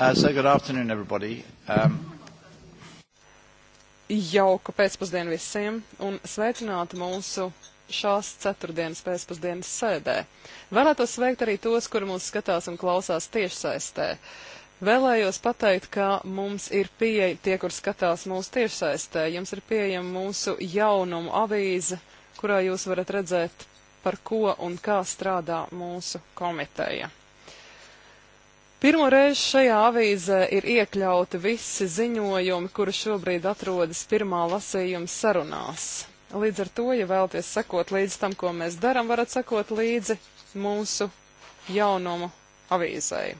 Uh, so good afternoon, everybody. Um, Jauka pēcpusdiena visiem un sveicināti mūsu šās ceturtdienas pēcpusdienas sēdē. Vēlētos sveikt arī tos, kuri mūs skatās un klausās tiešsaistē. Vēlējos pateikt, ka mums ir pieeja, tie, kur skatās mūsu tiešsaistē, jums ir pieejama mūsu jaunumu avīze, kurā jūs varat redzēt, par ko un kā strādā mūsu komiteja. Pirmo reizi šajā avīzē ir iekļauti visi ziņojumi, kuri šobrīd atrodas pirmā lasījuma sarunās. Līdz ar to, ja vēlaties sekot līdzi tam, ko mēs darām, varat sekot līdzi mūsu jaunumu avīzēji.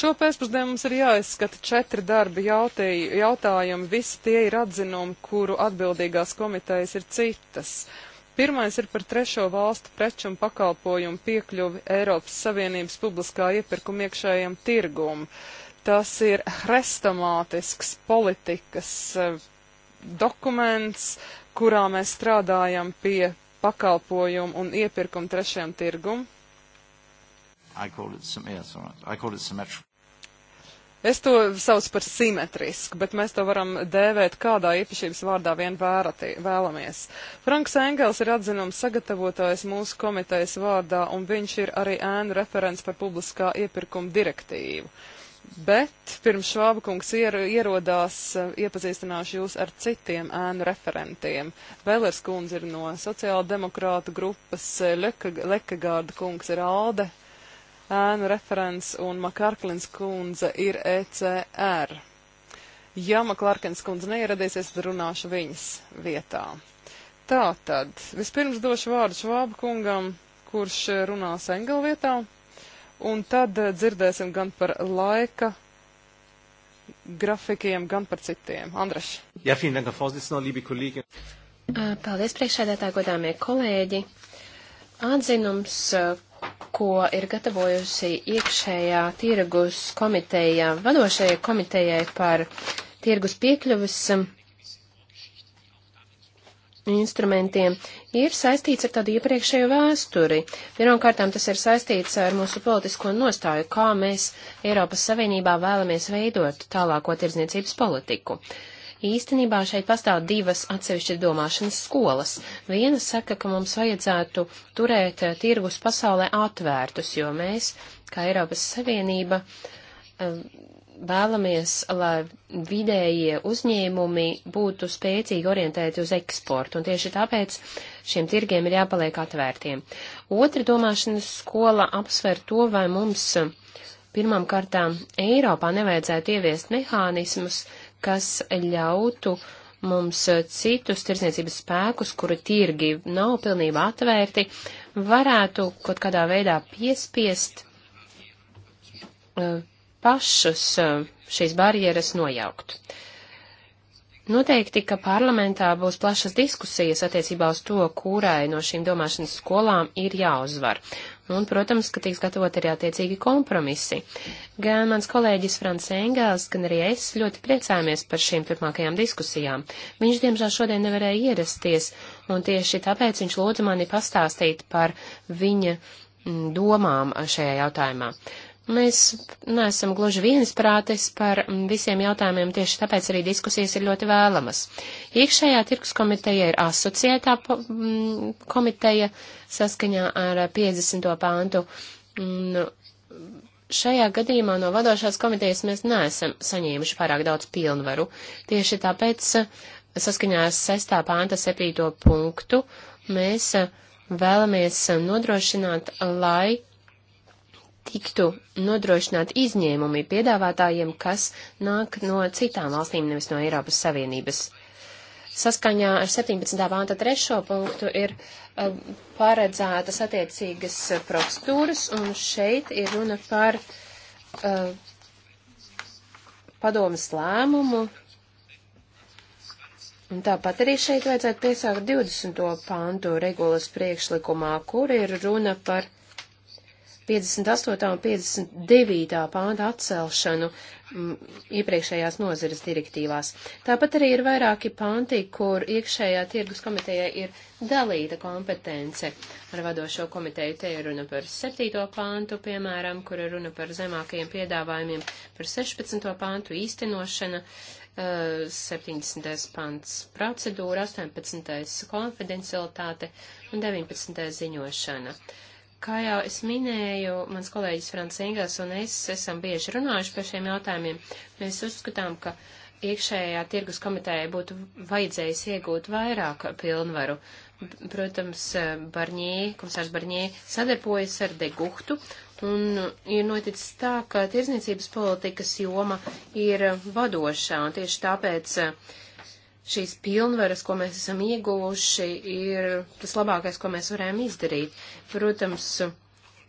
Šo pēcpusdienu mums ir jāizskata četri darbi jautājumi, visi tie ir atzinumi, kuru atbildīgās komitejas ir citas. Pirmais ir par trešo valstu preču un pakalpojumu piekļuvi Eiropas Savienības publiskā iepirkuma iekšējiem tirgum. Tas ir hrestomātisks politikas eh, dokuments, kurā mēs strādājam pie pakalpojumu un iepirkumu trešajam tirgum. I call it, yeah, right. I call it symmetrical. Es to saucu par simetrisku, bet mēs to varam dēvēt kādā īpašības vārdā vien vērati, vēlamies. Franks Engels ir atzinums sagatavotājs mūsu komitejas vārdā, un viņš ir arī ēnu referents par publiskā iepirkuma direktīvu. Bet pirms Švābakungs ier, ierodās, iepazīstināšu jūs ar citiem ēnu referentiem. Vēlers kundze ir no sociāla demokrāta grupas, Lekagārda kungs ir Alde ēnu referents un Makārklins kundze ir ECR. Ja Makārklins kundze neieradīsies, tad runāšu viņas vietā. Tā tad, vispirms došu vārdu Švāba kungam, kurš runās Engela vietā, un tad dzirdēsim gan par laika grafikiem, gan par citiem. Andreš. Jā, ja, fīnāk, Fosdis, no Lībi kolīgi. Paldies, priekšsēdētā godāmie kolēģi. Atzinums, ko ir gatavojusi iekšējā tirgus komiteja, vadošajai komitejai par tirgus piekļuvis um, instrumentiem, ir saistīts ar tādu iepriekšēju vēsturi. Pirmkārtām tas ir saistīts ar mūsu politisko nostāju, kā mēs Eiropas Savienībā vēlamies veidot tālāko tirdzniecības politiku. Uh, Īstenībā šeit pastāv divas atsevišķi domāšanas skolas. Viena saka, ka mums vajadzētu turēt eh, tirgus pasaulē atvērtus, jo mēs, kā Eiropas Savienība, eh, vēlamies, lai vidējie uzņēmumi būtu spēcīgi orientēti uz eksportu, un tieši tāpēc šiem tirgiem ir jāpaliek atvērtiem. Otra domāšanas skola apsver to, vai mums eh, pirmām kārtām Eiropā nevajadzētu ieviest mehānismus, uh, kas ļautu mums citus tirsniecības spēkus, kuri tirgi nav pilnībā atvērti, varētu kaut kādā veidā piespiest eh, pašus eh, šīs barjeras nojaukt. Noteikti, ka parlamentā būs plašas diskusijas attiecībā uz to, kurai no šīm domāšanas skolām ir jāuzvar. Un, protams, ka tiks gatavot arī attiecīgi kompromisi. Gan mans kolēģis Frans Engels, gan arī es ļoti priecājamies par šīm turpmākajām diskusijām. Viņš, diemžēl, šodien nevarēja ierasties, un tieši tāpēc viņš lūdza mani pastāstīt par viņa mm, domām šajā jautājumā. Mēs neesam gluži viensprātis par visiem jautājumiem, tieši tāpēc arī diskusijas ir ļoti vēlamas. Iekšējā tirkus komiteja ir asociētā komiteja saskaņā ar 50. pāntu. Un šajā gadījumā no vadošās komitejas mēs neesam saņēmuši pārāk daudz pilnvaru. Tieši tāpēc saskaņā ar 6. pānta 7. punktu mēs vēlamies nodrošināt, lai tiktu nodrošināti izņēmumi piedāvātājiem, kas nāk no citām valstīm, nevis no Eiropas Savienības. Saskaņā ar 17. pānta trešo punktu ir uh, paredzētas attiecīgas procedūras, un šeit ir runa par uh, padomas lēmumu. Un tāpat arī šeit vajadzētu piesākt 20. pāntu regulas priekšlikumā, kur ir runa par 58. un 59. pānta atcelšanu m, mm, iepriekšējās nozares direktīvās. Tāpat arī ir vairāki panti, kur iekšējā tirgus komiteja ir dalīta kompetence. Ar vadošo komiteju te ir runa par 7. pāntu, piemēram, kur ir runa par zemākajiem piedāvājumiem, par 16. pāntu īstenošana, 70. Eh, pants procedūra, 18. konfidencialitāte un 19. ziņošana. Kā jau es minēju, mans kolēģis Frants Engels un es esam bieži runājuši par šiem jautājumiem. Mēs uzskatām, ka iekšējā tirgus komitējai būtu vajadzējis iegūt vairāk pilnvaru. Protams, Barņē, komisārs Barņē sadarbojas ar Deguhtu, un ir noticis tā, ka tirzniecības politikas joma ir vadošā, un tieši tāpēc uh, šīs pilnvaras, ko mēs esam ieguvuši, ir tas labākais, ko mēs varējām izdarīt. Protams,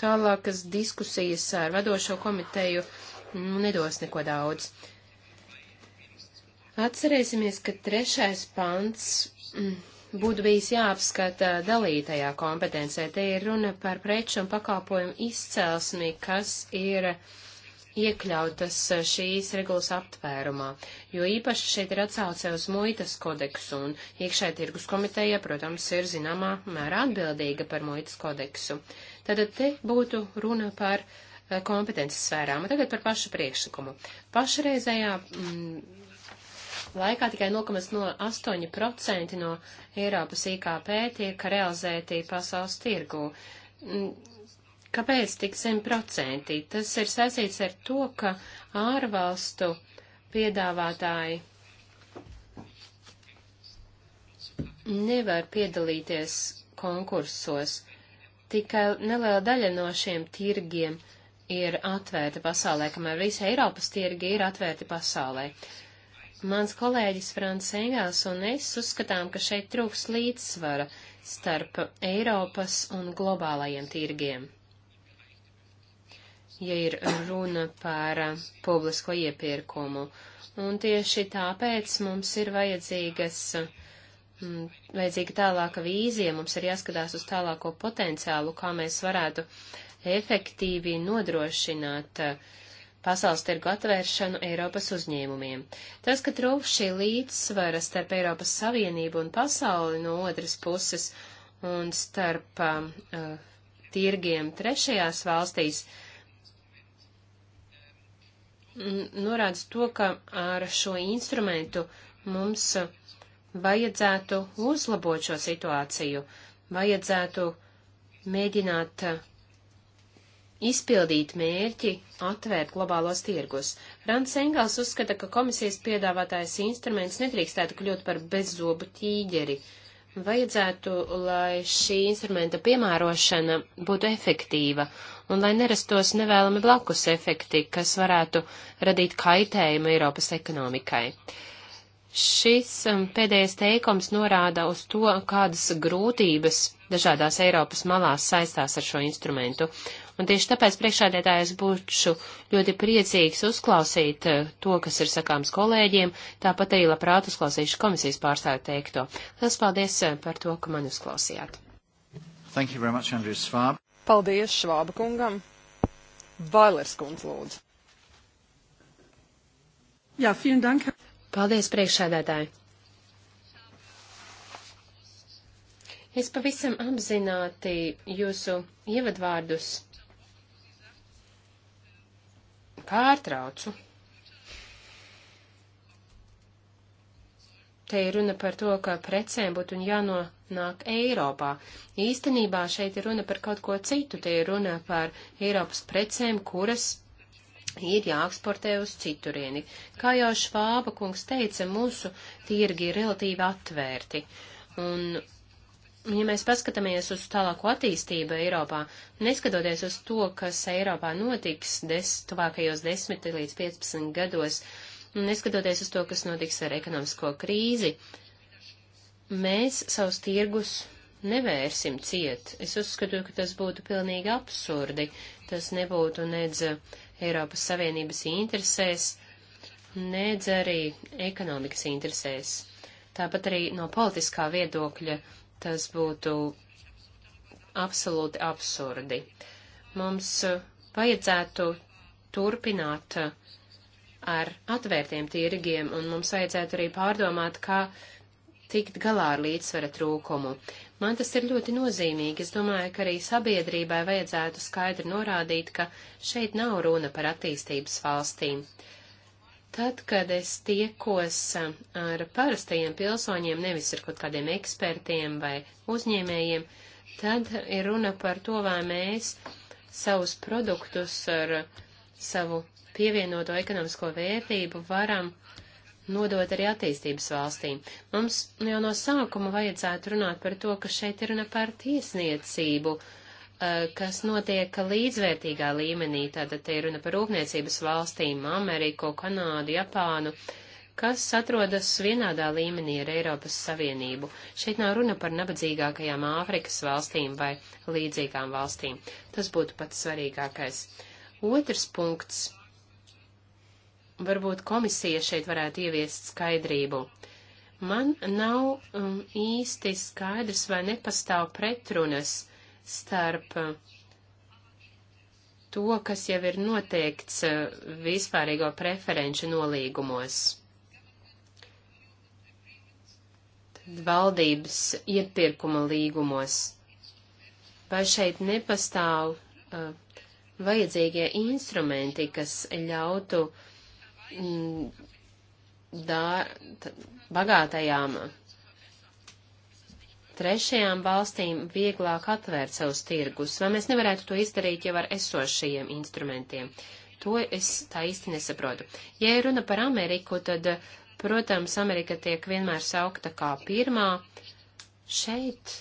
tālākas diskusijas ar vadošo komiteju nu, nedos neko daudz. Atcerēsimies, ka trešais pants mm, būtu bijis jāapskata dalītajā kompetencē. Te ir runa par preču un pakalpojumu izcelsmi, kas ir uh, iekļautas eh, šīs regulas aptvērumā, jo īpaši šeit ir atsauce uz muitas kodeksu, un iekšē tirgus komiteja, protams, ir zināmā mērā atbildīga par muitas kodeksu. Tad te būtu runa par eh, kompetences sfērām, un tagad par pašu priekšlikumu. Pašreizējā mm, laikā tikai 0,8% no Eiropas IKP tiek realizēti pasaules tirgū. Mm, Kāpēc tik zem procentī? Tas ir saistīts ar to, ka ārvalstu piedāvātāji nevar piedalīties konkursos. Tikai neliela daļa no šiem tirgiem ir atvērti pasaulē, kamēr visi Eiropas tirgi ir atvērti pasaulē. Mans kolēģis Frants Engels un es uzskatām, ka šeit trūks līdzsvara starp Eiropas un globālajiem tirgiem ja ir runa par eh, publisko iepirkumu. Un tieši tāpēc mums ir vajadzīgas, mm, vajadzīga tālāka vīzija, mums ir jāskatās uz tālāko potenciālu, kā mēs varētu efektīvi nodrošināt eh, pasaules tirgu atvēršanu Eiropas uzņēmumiem. Tas, ka trūkst šī līdzsvara starp Eiropas Savienību un pasauli no otras puses un starp uh, tirgiem trešajās valstīs, uh, norāda to, ka ar šo instrumentu mums vajadzētu uzlabot šo situāciju, vajadzētu mēģināt uh, izpildīt mērķi, atvērt globālos tirgus. Rants Engels uzskata, ka komisijas piedāvātājs instruments nedrīkstētu kļūt par bezzobu tīģeri. Vajadzētu, lai šī instrumenta piemērošana būtu efektīva un lai nerastos nevēlami blakus efekti, kas varētu radīt kaitējumu Eiropas ekonomikai. Šis um, pēdējais teikums norāda uz to, kādas grūtības dažādās Eiropas malās saistās ar šo instrumentu. Un tieši tāpēc priekšādētājs būšu ļoti priecīgs uzklausīt uh, to, kas ir sakāms kolēģiem, tāpat arī labprāt uzklausīšu komisijas pārstāvi teikto. Lielas paldies uh, par to, ka mani uzklausījāt. Thank you very much, Andrew Svāb. Paldies Švāba kungam. Vailers kundz lūdzu. Jā, vielen dank. Paldies priekšsēdētāji. Es pavisam apzināti jūsu ievadvārdus pārtraucu. te ir runa par to, ka precēm būtu jānonāk Eiropā. Īstenībā šeit ir runa par kaut ko citu, te ir runa par Eiropas precēm, kuras ir jāeksportē uz citurieni. Kā jau Švāba kungs teica, mūsu tirgi ir relatīvi atvērti. Un, ja mēs paskatāmies uz tālāko attīstību Eiropā, neskatoties uz to, kas Eiropā notiks des, tuvākajos 10 līdz 15 gados, uh, neskatoties uz to, kas notiks ar ekonomisko krīzi, mēs savus tirgus nevērsim ciet. Es uzskatu, ka tas būtu pilnīgi absurdi. Tas nebūtu nedz Eiropas Savienības interesēs, nedz arī ekonomikas interesēs. Tāpat arī no politiskā viedokļa tas būtu absolūti absurdi. Mums vajadzētu turpināt uh, ar atvērtiem tirgiem, un mums vajadzētu arī pārdomāt, kā tikt galā ar līdzsvera trūkumu. Man tas ir ļoti nozīmīgi. Es domāju, ka arī sabiedrībai vajadzētu skaidri norādīt, ka šeit nav runa par attīstības valstīm. Tad, kad es tiekos ar parastajiem pilsoņiem, nevis ar kaut kādiem ekspertiem vai uzņēmējiem, tad ir runa par to, vai mēs savus produktus ar savu pievienoto ekonomisko vērtību varam nodot arī attīstības valstīm. Mums jau no sākuma vajadzētu runāt par to, ka šeit ir runa par tiesniecību, eh, kas notiek līdzvērtīgā līmenī. Tātad te ir runa par rūpniecības valstīm, Ameriku, Kanādu, Japānu, kas atrodas vienādā līmenī ar Eiropas Savienību. Šeit nav runa par nabadzīgākajām Āfrikas valstīm vai līdzīgām valstīm. Tas būtu pats svarīgākais. Otrs punkts Varbūt komisija šeit varētu ieviest skaidrību. Man nav um, īsti skaidrs, vai nepastāv pretrunas starp uh, to, kas jau ir noteikts uh, vispārīgo preferenču nolīgumos. Tad valdības iepirkuma līgumos. Vai šeit nepastāv uh, vajadzīgie instrumenti, kas ļautu uh, Mm, dā, t, bagātajām trešajām valstīm vieglāk atvērt savus tirgus, vai mēs nevarētu to izdarīt jau ar esošajiem instrumentiem. To es tā īsti nesaprotu. Ja ir runa par Ameriku, tad, protams, Amerika tiek vienmēr saukta kā pirmā. Šeit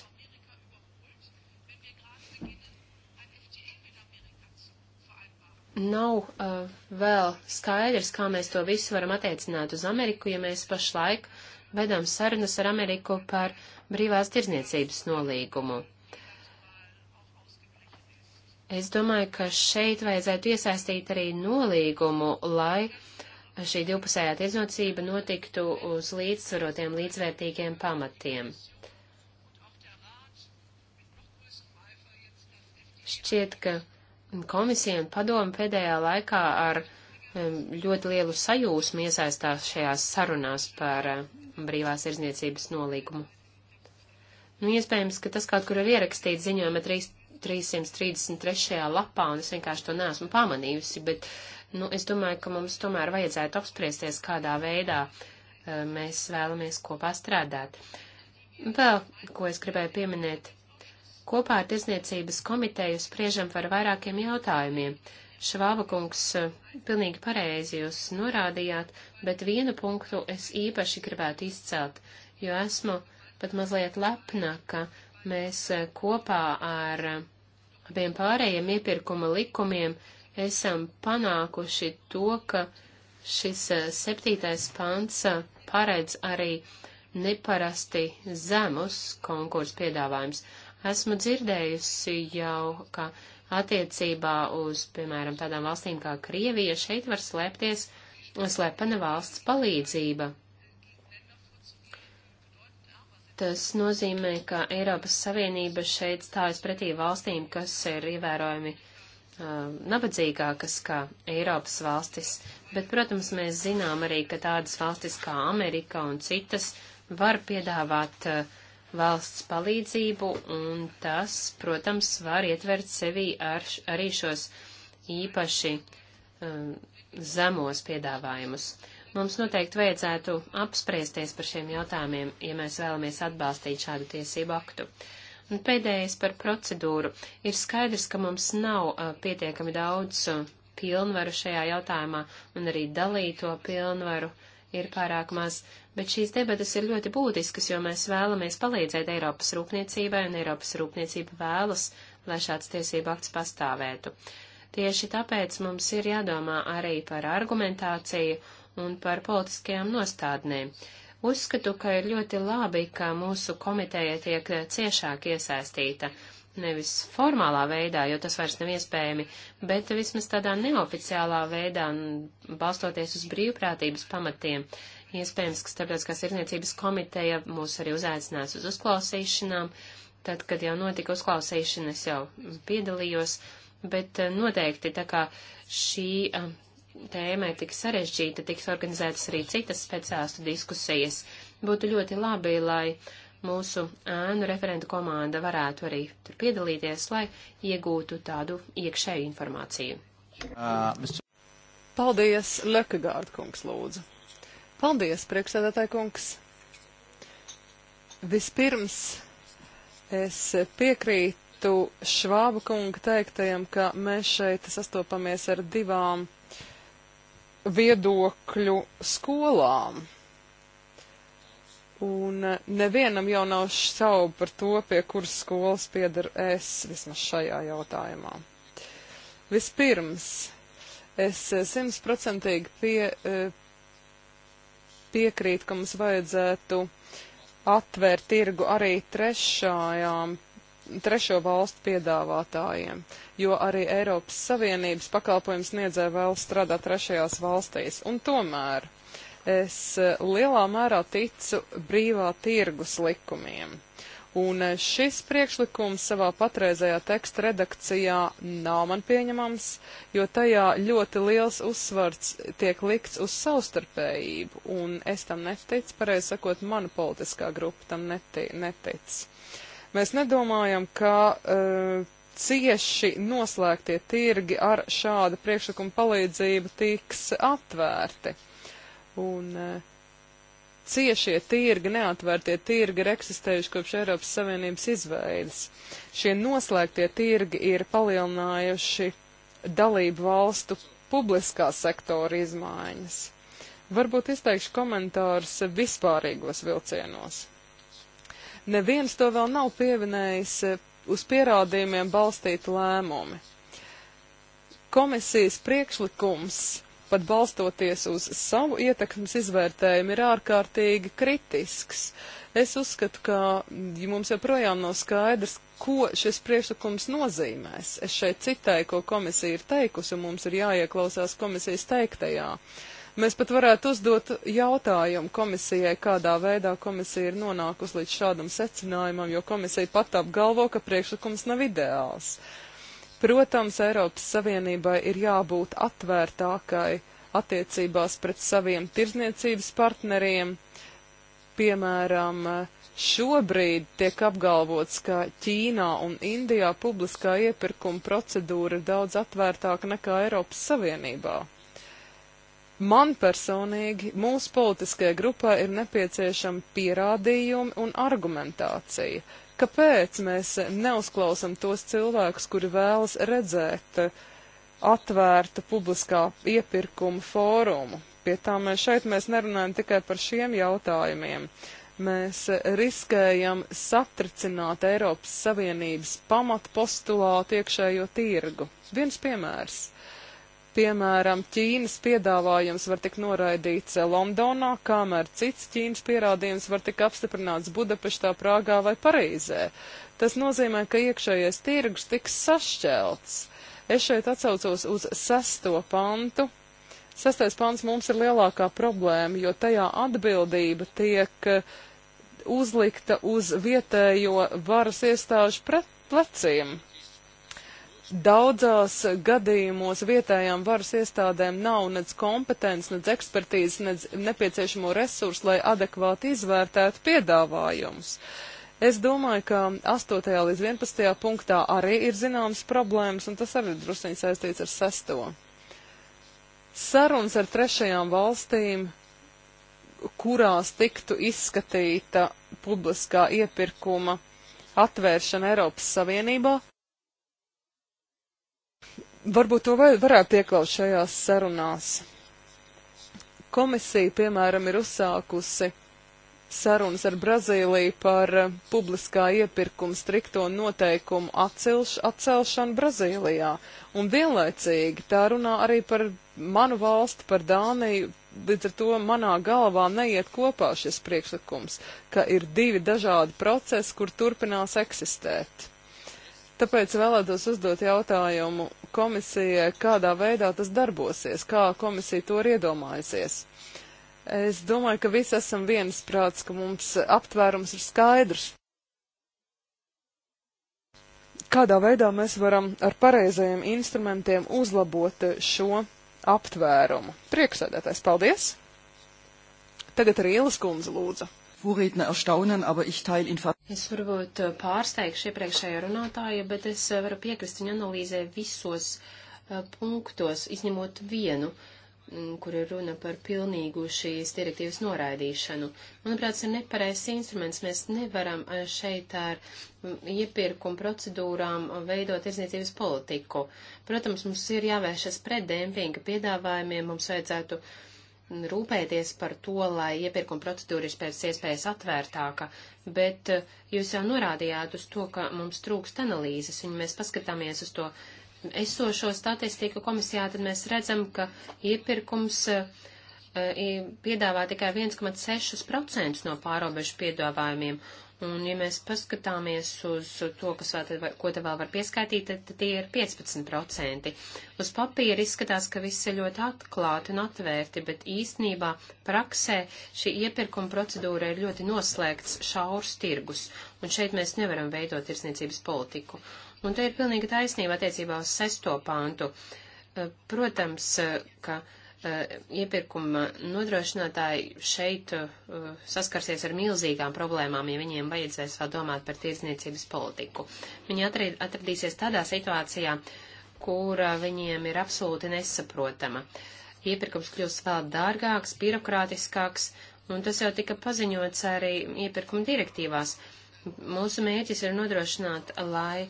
nav uh, vēl skaidrs, kā mēs to visu varam attiecināt uz Ameriku, ja mēs pašlaik vedam sarunas ar Ameriku par brīvās tirzniecības nolīgumu. Es domāju, ka šeit vajadzētu iesaistīt arī nolīgumu, lai šī divpusējā tirdzniecība notiktu uz līdzsvarotiem, līdzvērtīgiem pamatiem. Šķiet, ka komisija un padomu pēdējā laikā ar ļoti lielu sajūsmu iesaistās šajās sarunās par brīvās izniecības nolīgumu. Nu, iespējams, ka tas kaut kur ir ierakstīts ziņojuma 333. lapā, un es vienkārši to neesmu pamanījusi, bet, nu, es domāju, ka mums tomēr vajadzētu apspriesties, kādā veidā mēs vēlamies kopā strādāt. Vēl, ko es gribēju pieminēt, Kopā ar Tirzniecības komiteju spriežam par vairākiem jautājumiem. Švāba kungs, eh, pilnīgi pareizi jūs norādījāt, bet vienu punktu es īpaši gribētu izcelt, jo esmu pat mazliet lepna, ka mēs eh, kopā ar eh, abiem pārējiem iepirkuma likumiem esam panākuši to, ka šis septītais pants paredz arī neparasti zemus konkursu piedāvājums. Esmu dzirdējusi jau, ka attiecībā uz, piemēram, tādām valstīm kā Krievija šeit var slēpties slepena valsts palīdzība. Tas nozīmē, ka Eiropas Savienība šeit stājas pretī valstīm, kas ir ievērojami uh, nabadzīgākas kā Eiropas valstis, bet, protams, mēs zinām arī, ka tādas valstis kā Amerika un citas var piedāvāt uh, valsts palīdzību, un tas, protams, var ietvert sevī ar, arī šos īpaši um, zemos piedāvājumus. Mums noteikti vajadzētu apspriesties par šiem jautājumiem, ja mēs vēlamies atbalstīt šādu tiesību aktu. Un pēdējais par procedūru. Ir skaidrs, ka mums nav uh, pietiekami daudz uh, pilnvaru šajā jautājumā un arī dalīto pilnvaru uh, ir pārāk maz, bet šīs debatas ir ļoti būtiskas, jo mēs vēlamies palīdzēt Eiropas rūpniecībai, un Eiropas rūpniecība vēlas, lai šāds tiesību akts pastāvētu. Tieši tāpēc mums ir jādomā arī par argumentāciju un par politiskajām nostādnēm. Uzskatu, ka ir ļoti labi, ka mūsu komiteja tiek ciešāk iesaistīta nevis formālā veidā, jo tas vairs nav iespējami, bet vismaz tādā neoficiālā veidā, balstoties uz brīvprātības pamatiem. Iespējams, ka starptautiskās irniecības komiteja mūs arī uzaicinās uz uzklausīšanām. Tad, kad jau notika uzklausīšanas, jau piedalījos, bet eh, noteikti tā kā šī eh, tēma ir tik sarežģīta, tiks organizētas arī citas speciālistu diskusijas. Būtu ļoti labi, lai mūsu ēnu referentu komanda varētu arī tur piedalīties, lai iegūtu tādu iekšēju informāciju. Uh, Paldies, Lekagārda kungs, lūdzu. Paldies, priekšsēdētāji kungs. Vispirms es piekrītu Švāba kunga teiktajam, ka mēs šeit sastopamies ar divām viedokļu skolām Un eh, nevienam jau nav šaubu par to, pie kuras skolas pieder es vismaz šajā jautājumā. Vispirms, es eh, simtprocentīgi pie, eh, piekrītu, ka mums vajadzētu atvērt tirgu arī trešajām trešo valstu piedāvātājiem, jo arī Eiropas Savienības pakalpojums sniedzēja vēl strādāt trešajās valstīs. Un tomēr es e, lielā mērā ticu brīvā tirgus likumiem. Un e, šis priekšlikums savā patreizējā teksta redakcijā nav man pieņemams, jo tajā ļoti liels uzsvars tiek likts uz savstarpējību, un es tam neticu, pareizi sakot, mana politiskā grupa tam neti, netic. Mēs nedomājam, ka uh, cieši noslēgtie tirgi ar šādu priekšlikumu palīdzību tiks atvērti. Uh, Un eh, ciešie tirgi, neatvērtie tirgi ir eksistējuši kopš Eiropas Savienības izveidas. Šie noslēgtie tirgi ir palielinājuši dalību valstu publiskā sektora izmaiņas. Varbūt izteikšu komentārus vispārīgos vilcienos. Neviens to vēl nav pieminējis eh, uz pierādījumiem balstīti lēmumi. Komisijas priekšlikums pat balstoties uz savu ietekmes izvērtējumu, ir ārkārtīgi kritisks. Es uzskatu, ka mums joprojām nav skaidrs, ko šis priekšlikums nozīmēs. Es šeit citēju, ko komisija ir teikusi, un mums ir jāieklausās komisijas teiktajā. Mēs pat varētu uzdot jautājumu komisijai, kādā veidā komisija ir nonākusi līdz šādam secinājumam, jo komisija pat apgalvo, ka priekšlikums nav ideāls. Uh, Protams, Eiropas Savienībai ir jābūt atvērtākai attiecībās pret saviem tirzniecības partneriem. Piemēram, šobrīd tiek apgalvots, ka Ķīnā un Indijā publiskā iepirkuma procedūra ir daudz atvērtāka nekā Eiropas Savienībā. Man personīgi mūsu politiskajai grupai ir nepieciešama pierādījumi un argumentācija. Kāpēc mēs neuzklausam tos cilvēkus, kuri vēlas redzēt eh, atvērtu publiskā iepirkuma fórumu? Pie tā mēs šeit mēs nerunājam tikai par šiem jautājumiem. Mēs eh, riskējam satricināt Eiropas Savienības pamatpostulātu iekšējo tirgu. Viens piemērs. Piemēram, Ķīnas piedāvājums var tikt noraidīts Londonā, kamēr cits Ķīnas pierādījums var tikt apstiprināts Budapeštā, Prāgā vai Parīzē. Tas nozīmē, ka iekšējais tirgus tiks sašķelts. Es šeit atsaucos uz sesto pantu. Sestais pants mums ir lielākā problēma, jo tajā atbildība tiek uzlikta uz vietējo varas iestāžu pret pleciem. Daudzās gadījumos vietējām varas iestādēm nav nec kompetences, nec ekspertīzes, nec nepieciešamo resursu, lai adekvāti izvērtētu piedāvājumus. Es domāju, ka 8. līdz 11. punktā arī ir zināmas problēmas, un tas arī druskuļi saistīts ar 6. Sarunas ar trešajām valstīm, kurās tiktu izskatīta publiskā iepirkuma atvēršana Eiropas Savienībā, Varbūt to varētu iekļaut šajās sarunās. Komisija, piemēram, ir uzsākusi sarunas ar Brazīliju par eh, publiskā iepirkuma strikto noteikumu atcelš, atcelšanu Brazīlijā. Un vienlaicīgi tā runā arī par manu valsti, par Dāniju. Līdz ar to manā galvā neiet kopā šis priekšlikums, ka ir divi dažādi procesi, kur turpinās eksistēt. Tāpēc vēlētos uzdot jautājumu komisijai, kādā veidā tas darbosies, kā komisija to ir iedomājusies. Es domāju, ka visi esam viensprāts, ka mums aptvērums ir skaidrs. Kādā veidā mēs varam ar pareizajiem instrumentiem uzlabot šo aptvērumu? Prieksēdētājs, paldies! Tagad arī Ielas kundze lūdzu. Vorredner erstaunen, aber ich teile in Es varbūt eh, pārsteigšu iepriekšējo runātāju, bet es eh, varu piekrist viņa analīzē visos uh, punktos, izņemot vienu, m, mm, kur ir runa par pilnīgu šīs direktīvas noraidīšanu. Manuprāt, tas ir nepareizs instruments. Mēs nevaram šeit ar mm, iepirkumu procedūrām veidot izniecības politiku. Protams, mums ir jāvēršas pret dempinga piedāvājumiem, mums vajadzētu uh, rūpēties par to, lai iepirkuma procedūra ir pēc iespējas atvērtāka, bet eh, jūs jau norādījāt uz to, ka mums trūkst analīzes, un mēs paskatāmies uz to esošo statistiku komisijā, tad mēs redzam, ka iepirkums eh, piedāvā tikai 1,6% no pārobežu piedāvājumiem, Un, ja mēs paskatāmies uz to, kas vēl, te, ko te vēl var pieskaitīt, tad tie ir 15%. Uz papīra izskatās, ka viss ir ļoti atklāti un atvērti, bet īstenībā praksē šī iepirkuma procedūra ir ļoti noslēgts šaurs tirgus, un šeit mēs nevaram veidot tirsniecības politiku. Un te ir pilnīga taisnība attiecībā uz sesto pāntu. Protams, ka Eh, iepirkuma nodrošinātāji šeit eh, saskarsies ar milzīgām problēmām, ja viņiem vajadzēs vēl domāt par tirdzniecības politiku. Viņi atradīsies tādā situācijā, kur viņiem ir absolūti nesaprotama. Iepirkums kļūst vēl dārgāks, birokrātiskāks, un tas jau tika paziņots arī iepirkuma direktīvās. Mūsu mērķis ir nodrošināt, lai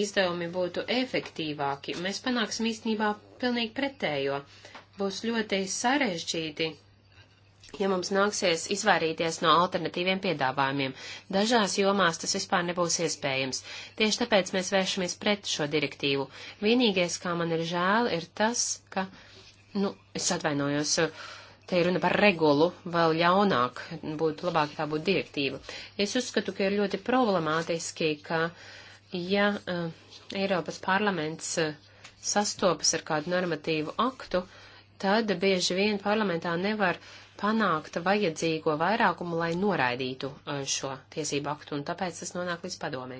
izdevumi būtu efektīvāki. Mēs panāksim īstenībā pilnīgi pretējo būs ļoti sarežģīti, ja mums nāksies izvairīties no alternatīviem piedāvājumiem. Dažās jomās tas vispār nebūs iespējams. Tieši tāpēc mēs vēršamies pret šo direktīvu. Vienīgais, kā man ir žēl, ir tas, ka, nu, es atvainojos, uh, Te ir runa par regulu, vēl jaunāk, būtu labāk, ja tā būtu direktīva. Es uzskatu, ka ir ļoti problemātiski, ka, ja uh, Eiropas parlaments uh, sastopas ar kādu normatīvu aktu, uh, tad bieži vien parlamentā nevar panākt vajadzīgo vairākumu, lai noraidītu šo tiesību aktu, un tāpēc tas nonāk līdz padomē.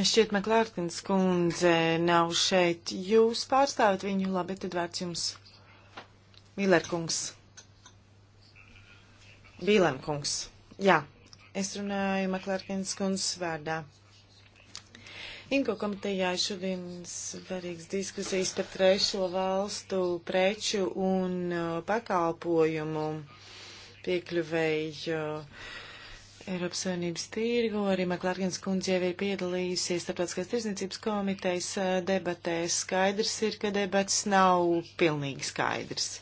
Šķiet, Maklārkins kundze nav šeit. Jūs pārstāvat viņu, labi, tad vērts jums. Vīlērkungs. Vīlēmkungs. Jā, es runāju Maklārkins kundzes vārdā. Inko komitejā šodien svarīgs diskusijas par trešo valstu preču un uh, pakalpojumu piekļuvēju. Uh, Eiropas Savienības tirgu, arī Maklārkins kundze jau ir piedalījusies starptautiskās tirzniecības komitejas uh, debatēs. Skaidrs ir, ka debats nav pilnīgi skaidrs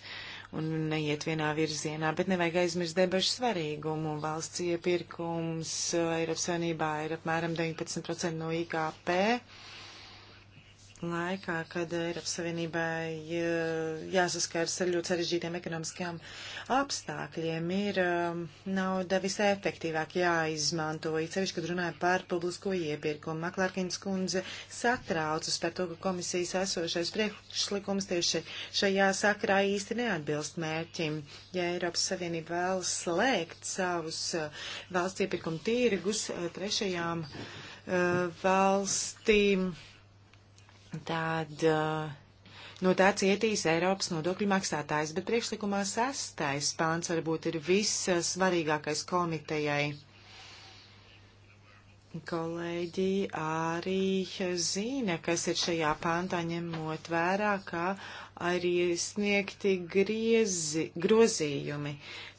un neiet vienā virzienā, bet nevajag aizmirst debašu svarīgumu. Valsts iepirkums Eiropas Savienībā ir apmēram 19% no IKP laikā, kad Eiropas Savienībai jāsaskars ar ļoti sarežģītiem ekonomiskajiem apstākļiem, ir um, nauda visai efektīvāk jāizmanto, it sevišķi, kad runāja par publisko iepirkumu. Maklārkins kundze satraucas par to, ka komisijas esošais priekšlikums tieši šajā sakrā īsti neatbilst mērķim. Ja Eiropas Savienība vēlas slēgt savus uh, valsts iepirkumu tīrgus uh, trešajām uh, valstīm, Tad eh, no tā cietīs Eiropas nodokļu maksātājs, bet priekšlikumā sastais pāns varbūt ir viss svarīgākais komitejai Kolēģi arī zina, kas ir šajā pāntā ņemot vērā, kā arī sniegti griezi, grozījumi.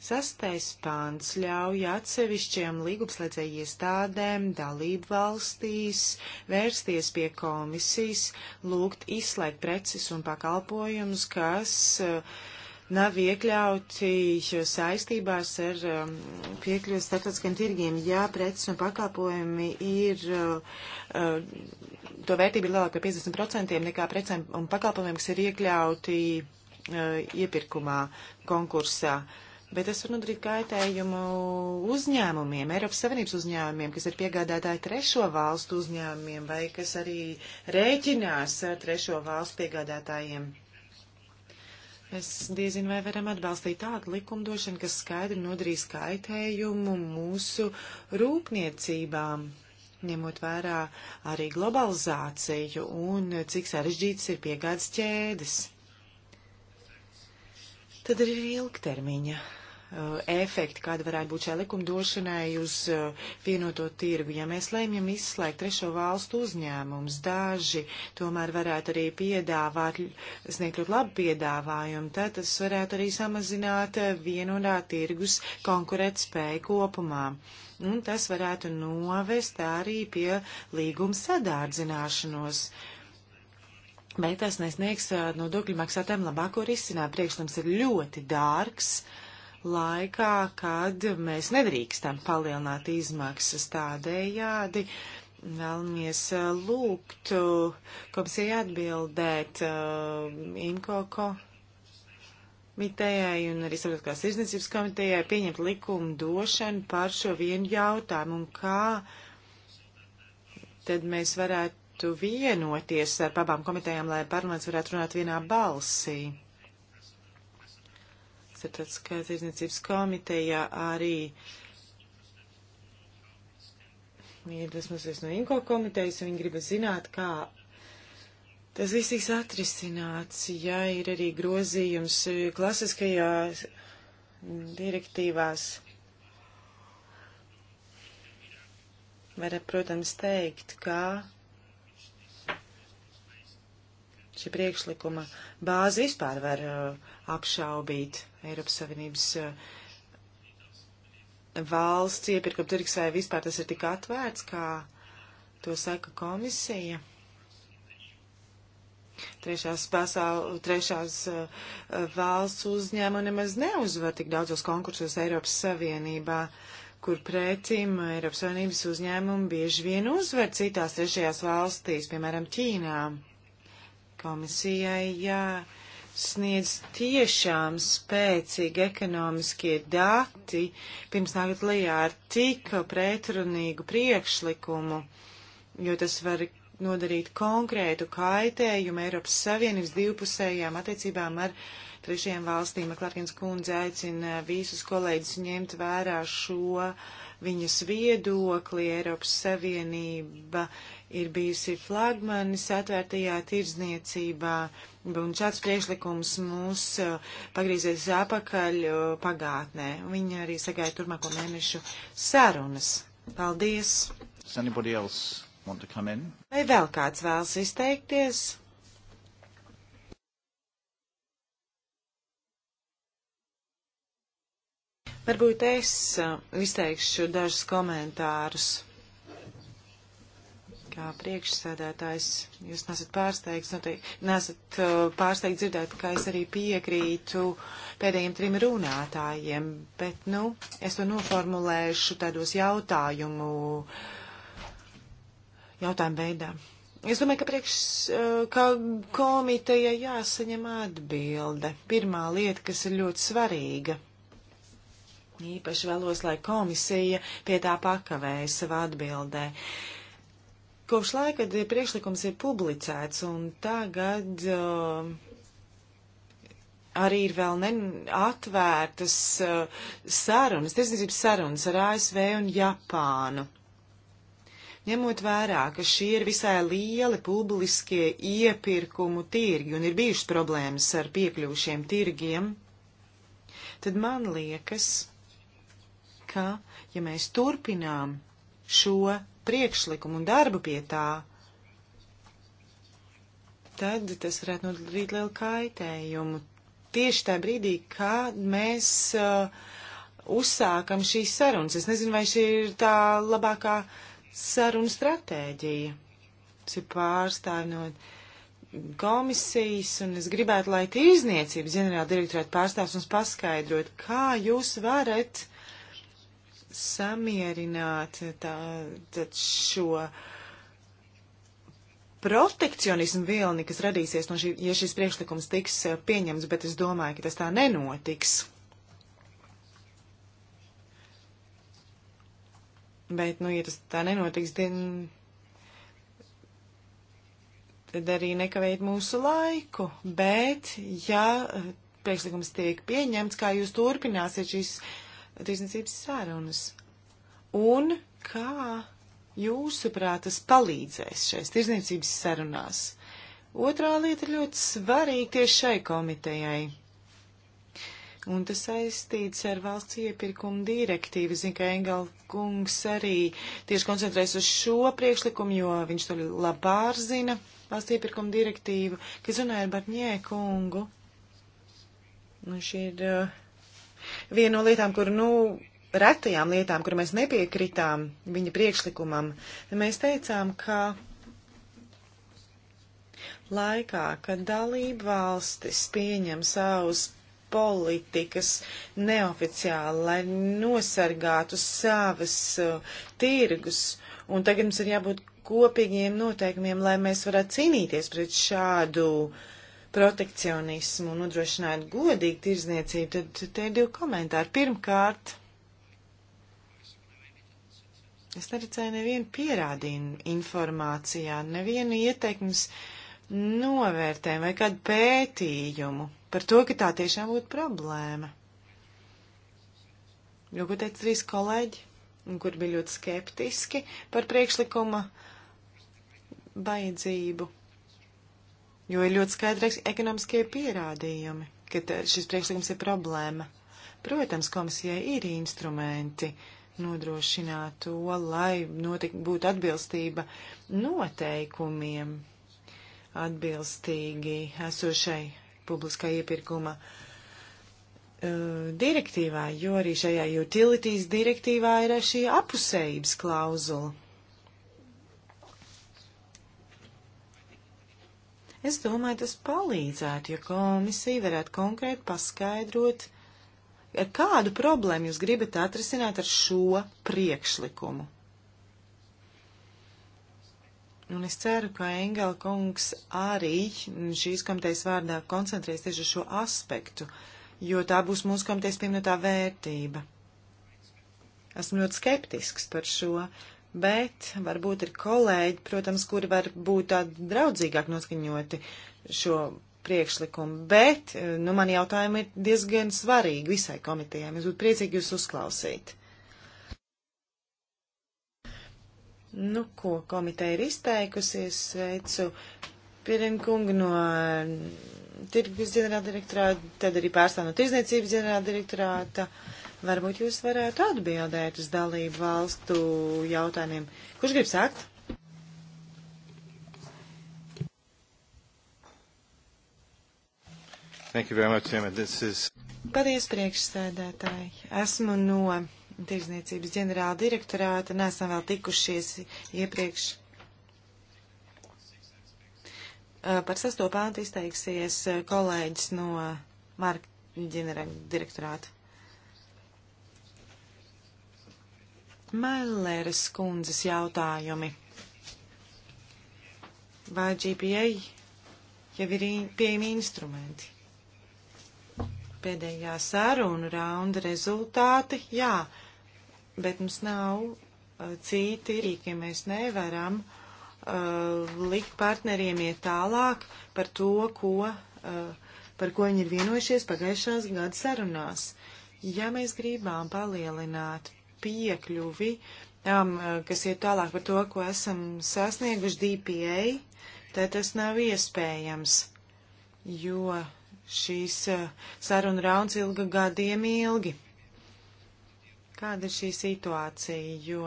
Sastais pāns ļauj atsevišķiem līgumslēdzēju iestādēm dalību valstīs vērsties pie komisijas, lūgt izslēgt preces un pakalpojumus, kas uh, nav iekļauti saistībās ar um, piekļuvi starptautiskiem tirgiem. Jā, preces un pakalpojumi ir, uh, uh to vērtība ir lielāka par 50% nekā precēm un pakalpojumiem, kas ir iekļauti uh, iepirkumā, konkursā. Bet tas var nodarīt kaitējumu uzņēmumiem, Eiropas Savienības uzņēmumiem, kas ir piegādātāji trešo valstu uzņēmumiem vai kas arī rēķinās ar trešo valstu piegādātājiem. Es diezinu, vai varam atbalstīt tādu likumdošanu, kas skaidri nodarīs kaitējumu mūsu rūpniecībām, ņemot vērā arī globalizāciju un cik sarežģītas ir piegādes ķēdes. Tad ir ilgtermiņa Eh, efekti, kāda varētu būt šai likumdošanai uz eh, vienoto tirgu. Ja mēs lēmjam izslēgt trešo valstu uzņēmumus, daži tomēr varētu arī piedāvāt, sniegt ļoti labu piedāvājumu, tad tas varētu arī samazināt eh, vienotā tirgus konkurētspēju kopumā. Un tas varētu novest arī pie līguma sadārdzināšanos. Bet tas nesniegs nodokļu maksātājiem labāko risinājumu. Priekšlikums ir ļoti dārgs. Uh, laikā, kad mēs nedrīkstam palielināt izmaksas tādējādi. Vēlamies eh, lūgt eh, komisijai atbildēt uh, eh, Inkoko komitejai un arī starptautiskās izniecības komitejai pieņemt likumu došanu par šo vienu jautājumu un kā tad mēs varētu vienoties ar abām komitejām, lai parlaments varētu runāt vienā balsī starptautiskā tirdzniecības komiteja arī iedvesmosies no INKO komitejas, un viņi gribas zināt, kā tas viss tiks atrisināts, ja ir arī grozījums klasiskajās direktīvās. Var, protams, teikt, ka šī priekšlikuma bāzi vispār var uh, apšaubīt Eiropas Savienības uh, valsts iepirkuma tirgs, vai vispār tas ir tik atvērts, kā to saka komisija. Trešās, pasaul, trešās uh, valsts uzņēmuma nemaz neuzvar tik daudzos konkursos Eiropas Savienībā, kur pretim Eiropas Savienības uzņēmumi bieži vien uzvar citās trešajās valstīs, piemēram, Ķīnā. Komisijai jāsniedz tiešām spēcīgi ekonomiskie dati, pirms nākt lejā ar tik pretrunīgu priekšlikumu, jo tas var nodarīt konkrētu kaitējumu Eiropas Savienības divpusējām attiecībām ar trešajām valstīm. Klārkins kundze aicina visus kolēģis ņemt vērā šo viņas viedokli. Eiropas Savienība ir bijusi flagmanis atvērtajā tirdzniecībā, un šāds priekšlikums mūs uh, pagriezies apakaļ uh, pagātnē. Viņa arī sagaida turmāko mēnešu sarunas. Paldies! Vai vēl kāds vēlas izteikties? Varbūt es uh, izteikšu dažus komentārus kā priekšsēdētājs, jūs nesat pārsteigts, noteikti, nu, nesat uh, pārsteigts dzirdēt, ka es arī piekrītu pēdējiem trim runātājiem, bet, nu, es to noformulēšu tādos jautājumu, jautājumu veidā. Es domāju, ka priekš, uh, ka komiteja jāsaņem atbilde. Pirmā lieta, kas ir ļoti svarīga. Īpaši vēlos, lai komisija pie tā pakavēja savā atbildē. Uh, Kopš laika, kad priekšlikums ir publicēts, un tagad uh, arī ir vēl atvērtas uh, sarunas, tirdzniecības sarunas ar ASV un Japānu. Ņemot vērā, ka šie ir visai lieli publiskie iepirkumu tirgi un ir bijušas problēmas ar piekļuvušiem tirgiem, tad man liekas, ka, ja mēs turpinām šo priekšlikumu un darbu pie tā, tad tas varētu nodarīt lielu kaitējumu. Tieši tajā brīdī, kad mēs uh, uzsākam šīs sarunas, es nezinu, vai šī ir tā labākā saruna stratēģija. Tas ir pārstāvi no komisijas, un es gribētu, lai tīrzniecības ģenerāla direktorēta pārstāvs mums paskaidrot, kā jūs varat uh, samierināt tā, šo protekcionismu vilni, kas radīsies, no šī, ja šis priekšlikums tiks eh, pieņemts, bet es domāju, ka tas tā nenotiks. Bet, nu, ja tas tā nenotiks, din, tad arī nekavēt mūsu laiku. Bet, ja eh, priekšlikums tiek pieņemts, kā jūs turpināsiet šīs. Uh, tīzniecības sārunas. Un kā jūsuprāt tas palīdzēs šais tīzniecības sarunās? Otrā lieta ir ļoti svarīga tieši šai komitejai. Un tas saistīts ar valsts iepirkumu direktīvu. Zinu, ka Engela kungs arī tieši koncentrēs uz šo priekšlikumu, jo viņš to labi pārzina, valsts iepirkumu direktīvu, kas runāja ar Barņē kungu. Nu, šī ir uh, Viena no lietām, kur, nu, retajām lietām, kur mēs nepiekritām viņa priekšlikumam, mēs teicām, ka laikā, kad dalība valstis pieņem savus politikas neoficiāli, lai nosargātu savas uh, tirgus, un tagad mums ir jābūt kopīgiem noteikumiem, lai mēs varētu cīnīties pret šādu uh, protekcionismu un nodrošināt godīgu tirzniecību, tad te ir divi komentāri. Pirmkārt, es neredzēju nevienu pierādījumu informācijā, nevienu ieteikums novērtējumu vai kādu pētījumu par to, ka tā tiešām būtu problēma. Jo, ko teica trīs kolēģi, kur bija ļoti skeptiski par priekšlikuma vajadzību jo ir ļoti skaidri ekonomiskie pierādījumi, ka šis priekšlikums ir problēma. Protams, komisijai ir instrumenti nodrošināt to, lai notik, būtu atbilstība noteikumiem atbilstīgi esošai publiskā iepirkuma uh, direktīvā, jo arī šajā utilities direktīvā ir šī apusējības klauzula. Es domāju, tas palīdzētu, ja komisija varētu konkrēti paskaidrot, ar kādu problēmu jūs gribat atrisināt ar šo priekšlikumu. Un es ceru, ka Engela kungs arī šīs komitejas vārdā koncentrēs tieši uz šo aspektu, jo tā būs mūsu komitejas pieminētā vērtība. Esmu ļoti skeptisks par šo bet varbūt ir kolēģi, protams, kuri var būt tādi draudzīgāk noskaņoti šo priekšlikumu, bet, nu, man jautājumi ir diezgan svarīgi visai komitejām. Es būtu priecīgi jūs uzklausīt. Nu, ko komiteja ir izteikusies, sveicu Pirinkungu no hm, tirgus ģenerāldirektorāta, tad arī pārstāv no tirzniecības ģenerāldirektorāta. Uh, Varbūt jūs varētu atbildēt uz dalību valstu jautājumiem. Kurš grib sākt? Much, is... Paldies, priekšsēdētāji. Esmu no Tirzniecības ģenerāla direktorāta. Nesam vēl tikušies iepriekš. Par sesto pāntu izteiksies kolēģis no Marka ģenerāla direktorāta. Melleres kundzes jautājumi. Vai GPA jau ir pieejami instrumenti? Pēdējā saruna raunda rezultāti, jā, bet mums nav uh, citi rīki, mēs nevaram uh, likt partneriem iet tālāk par to, ko, uh, par ko viņi ir vienojušies pagājušās gada sarunās. Ja mēs gribām palielināt piekļuvi tam, um, kas ir tālāk par to, ko esam sasnieguši DPA, tad tas nav iespējams, jo šīs uh, saruna rauns ilga gadiem ilgi. Kāda ir šī situācija, jo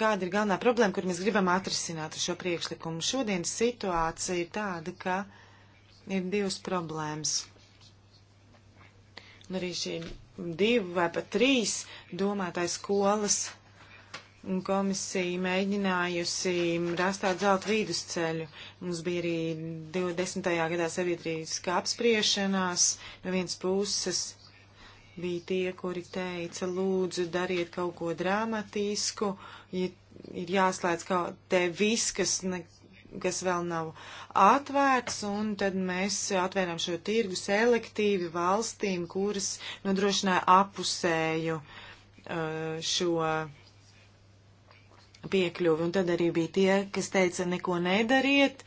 kāda ir galvenā problēma, kur mēs gribam atrisināt ar šo priekšlikumu? Šodienas situācija ir tāda, ka ir divas problēmas. Un arī šī divu vai pat trīs domātais skolas komisija mēģinājusi rast tādu zelta vidusceļu. Mums bija arī 20. gadā sabiedrīskā apspriešanās no vienas puses bija tie, kuri teica, lūdzu, dariet kaut ko dramatisku, ja ir jāslēdz kaut te viss, kas ne, kas vēl nav atvērts, un tad mēs atvērām šo tirgu selektīvi valstīm, kuras nodrošināja apusēju uh, šo piekļuvi. Un tad arī bija tie, kas teica, neko nedariet,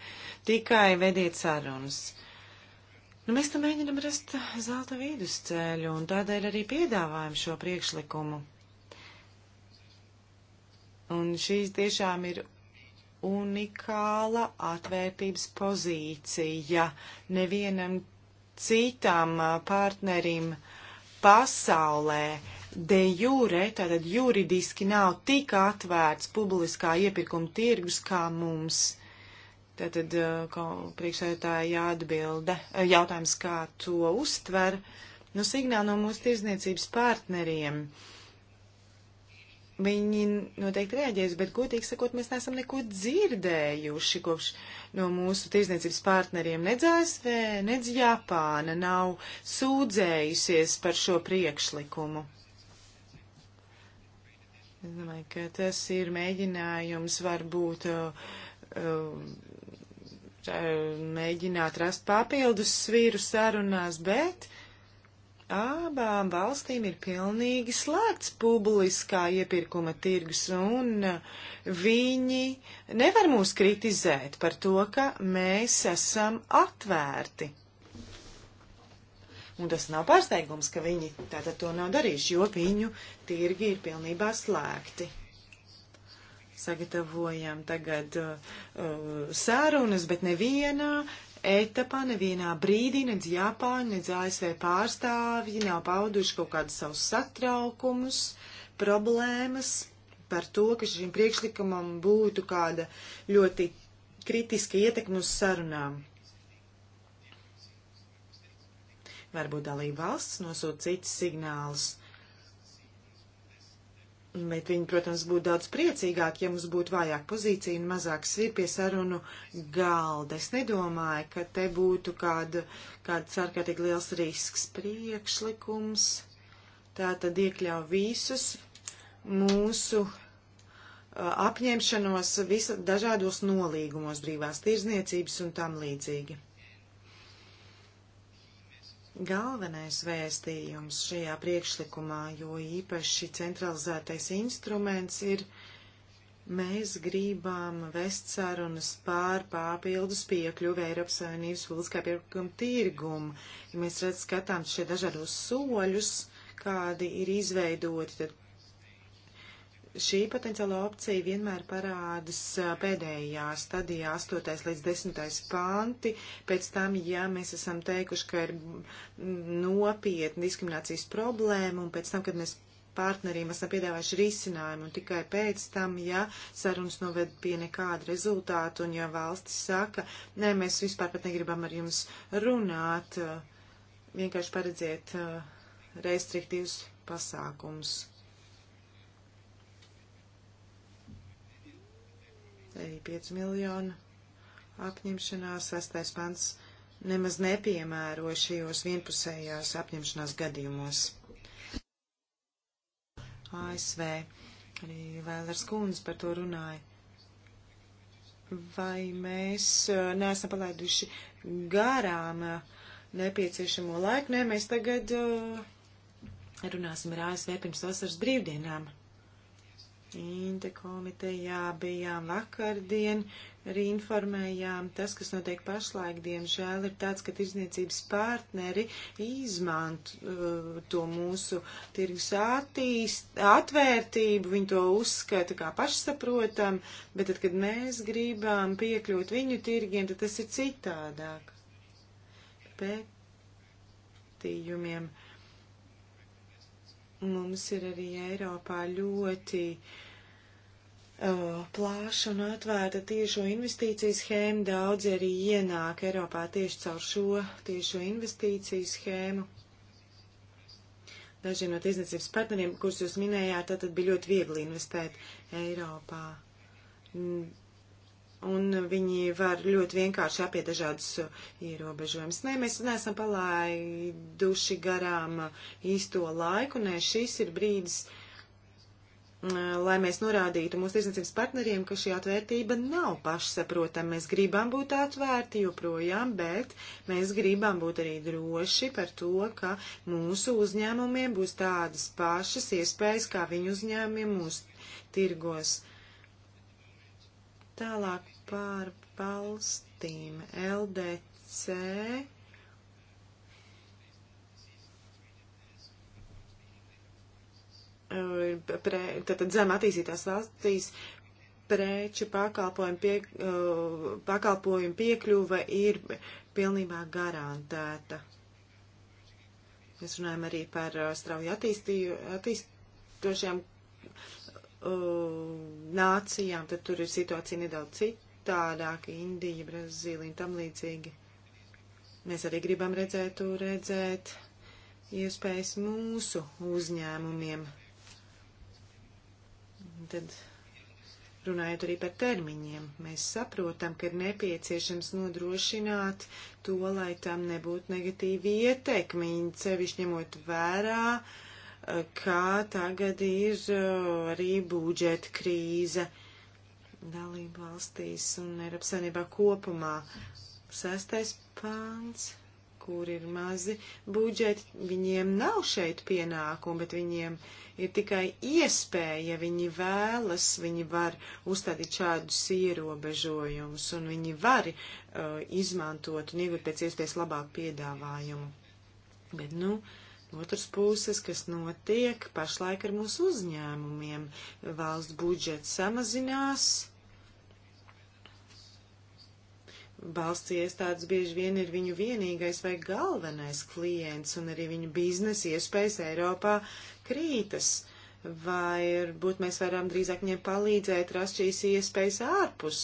tikai vediet sarunas. Nu, mēs tam mēģinam rast zelta vidusceļu, un tādēļ arī piedāvājam šo priekšlikumu. Un šīs tiešām ir unikāla atvērtības pozīcija nevienam citam partnerim pasaulē. De jure, tātad juridiski nav tik atvērts publiskā iepirkuma tirgus kā mums. Tātad priekšsēdētāja atbilde, jautājums, kā to uztver, nu signāli no mūsu tirzniecības partneriem. Uh, Viņi noteikti reaģēs, bet, godīgi sakot, mēs neesam neko dzirdējuši kopš no mūsu tirzniecības partneriem. Nedz ASV, nedz Japāna nav sūdzējusies par šo priekšlikumu. Es domāju, ka tas ir mēģinājums varbūt uh, uh, mēģināt rast papildus svīru sarunās, bet uh, abām valstīm ir pilnīgi slēgts publiskā iepirkuma tirgus, un uh, viņi nevar mūs kritizēt par to, ka mēs esam atvērti. Un tas nav pārsteigums, ka viņi tātad to nav darījuši, jo viņu tirgi ir pilnībā slēgti. Sagatavojam tagad uh, uh sārunas, bet nevienā etapā nevienā brīdī nedz Japāņa, nedz ASV pārstāvji nav pauduši kaut kādus savus satraukumus, problēmas par to, ka šim priekšlikumam būtu kāda ļoti kritiska ietekme uz sarunām. Varbūt dalība valsts nosūta citas signālus Bet viņi, protams, būtu daudz priecīgāki, ja mums būtu vājāk pozīcija un mazāk svir pie sarunu galda. Es nedomāju, ka te būtu kāda, kāds ārkārtīgi liels risks priekšlikums. Tā tad iekļauj visus mūsu apņemšanos visa, dažādos nolīgumos brīvās tirzniecības un tam līdzīgi galvenais vēstījums šajā priekšlikumā, jo īpaši centralizētais instruments ir mēs gribam vest sarunas pār papildus piekļuvi Eiropas Savienības publiskā piepirkuma tirgumu. Ja mēs redz, skatām šie dažādos soļus, kādi ir izveidoti, tad Šī potenciāla opcija vienmēr parādas pēdējā stadijā, 8. līdz 10. panti. Pēc tam, ja mēs esam teikuši, ka ir nopietna diskriminācijas problēma, un pēc tam, kad mēs partneriem esam piedāvājuši risinājumu, un tikai pēc tam, ja sarunas noved pie nekāda rezultāta, un ja valstis saka, nē, mēs vispār pat negribam ar jums runāt, vienkārši paredziet restriktīvus pasākums 95 miljonu apņemšanās, 6. pants nemaz nepiemēroja šajos vienpusējās apņemšanās gadījumos. ASV arī Vēlers Kūns par to runāja. Vai mēs neesam palaiduši garām nepieciešamo laiku? Nē, mēs tagad runāsim ar ASV pirms vasaras brīvdienām. Inte komitejā bijām vakardien, arī informējām, tas, kas notiek pašlaik, diemžēl, ir tāds, ka tirzniecības partneri izmanto uh, mūsu tirgus attīst, atvērtību, viņi to uzskata kā pašsaprotam, bet tad, kad mēs gribam piekļūt viņu tirgiem, tad tas ir citādāk. Pētījumiem mums ir arī Eiropā ļoti uh, Uh, plāša un atvērta tiešo investīciju schēma. Daudzi arī ienāk Eiropā tieši caur šo tiešo investīciju schēmu. Daži no tirdzniecības partneriem, kurus jūs minējāt, tad, tad bija ļoti viegli investēt Eiropā. Un viņi var ļoti vienkārši apiet dažādus uh, ierobežojumus. Nē, mēs neesam palaiduši garām īsto laiku. Nē, šis ir brīdis. Uh, lai mēs norādītu mūsu tirsniecības partneriem, ka šī atvērtība nav pašsaprotama. Mēs gribam būt atvērti joprojām, bet mēs gribam būt arī droši par to, ka mūsu uzņēmumiem būs tādas pašas iespējas, kā viņu uzņēmumiem mūsu tirgos. Tālāk par valstīm LDC Uh, pre, tātad zem attīstītās valstīs preču pakalpojumu, pie, uh, pakalpojumu piekļuva ir pilnībā garantēta. Mēs runājam arī par uh, strauju attīstošajām nācijām, tad tur ir situācija nedaudz citādāka, Indija, Brazīlija un tam līdzīgi. Mēs arī gribam redzēt, redzēt iespējas mūsu uzņēmumiem Un tad Runājot arī par termiņiem, mēs saprotam, ka ir nepieciešams nodrošināt to, lai tam nebūtu negatīvi ietekmi, sevišķi ņemot vērā, eh, kā tagad ir eh, arī budžeta krīze dalību valstīs un Eiropas Savienībā kopumā. Sestais pāns kur ir mazi budžeti, viņiem nav šeit pienākumu, bet viņiem ir tikai iespēja, ja viņi vēlas, viņi var uzstādīt šādus ierobežojumus un viņi var uh, izmantot un iegūt pēc iespējas labāku piedāvājumu. Bet, nu, otrs puses, kas notiek pašlaik ar mūsu uzņēmumiem, valsts budžets samazinās Balsts iestādes bieži vien ir viņu vienīgais vai galvenais klients, un arī viņu biznesa iespējas Eiropā krītas. Varbūt mēs varam drīzāk viņiem palīdzēt rast šīs iespējas ārpus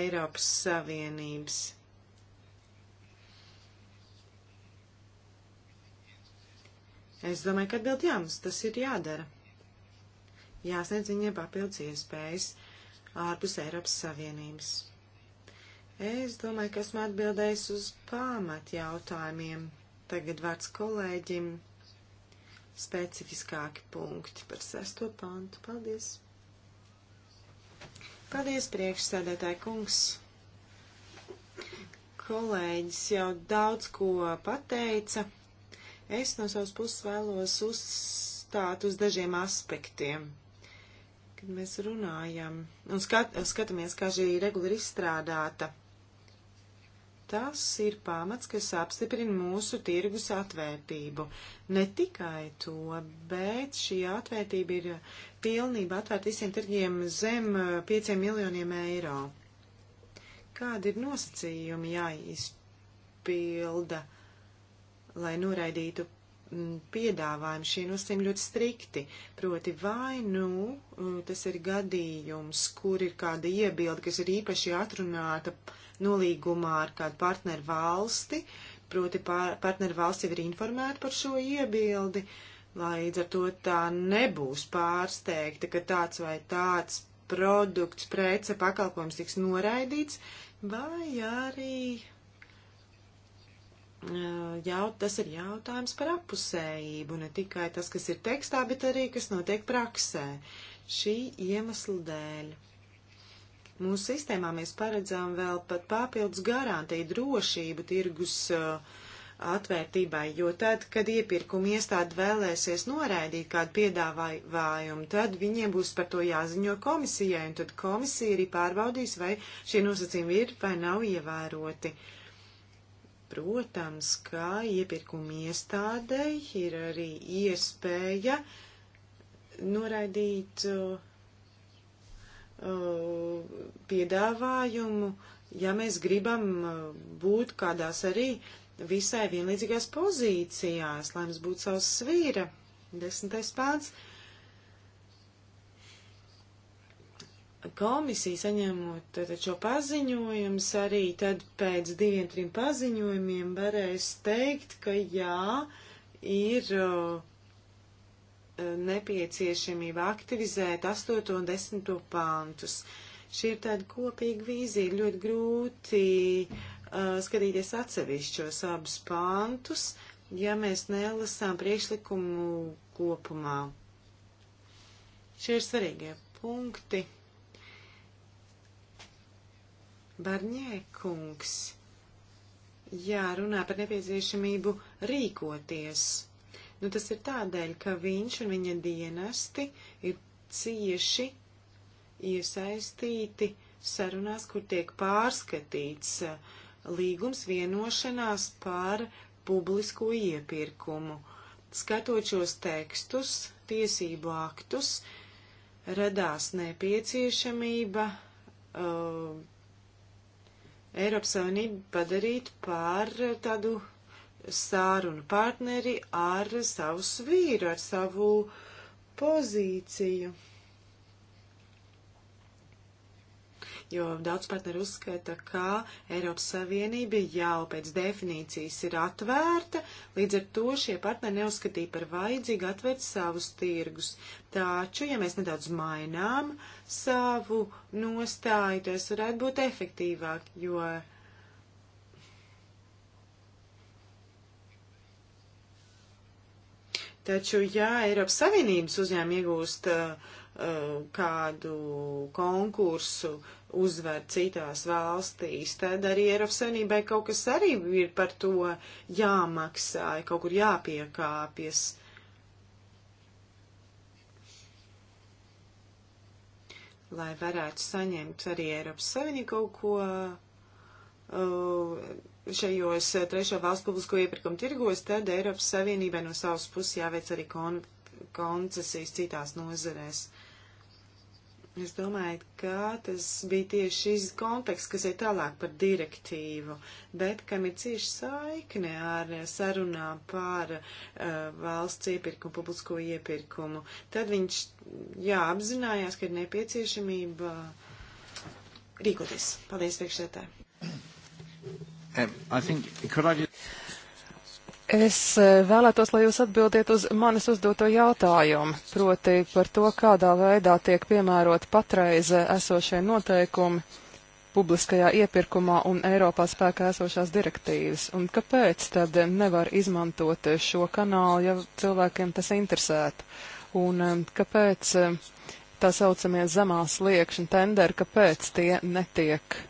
Eiropas Savienības. Es domāju, ka atbild jā, mums tas ir jādara. Jāsniedz viņiem papildus iespējas ārpus Eiropas Savienības. Es domāju, ka esmu atbildējis uz pamat jautājumiem. Tagad vārds kolēģim specifiskāki punkti par sesto pantu. Paldies! Paldies, priekšsēdētāji kungs! Kolēģis jau daudz ko pateica. Es no savas puses vēlos uzstāt uz dažiem aspektiem kad mēs runājam un skat, skatāmies, kā šī regula ir izstrādāta, Tas ir pamats, kas apstiprina mūsu tirgus atvērtību. Ne tikai to, bet šī atvērtība ir pilnība atvērta visiem tirgiem zem 5 uh, miljoniem eiro. Kādi ir nosacījumi jāizpilda, lai noraidītu Mm, piedāvājumi šie nosacījumi ļoti strikti. Proti, vai nu mm, tas ir gadījums, kur ir kāda iebilda, kas ir īpaši atrunāta nolīgumā ar kādu partneru valsti, proti pār, partneru valsts jau ir informēta par šo iebildi, līdz ar to tā nebūs pārsteigta, ka tāds vai tāds produkts, prece, pakalpojums tiks noraidīts, vai arī jau, tas ir jautājums par apusējību, ne tikai tas, kas ir tekstā, bet arī, kas notiek praksē. Šī iemesla dēļ. Mūsu sistēmā mēs paredzām vēl pat papildus garantiju drošību tirgus uh, atvērtībai, jo tad, kad iepirkuma iestāde vēlēsies noraidīt kādu piedāvājumu, tad viņiem būs par to jāziņo komisijai, un tad komisija arī pārbaudīs, vai šie nosacījumi ir vai nav ievēroti. Uh, Protams, ka iepirkuma iestādei ir arī iespēja noraidīt uh, uh piedāvājumu, ja mēs gribam uh, būt kādās arī visai vienlīdzīgās pozīcijās, lai mums būtu savs svīra. Desmitais pāns. Uh, komisija saņemot šo paziņojumus, arī tad pēc diviem, trim paziņojumiem varēs teikt, ka jā, ir uh, nepieciešamība aktivizēt 8 un 10 pāntus. Šī ir tāda kopīga vīzija, ļoti grūti uh, skatīties atsevišķos abus pāntus, ja mēs nelasām priekšlikumu kopumā. Šie ir svarīgie punkti. Barņē kungs, jā, runā par nepieciešamību rīkoties. Nu, tas ir tādēļ, ka viņš un viņa dienesti ir cieši iesaistīti sarunās, kur tiek pārskatīts uh, līgums vienošanās par publisko iepirkumu. Skatot šos tekstus, tiesību aktus, radās nepieciešamība uh, Eiropas Savienību padarīt par tādu sārunu partneri ar savu svīru, ar savu pozīciju. jo daudz partneri uzskata, ka Eiropas Savienība jau pēc definīcijas ir atvērta, līdz ar to šie partneri neuzskatīja par vajadzīgu atvērt savus tirgus. Taču, ja mēs nedaudz mainām savu nostāju, tas varētu būt efektīvāk, jo Taču, ja Eiropas Savienības uzņēmumi iegūst uh, uh kādu konkursu, uzvar citās valstīs, tad arī Eiropas Savienībai kaut kas arī ir par to jāmaksā, kaut kur jāpiekāpjas. Lai varētu saņemt arī Eiropas Savienību kaut ko uh, šajos trešo valstu publisko iepirkumu tirgos, tad Eiropas Savienībai no savas puses jāveic arī kon koncesijas citās nozarēs. Uh, Es domāju, ka tas bija tieši šis konteksts, kas ir tālāk par direktīvu, bet kam ir cieši saikne ar sarunā par uh, valsts iepirkumu, publisko iepirkumu. Tad viņš, jā, apzinājās, ka ir nepieciešamība rīkoties. Paldies, priekšsētāji. Um, I think, could I just... Es eh, vēlētos, lai jūs atbildiet uz manis uzdoto jautājumu, proti par to, kādā veidā tiek piemērot patreiz eh, esošie noteikumi publiskajā iepirkumā un Eiropā spēkā esošās direktīvas, un kāpēc tad nevar izmantot eh, šo kanālu, ja cilvēkiem tas interesētu, un kāpēc tā saucamie zemās liekšņa tenderi, kāpēc tie netiek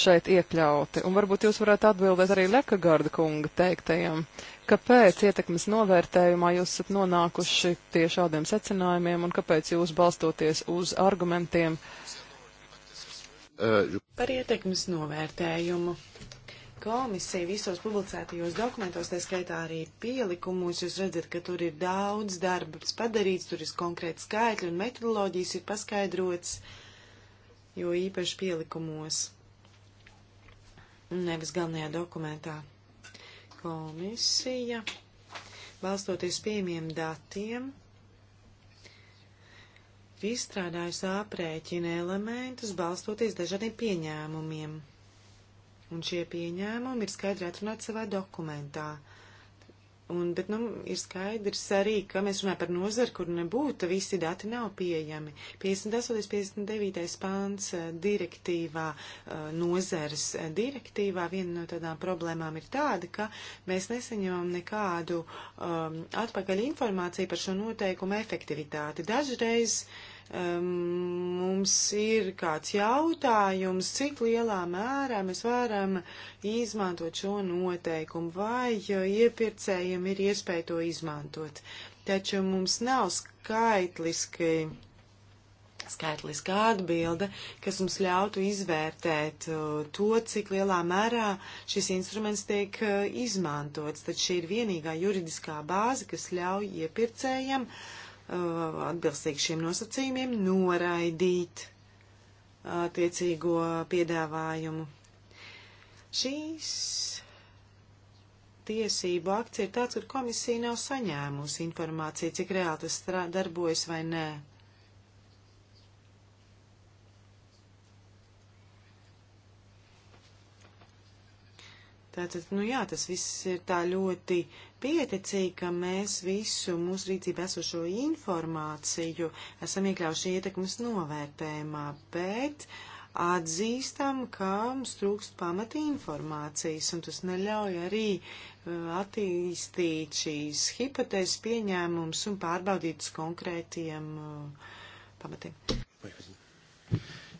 šeit iekļauti. Un varbūt jūs varētu atbildēt arī Lekagarda kunga teiktajam, kāpēc ietekmes novērtējumā jūs esat nonākuši pie šādiem secinājumiem un kāpēc jūs balstoties uz argumentiem. Par ietekmes novērtējumu. Komisija visos publicētajos dokumentos, tā skaitā arī pielikumos, jūs redzat, ka tur ir daudz darbs padarīts, tur ir konkrēti skaitļi un metodoloģijas ir paskaidrots, jo īpaši pielikumos nevis galvenajā dokumentā. Komisija, balstoties pieejamiem datiem, izstrādājusi aprēķina elementus, balstoties dažādiem pieņēmumiem. Un šie pieņēmumi ir skaidri atrunāti savā dokumentā. Un, bet nu, ir skaidrs arī, ka mēs runājam par nozaru, kur nebūtu, visi dati nav pieejami. 58. 59. pāns eh, direktīvā, eh, nozares eh, direktīvā, viena no tādām problēmām ir tāda, ka mēs nesaņemam nekādu um, atpakaļ informāciju par šo noteikumu efektivitāti. Dažreiz uh, mums ir kāds jautājums, cik lielā mērā mēs varam izmantot šo noteikumu, vai iepirkējiem ir iespēja to izmantot. Taču mums nav skaitliski, skaitliska atbilde, kas mums ļautu izvērtēt uh, to, cik lielā mērā šis instruments tiek uh, izmantots. Tad šī ir vienīgā juridiskā bāze, kas ļauj iepirkējiem uh, Uh, atbilstīgi šiem nosacījumiem noraidīt attiecīgo piedāvājumu. Šīs tiesību akts ir tāds, kur komisija nav saņēmusi informāciju, cik reāli tas darbojas vai nē. Tātad, nu jā, tas viss ir tā ļoti pieticīgi, ka mēs visu mūsu rīcībā esošo informāciju esam iekļauši ietekmes novērtējumā, bet atzīstam, ka mums trūkst pamati informācijas, un tas neļauj arī uh, attīstīt šīs hipotēzes pieņēmums un pārbaudīt uz konkrētiem uh, pamatiem.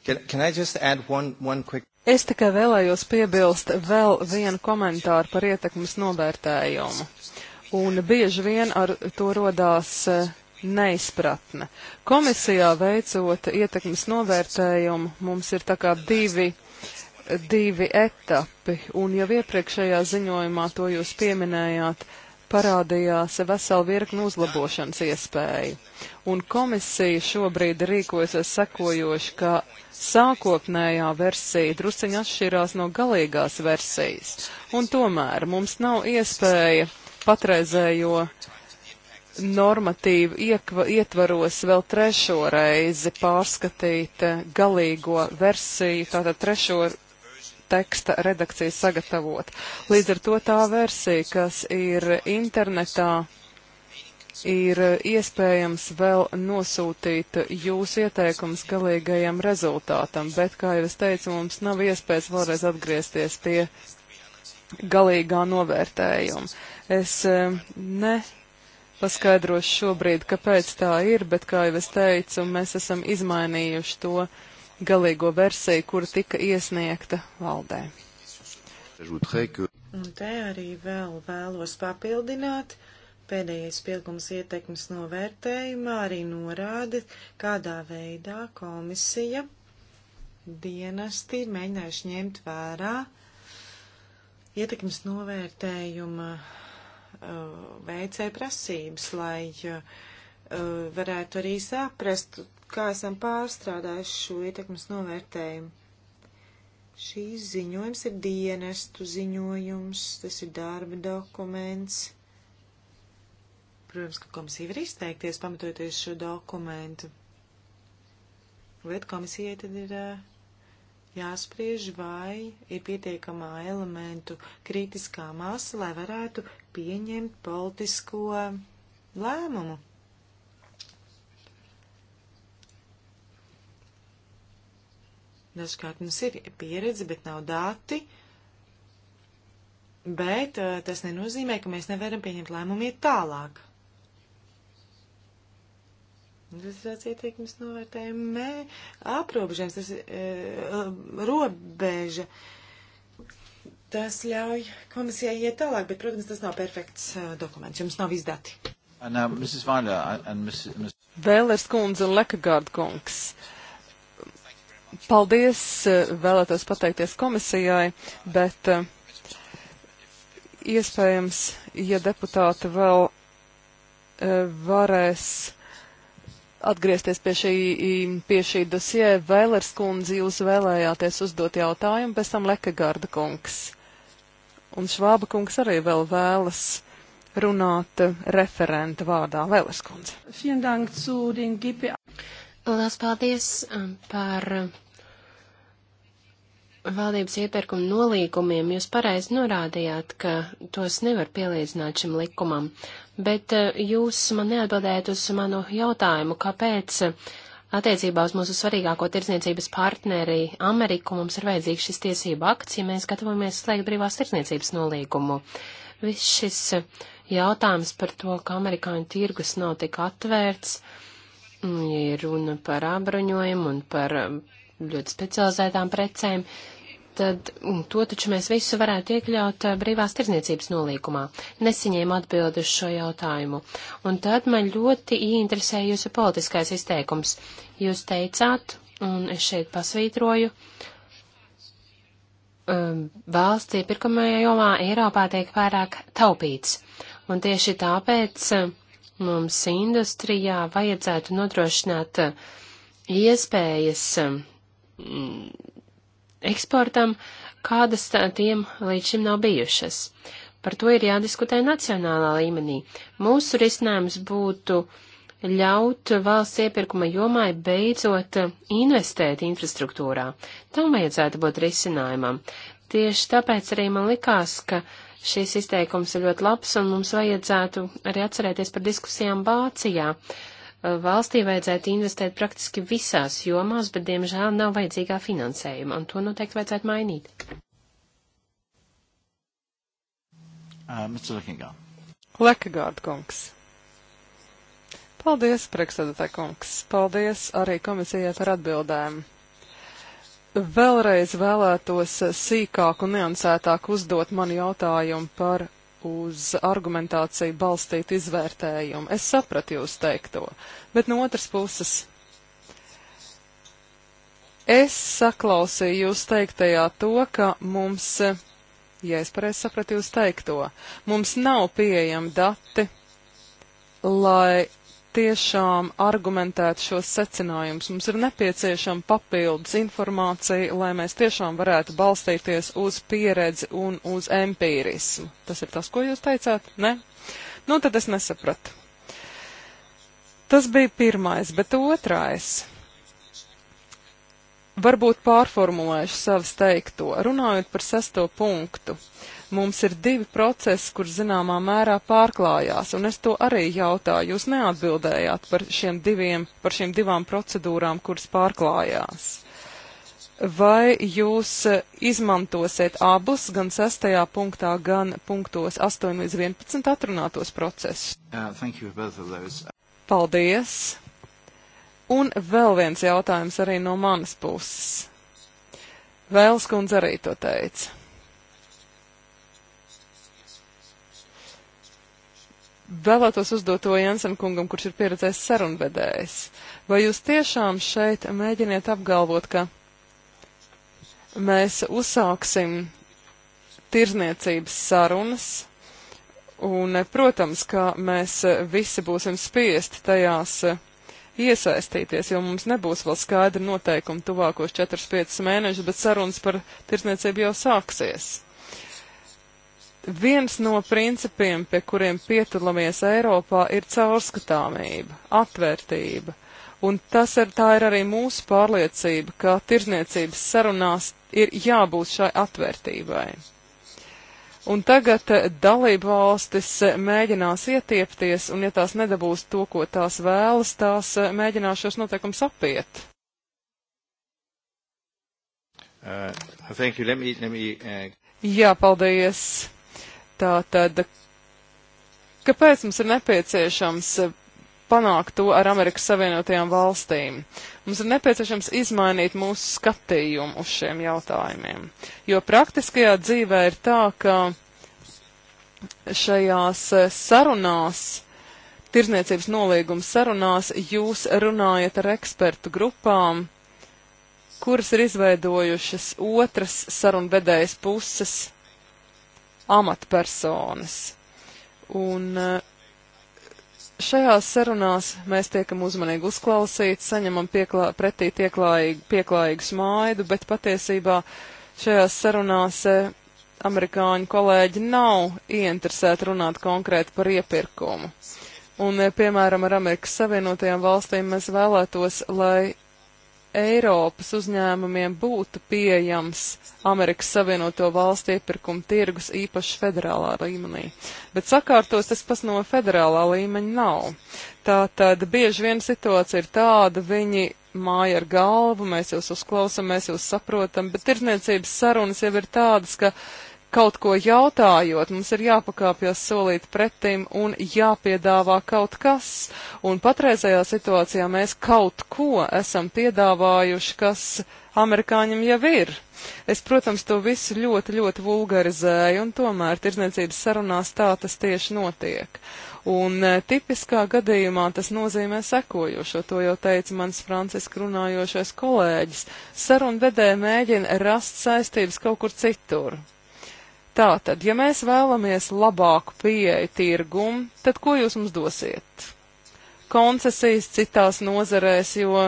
Can, can I just add one, one quick Es tikai vēlējos piebilst vēl vienu komentāru par ietekmes novērtējumu. Un bieži vien ar to rodās e, neizpratne. Komisijā veicot ietekmes novērtējumu, mums ir tā kā divi, divi etapi, un jau iepriekšējā ziņojumā to jūs pieminējāt, uh, parādījās vesela virkni uzlabošanas iespēju. Un komisija šobrīd rīkojasies sekojoši, ka sākotnējā versija drusciņi atšķirās no galīgās versijas. Un tomēr mums nav iespēja patreizējo normatīvu iekva, ietvaros vēl trešo reizi pārskatīt eh, galīgo versiju, tātad trešo teksta redakcija sagatavot. Līdz ar to tā versija, kas ir internetā, ir iespējams vēl nosūtīt jūsu ieteikums galīgajam rezultātam, bet, kā jau es teicu, mums nav iespējas vēlreiz atgriezties pie galīgā novērtējuma. Es eh, ne paskaidrošu šobrīd, kāpēc tā ir, bet, kā jau es teicu, mēs esam izmainījuši to galīgo versiju, kura tika iesniegta valdē. Un te arī vēl vēlos papildināt. Pēdējais pielikums ietekmes novērtējumā arī norāda, kādā veidā komisija dienesti ir mēģinājuši ņemt vērā ietekmes novērtējuma uh, veicēja prasības, lai uh, varētu arī saprast, kā esam pārstrādājuši šo ietekmes novērtējumu. Šīs ziņojums ir dienestu ziņojums, tas ir darba dokuments. Protams, ka komisija var izteikties pamatojoties šo dokumentu. Bet komisijai tad ir eh, jāspriež, vai ir pietiekamā elementu kritiskā masa, lai varētu pieņemt politisko lēmumu. Dažkārt mums ir pieredze, bet nav dati. Bet eh, tas nenozīmē, ka mēs nevaram pieņemt lēmumu iet tālāk. E. Tas ir ieteikums novērtējumē aprobežams, tas ir e, robeža. Tas ļauj komisijai iet tālāk, bet, protams, tas nav perfekts eh, dokuments, jums nav izdati. And, uh, um, Mrs. Vailer, and Mrs. Mrs. Vēlers kundze un Lekagārda kungs. Uh, Paldies, eh, vēlētos pateikties komisijai, bet eh, iespējams, ja deputāti vēl eh, varēs atgriezties pie šī, pie šī dosie, Vēlers kundze, jūs vēlējāties uzdot jautājumu, pēc tam Lekegarda kungs. Un Švāba kungs arī vēl vēlas runāt referenta vārdā. Vēlers kundze. Lielas paldies um, par um, valdības iepirkuma nolīgumiem. Jūs pareizi norādījāt, ka tos nevar pielīdzināt šim likumam, bet uh, jūs man neatbildējat uz manu jautājumu, kāpēc uh, attiecībā uz mūsu svarīgāko tirdzniecības partneri Ameriku mums ir vajadzīgs šis tiesība akts, ja mēs gatavojamies slēgt brīvās tirdzniecības nolīgumu. Viss šis uh, jautājums par to, ka amerikāņu tirgus nav tik atvērts, uh, Ja runa par apbruņojumu un par um, ļoti specializētām precēm, tad to taču mēs visu varētu iekļaut uh, brīvās tirdzniecības nolīkumā. Nesaņēmu atbildi uz šo jautājumu. Un tad man ļoti ieinteresē jūsu politiskais izteikums. Jūs teicāt, un es šeit pasvītroju, um, valsts iepirkumajā jomā Eiropā tiek pārāk taupīts. Un tieši tāpēc. Um, Mums industrijā vajadzētu nodrošināt uh, iespējas um, eksportam, kādas tiem līdz šim nav bijušas. Par to ir jādiskutē nacionālā līmenī. Mūsu risinājums būtu ļaut valsts iepirkuma jomai beidzot investēt infrastruktūrā. Tam vajadzētu būt risinājumam. Tieši tāpēc arī man likās, ka Šīs izteikums ir ļoti labs, un mums vajadzētu arī atcerēties par diskusijām Vācijā. Uh, valstī vajadzētu investēt praktiski visās jomās, bet, diemžēl, nav vajadzīgā finansējuma, un to noteikti vajadzētu mainīt. Uh, Lekagārda kungs. Paldies, priekšsēdētāj kungs. Paldies arī komisijai par atbildēm vēlreiz vēlētos sīkāk un niansētāk uzdot manu jautājumu par uz argumentāciju balstītu izvērtējumu. Es sapratu jūs teikto, bet no otras puses. Es saklausīju jūs teiktajā to, ka mums, ja es pareizi sapratu jūs teikto, mums nav pieejami dati, lai tiešām argumentēt šos secinājumus. Mums ir nepieciešama papildus informācija, lai mēs tiešām varētu balstīties uz pieredzi un uz empīrismu. Tas ir tas, ko jūs teicāt? Ne? Nu, tad es nesapratu. Tas bija pirmais, bet otrais. Varbūt pārformulēšu savas teikto, runājot par sesto punktu. Uh, Mums ir divi procesi, kur zināmā mērā pārklājās, un es to arī jautāju. Jūs neatbildējāt par šiem, diviem, par šiem divām procedūrām, kuras pārklājās. Vai jūs eh, izmantosiet abus, gan 6. punktā, gan punktos 8 līdz 11 atrunātos procesus? Uh, Paldies! Un vēl viens jautājums arī no manas puses. Vēlskundze arī to teica. Vēlētos uzdot to Jensen kungam, kurš ir pieredzējis sarunvedējs. Vai jūs tiešām šeit mēģiniet apgalvot, ka mēs uzsāksim tirzniecības sarunas? Un, protams, ka mēs visi būsim spiesti tajās iesaistīties, jo mums nebūs vēl skaidri noteikumi tuvākos 4-5 mēnešus, bet sarunas par tirsniecību jau sāksies. Viens no principiem, pie kuriem pieturamies Eiropā, ir caurskatāmība, atvērtība. Un tas ir, tā ir arī mūsu pārliecība, ka tirzniecības sarunās ir jābūt šai atvērtībai. Un tagad eh, dalību valstis eh, mēģinās ietiepties, un ja tās nedabūs to, ko tās vēlas, tās eh, mēģinās šos noteikums apiet. Uh, thank you. Let me, let me, uh... Jā, paldies. Tātad, kāpēc mums ir nepieciešams eh, panākt to ar Amerikas Savienotajām valstīm. Mums ir nepieciešams izmainīt mūsu skatījumu uz šiem jautājumiem, jo praktiskajā dzīvē ir tā, ka šajās eh, sarunās, tirzniecības nolīguma sarunās, jūs runājat ar ekspertu grupām, kuras ir izveidojušas otras sarunvedējas puses amatpersonas. Un eh, šajās sarunās mēs tiekam uzmanīgi uzklausīti, saņemam pieklā, pretī pieklājīgu, pieklājīgu smaidu, bet patiesībā šajās sarunās eh, amerikāņu kolēģi nav ieinteresēti runāt konkrēti par iepirkumu. Un, eh, piemēram, ar Amerikas Savienotajām valstīm mēs vēlētos, lai Eiropas uzņēmumiem būtu pieejams Amerikas Savienoto Valstu iepirkuma tirgus īpaši federālā līmenī. Bet sakārtos tas pas no federālā līmeņa nav. Tātad bieži vien situācija ir tāda, viņi māja ar galvu, mēs jūs uzklausam, mēs jūs saprotam, bet tirdzniecības sarunas jau ir tādas, ka kaut ko jautājot, mums ir jāpakāpjas solīt pretim un jāpiedāvā kaut kas. Un patreizajā situācijā mēs kaut ko esam piedāvājuši, kas amerikāņiem jau ir. Es, protams, to visu ļoti, ļoti vulgarizēju, un tomēr tirzniecības sarunās tā tas tieši notiek. Un e, tipiskā gadījumā tas nozīmē sekojošo, to jau teica mans franciski runājošais kolēģis. Sarunvedē mēģina rast saistības kaut kur citur. Tātad, ja mēs vēlamies labāku pieeju tirgumu, tad ko jūs mums dosiet? Koncesijas citās nozarēs, jo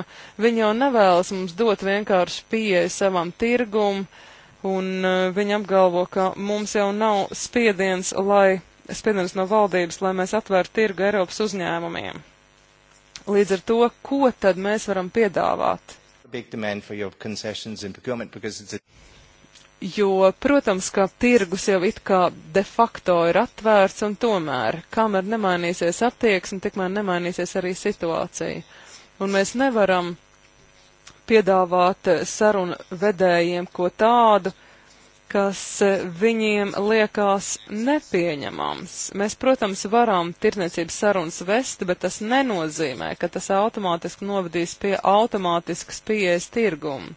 viņi jau nevēlas mums dot vienkārši pieeju savam tirgumam, un eh, viņi apgalvo, ka mums jau nav spiediens, lai, spiediens no valdības, lai mēs atvērtu tirgu Eiropas uzņēmumiem. Līdz ar to, ko tad mēs varam piedāvāt? big demand for your concessions and procurement because it's a jo, protams, kā tirgus jau it kā de facto ir atvērts un tomēr, kamēr nemainīsies attieksme, tikmēr nemainīsies arī situācija. Un mēs nevaram piedāvāt sarunu vedējiem ko tādu, kas viņiem liekas nepieņemams. Mēs, protams, varam tirniecības sarunas vest, bet tas nenozīmē, ka tas automātiski novadīs pie automātiskas pieejas tirgumu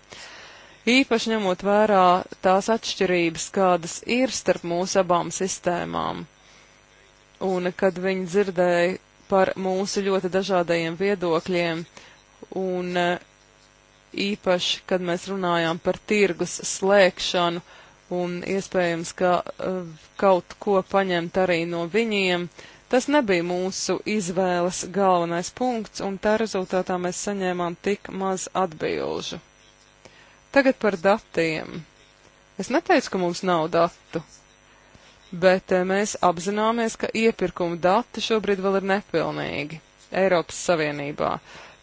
īpaši ņemot vērā tās atšķirības, kādas ir starp mūsu abām sistēmām. Un kad viņi dzirdēja par mūsu ļoti dažādajiem viedokļiem, un eh, īpaši, kad mēs runājām par tirgus slēgšanu, un iespējams, ka eh, kaut ko paņemt arī no viņiem, tas nebija mūsu izvēles galvenais punkts, un tā rezultātā mēs saņēmām tik maz atbilžu. Tagad par datiem. Es neteicu, ka mums nav datu, bet eh, mēs apzināmies, ka iepirkuma dati šobrīd vēl ir nepilnīgi Eiropas Savienībā.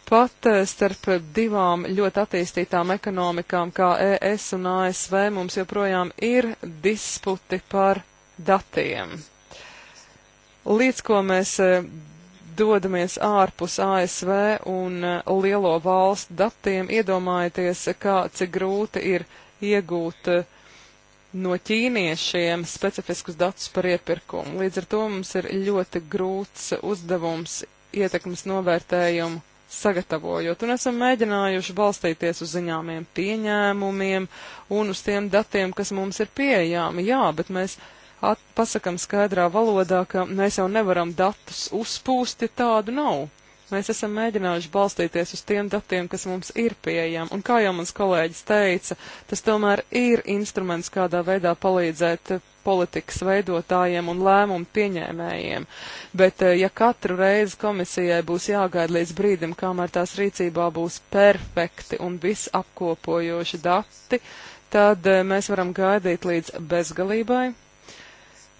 Pat eh, starp divām ļoti attīstītām ekonomikām, kā ES un ASV, mums joprojām ir disputi par datiem. Līdz ko mēs eh, dodamies ārpus ASV un eh, lielo valstu datiem, iedomājieties, kā cik grūti ir iegūt eh, no ķīniešiem specifiskus datus par iepirkumu. Līdz ar to mums ir ļoti grūts uzdevums ietekmes novērtējumu sagatavojot, un esam mēģinājuši balstīties uz ziņāmiem pieņēmumiem un uz tiem datiem, kas mums ir pieejami. Jā, bet mēs pasakam skaidrā valodā, ka mēs jau nevaram datus uzpūst, ja tādu nav. Mēs esam mēģinājuši balstīties uz tiem datiem, kas mums ir pieejami, un kā jau mans kolēģis teica, tas tomēr ir instruments, kādā veidā palīdzēt politikas veidotājiem un lēmumu pieņēmējiem. Bet eh, ja katru reizi komisijai būs jāgaida līdz brīdim, kamēr tās rīcībā būs perfekti un visapkopojoši dati, tad eh, mēs varam gaidīt līdz bezgalībai,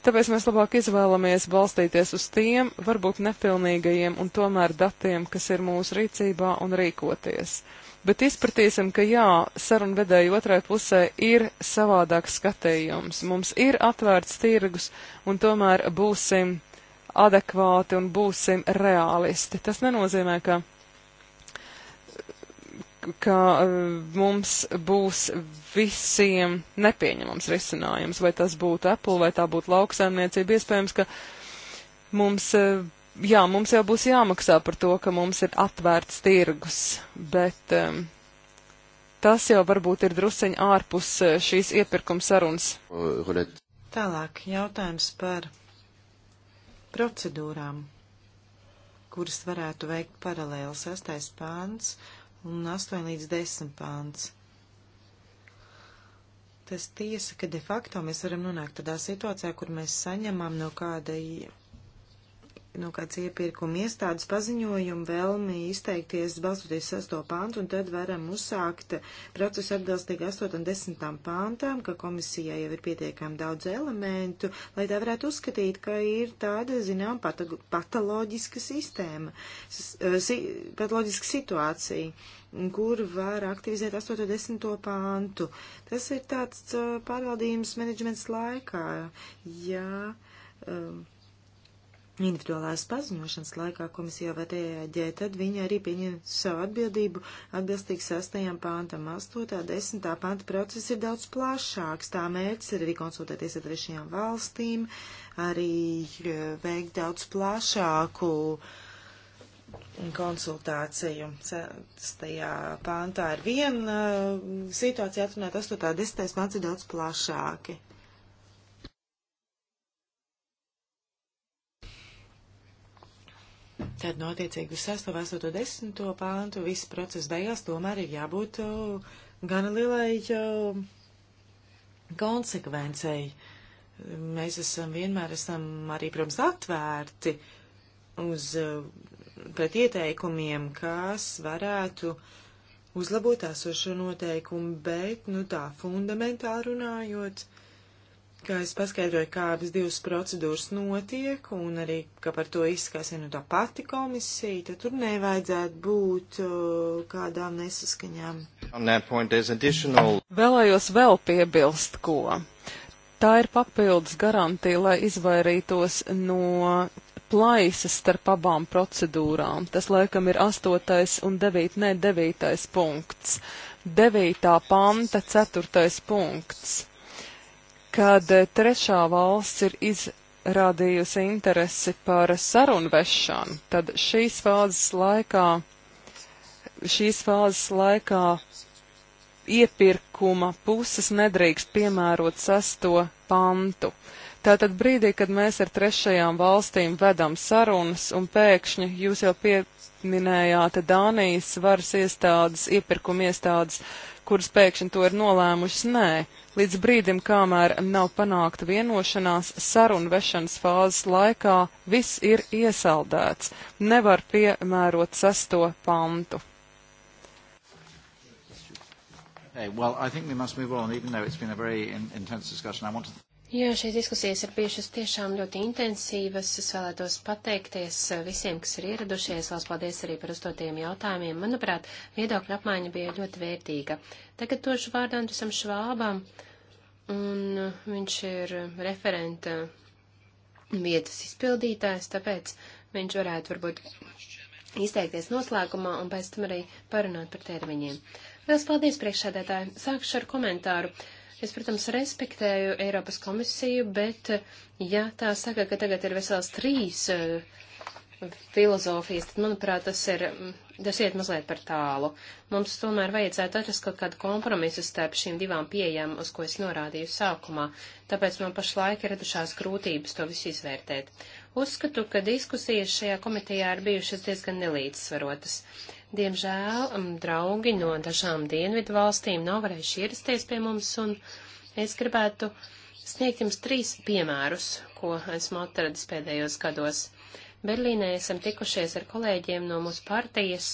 Tāpēc mēs labāk izvēlamies balstīties uz tiem, varbūt nepilnīgajiem un tomēr datiem, kas ir mūsu rīcībā un rīkoties. Bet izpratīsim, ka jā, sarunvedēju otrai pusē ir savādāks skatījums. Mums ir atvērts tirgus un tomēr būsim adekvāti un būsim reālisti. Tas nenozīmē, ka ka eh, mums būs visiem nepieņemams risinājums, vai tas būtu Apple, vai tā būtu lauksaimniecība. Iespējams, ka mums, eh, jā, mums jau būs jāmaksā par to, ka mums ir atvērts tirgus, bet um, tas jau varbūt ir druseņi ārpus šīs iepirkuma sarunas. Tālāk jautājums par procedūrām kuras varētu veikt paralēli sastais pāns un 8 līdz 10 pāns. Tas tiesa, ka de facto mēs varam nonākt tādā situācijā, kur mēs saņemam no kāda no nu, kāds iepirkuma iestādes paziņojumu vēlmi izteikties balstoties 6. pāntu, un tad varam uzsākt procesu atbilstīgi 8. un 10. pāntām, ka komisijai jau ir pietiekami daudz elementu, lai tā varētu uzskatīt, ka ir tāda, zinām, patoloģiska sistēma, eh, si patoloģiska situācija, kur var aktivizēt 8. un 10. pāntu. Tas ir tāds eh, pārvaldījums menedžments laikā, jā. Um, individuālās paziņošanas laikā komisija var reaģēt, tad viņi arī pieņem savu atbildību atbilstīgi 6. pāntam. 8. 10. panta process ir daudz plašāks. Tā mērķis ir arī konsultēties ar trešajām valstīm, arī e, veikt daudz plašāku uh, konsultāciju. Sestajā pāntā ir viena e, situācija atrunāta, astotajā desmitais pāns ir daudz plašāki. Tad notiecīgi nu, uz 6, 8, 10 pāntu viss process beigās tomēr ir jābūt uh, gana lielai uh, konsekvencei. Mēs esam vienmēr esam arī, protams, atvērti uz uh, pret ieteikumiem, kas varētu uzlabot esošo noteikumu, bet, nu tā, fundamentāli runājot, kā es paskaidroju, kādas divas procedūras notiek, un arī, ka par to izskās viena ja nu tā pati komisija, tad tur nevajadzētu būt uh, kādām nesaskaņām. Additional... Vēlējos vēl piebilst, ko. Tā ir papildus garantija, lai izvairītos no plaisas starp abām procedūrām. Tas laikam ir astotais un devīt, ne devītais punkts. Devītā panta, ceturtais punkts kad eh, trešā valsts ir izrādījusi interesi par sarunvešanu, tad šīs fāzes laikā, šīs fāzes laikā iepirkuma puses nedrīkst piemērot sesto pantu. Tātad brīdī, kad mēs ar trešajām valstīm vedam sarunas un pēkšņi jūs jau pieminējāt Dānijas varas iestādes, iepirkuma iestādes, kuras pēkšņi to ir nolēmušas, nē, līdz brīdim, kamēr nav panākta vienošanās sarunu vešanas fāzes laikā, viss ir iesaldēts. Nevar piemērot sesto pantu. Hey, well, I think we must move on, even though it's been a very in intense discussion. I want to Jā, šīs diskusijas ir bijušas tiešām ļoti intensīvas. Es vēlētos pateikties eh, visiem, kas ir ieradušies. Lielas paldies arī par uzdotajiem jautājumiem. Manuprāt, viedokļa apmaiņa bija ļoti vērtīga. Tagad tošu vārdu Andrisam Švābam, un eh, viņš ir referenta vietas izpildītājs, tāpēc viņš varētu varbūt izteikties noslēgumā un pēc tam arī parunāt par termiņiem. Lielas paldies priekšsēdētāji. Sākšu ar komentāru. Uh, Es, protams, respektēju Eiropas komisiju, bet ja tā saka, ka tagad ir vesels trīs eh, filozofijas, tad, manuprāt, tas ir, mm, tas iet mazliet par tālu. Mums tomēr vajadzētu atrast kaut kādu kompromisu starp šīm divām pieejām, uz ko es norādīju sākumā, tāpēc man pašlaik ir radušās grūtības to visu izvērtēt. Uzskatu, ka diskusijas šajā komitejā ir bijušas diezgan nelīdzsvarotas. Diemžēl mm, draugi no dažām dienvidu valstīm nav varējuši ierasties pie mums, un es gribētu sniegt jums trīs piemērus, ko esmu atradis pēdējos gados. Berlīnē esam tikušies ar kolēģiem no mūsu partijas,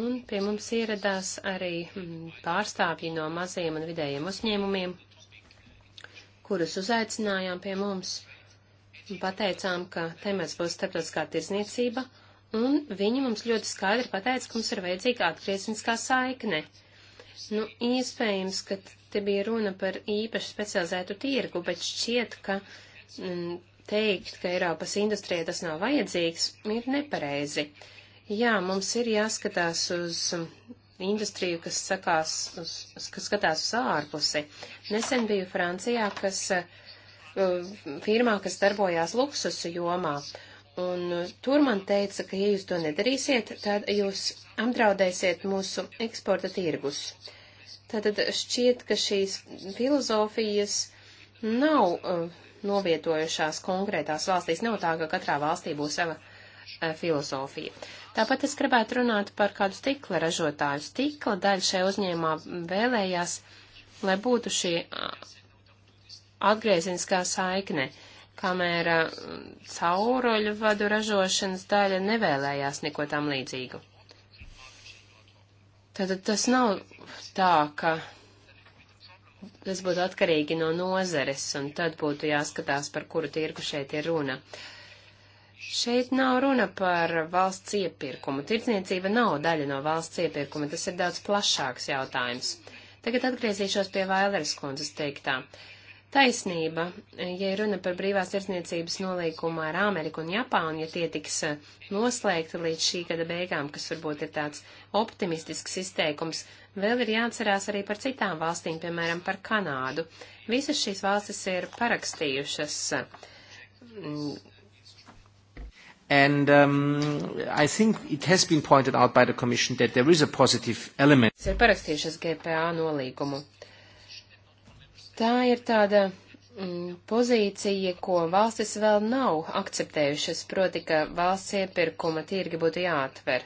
un pie mums ieradās arī mm, pārstāvji no maziem un vidējiem uzņēmumiem, kurus uzaicinājām pie mums un pateicām, ka temats būs starptautiskā tirzniecība un viņi mums ļoti skaidri pateica, ka mums ir vajadzīga atgriezniskā saikne. Nu, iespējams, ka te bija runa par īpaši specializētu tirgu, bet šķiet, ka m, mm, teikt, ka Eiropas industrijai tas nav vajadzīgs, ir nepareizi. Jā, mums ir jāskatās uz industriju, kas, sakās, uz, kas skatās uz ārpusi. Nesen biju Francijā, kas uh, firmā, kas darbojās luksusu jomā, Un uh, tur man teica, ka ja jūs to nedarīsiet, tad jūs apdraudēsiet mūsu eksporta tirgus. Tātad šķiet, ka šīs filozofijas nav uh, novietojušās konkrētās valstīs. Nav tā, ka katrā valstī būs sava uh, filozofija. Tāpat es gribētu runāt par kādu stikla ražotāju. Stikla daļa šajā uzņēmumā vēlējās, lai būtu šī uh, atgriezeniskā saikne. Uh, kamēr cauroļu vadu ražošanas daļa nevēlējās neko tam līdzīgu. Tātad tas nav tā, ka tas būtu atkarīgi no nozeres, un tad būtu jāskatās, par kuru tirgu šeit ir runa. Šeit nav runa par valsts iepirkumu. Tirdzniecība nav daļa no valsts iepirkuma, tas ir daudz plašāks jautājums. Tagad atgriezīšos pie Vaileres kundzes teiktā. Uh, Taisnība, ja runa par brīvās tirsniecības nolīgumu ar Ameriku un Japānu, ja tie tiks eh, noslēgti līdz šī gada beigām, kas varbūt ir tāds optimistisks izteikums, vēl ir jāatcerās arī par citām valstīm, piemēram, par Kanādu. Visas šīs valstis ir parakstījušas. Mm, And um, I think it has been pointed out by the Commission that there is a positive element. Tas ir parakstījušas GPA nolīgumu. Tā ir tāda mm, pozīcija, ko valstis vēl nav akceptējušas, proti, ka valsts iepirkuma tirgi būtu jāatver.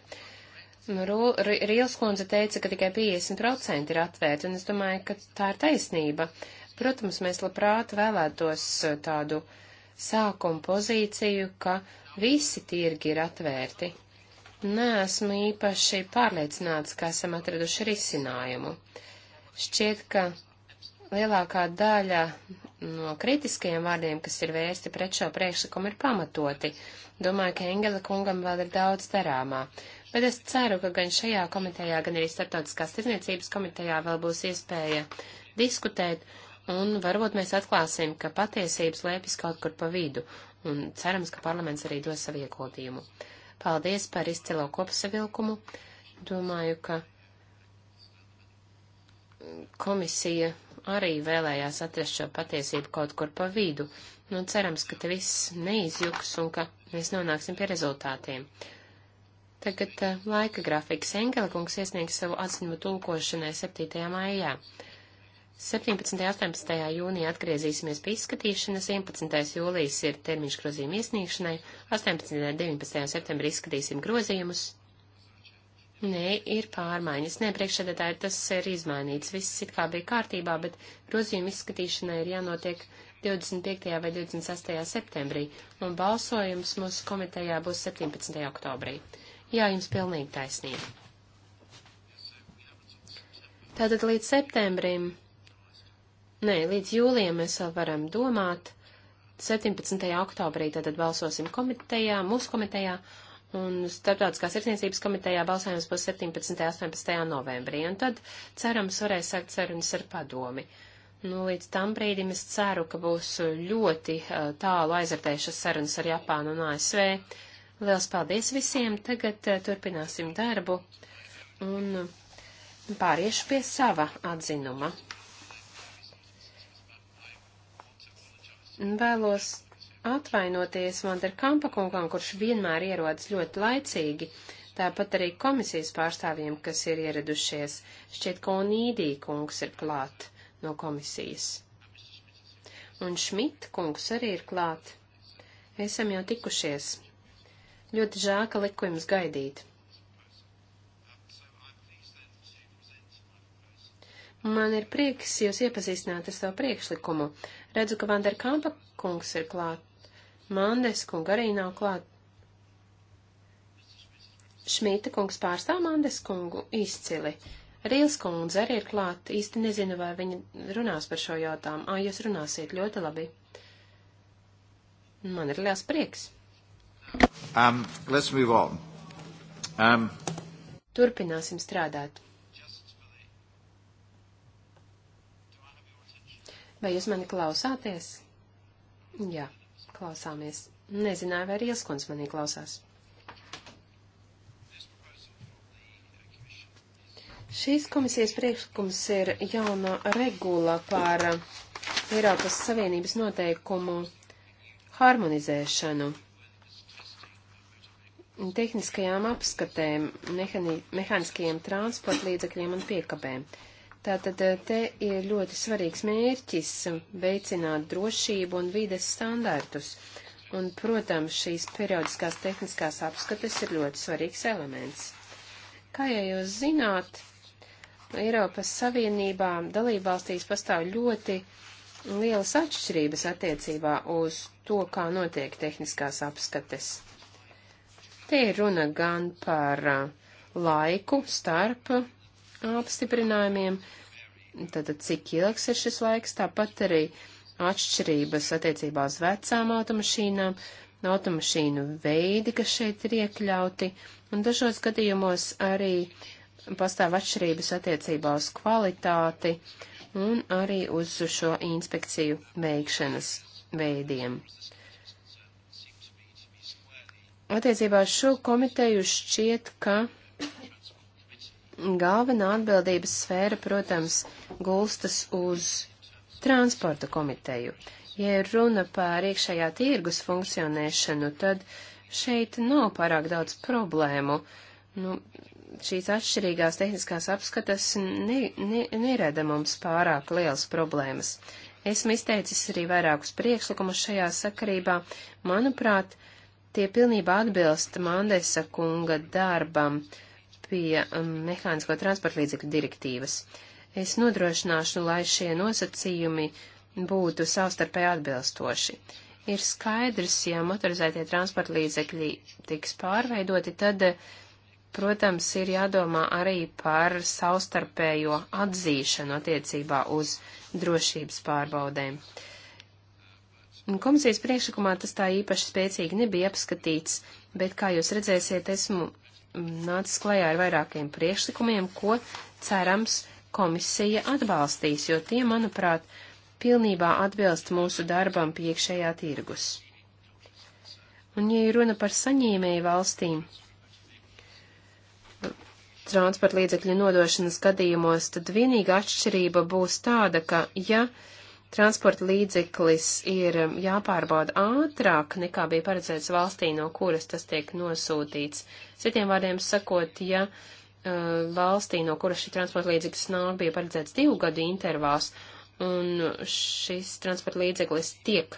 Nu, Rīls kundze teica, ka tikai 50% ir atvērti, un es domāju, ka tā ir taisnība. Protams, mēs labprāt vēlētos tādu sākuma pozīciju, ka visi tirgi ir atvērti. Nē, esmu īpaši pārliecināts, ka esam atraduši risinājumu. Šķiet, ka lielākā daļa no kritiskajiem vārdiem, kas ir vērsti pret šo priekšlikumu, ir pamatoti. Domāju, ka Engela kungam vēl ir daudz darāmā. Bet es ceru, ka gan šajā komitejā, gan arī Startautiskās tirzniecības komitejā vēl būs iespēja diskutēt, un varbūt mēs atklāsim, ka patiesības lēpjas kaut kur pa vidu, un cerams, ka parlaments arī dos savu ieguldījumu. Paldies par izcilo kopsavilkumu. Domāju, ka komisija arī vēlējās atrast šo patiesību kaut kur pa vidu. Nu, cerams, ka te viss neizjuks un ka mēs nonāksim pie rezultātiem. Tagad uh, laika grafiks. Engelkungs iesniegs savu atziņu tulkošanai 7. maijā. 17. un 18. jūnijā atgriezīsimies pie izskatīšanas, 11. jūlijas ir termiņš grozījuma iesniegšanai, 18. un 19. septembrī izskatīsim grozījumus, Nē, ir pārmaiņas. Nē, priekšsēdētāji, tas ir izmainīts. Viss it kā bija kārtībā, bet grozījuma izskatīšanai ir jānotiek 25. vai 26. septembrī, un balsojums mūsu komitejā būs 17. oktobrī. Jā, jums pilnīgi taisnība. Tātad līdz septembrim, nē, līdz jūlijam mēs vēl varam domāt. 17. oktobrī tātad balsosim komitejā, mūsu komitejā, Un Startautiskās sirsniecības komitejā balsojums būs 17. un 18. novembrī, un tad cerams varēs sākt sarunas ar padomi. Nu, līdz tam brīdim es ceru, ka būs ļoti uh, tālu aizvērtējušas sarunas ar Japānu un ASV. Liels paldies visiem, tagad uh, turpināsim darbu un uh, pāriešu pie sava atzinuma. Vēlos atvainoties Vanderkampa kungam, kurš vienmēr ierodas ļoti laicīgi, tāpat arī komisijas pārstāvjiem, kas ir ieradušies. Šķiet, ka Onīdī kungs ir klāt no komisijas. Un Šmit kungs arī ir klāt. Esam jau tikušies. Ļoti žēl, ka liku jums gaidīt. Man ir prieks jūs iepazīstināt ar savu priekšlikumu. Redzu, ka Vanderkampa kungs ir klāt. Mandes kunga arī nav klāt. Šmīta kungs pārstāv Mandes kungu izcili. Rīls kundze arī ir klāt. Īsti nezinu, vai viņa runās par šo jautājumu. Ā, jūs runāsiet ļoti labi. Man ir liels prieks. Um, let's move on. Um, Turpināsim strādāt. Vai jūs mani klausāties? Jā. Yeah klausāmies. Nezināju, vai arī Ilskons manī klausās. Šīs komisijas priekšlikums ir jauna regula par Eiropas Savienības noteikumu harmonizēšanu tehniskajām apskatēm, mehani, mehāniskajiem transportlīdzekļiem un piekabēm. Uh, Tātad eh, te ir ļoti svarīgs mērķis veicināt drošību un vides standartus. Un, protams, šīs periodiskās tehniskās apskates ir ļoti svarīgs elements. Kā jau jūs zināt, Eiropas Savienībā dalībvalstīs pastāv ļoti lielas atšķirības attiecībā uz to, kā notiek tehniskās apskates. Te ir runa gan par eh, laiku starp apstiprinājumiem, tātad cik ilgs ir šis laiks, tāpat arī atšķirības attiecībā uz vecām automašīnām, automašīnu veidi, kas šeit ir iekļauti, un dažos gadījumos arī pastāv atšķirības attiecībā uz kvalitāti un arī uz šo inspekciju veikšanas veidiem. Attiecībā uz šo komiteju šķiet, ka Galvenā atbildības sfēra, protams, gulstas uz transporta komiteju. Ja runa par iekšējā tirgus funkcionēšanu, tad šeit nav pārāk daudz problēmu. Nu, šīs atšķirīgās tehniskās apskatas ne, ne, nerada mums pārāk liels problēmas. Esmu izteicis arī vairākus priekšlikumus šajā sakarībā. Manuprāt, tie pilnībā atbilst Mandesa kunga darbam. Uh, pie um, mehānisko transporta līdzekļu direktīvas. Es nodrošināšu, lai šie nosacījumi būtu savstarpēji atbilstoši. Ir skaidrs, ja motorizētie transporta līdzekļi tiks pārveidoti, tad, protams, ir jādomā arī par savstarpējo atzīšanu attiecībā uz drošības pārbaudēm. Komisijas priekšlikumā tas tā īpaši spēcīgi nebija apskatīts, bet, kā jūs redzēsiet, esmu nācis klajā ar vairākiem priekšlikumiem, ko cerams komisija atbalstīs, jo tie, manuprāt, pilnībā atbilst mūsu darbam piekšējā tirgus. Un, ja runa par saņēmēju valstīm, transporta līdzekļu nodošanas gadījumos, tad vienīga atšķirība būs tāda, ka, ja uh, transporta līdzeklis ir um, jāpārbauda ātrāk nekā bija paredzēts valstī, no kuras tas tiek nosūtīts. Citiem vārdiem sakot, ja uh, valstī, no kuras šī transporta līdzeklis nav, bija paredzēts divu gadu intervāls, un šis transporta līdzeklis tiek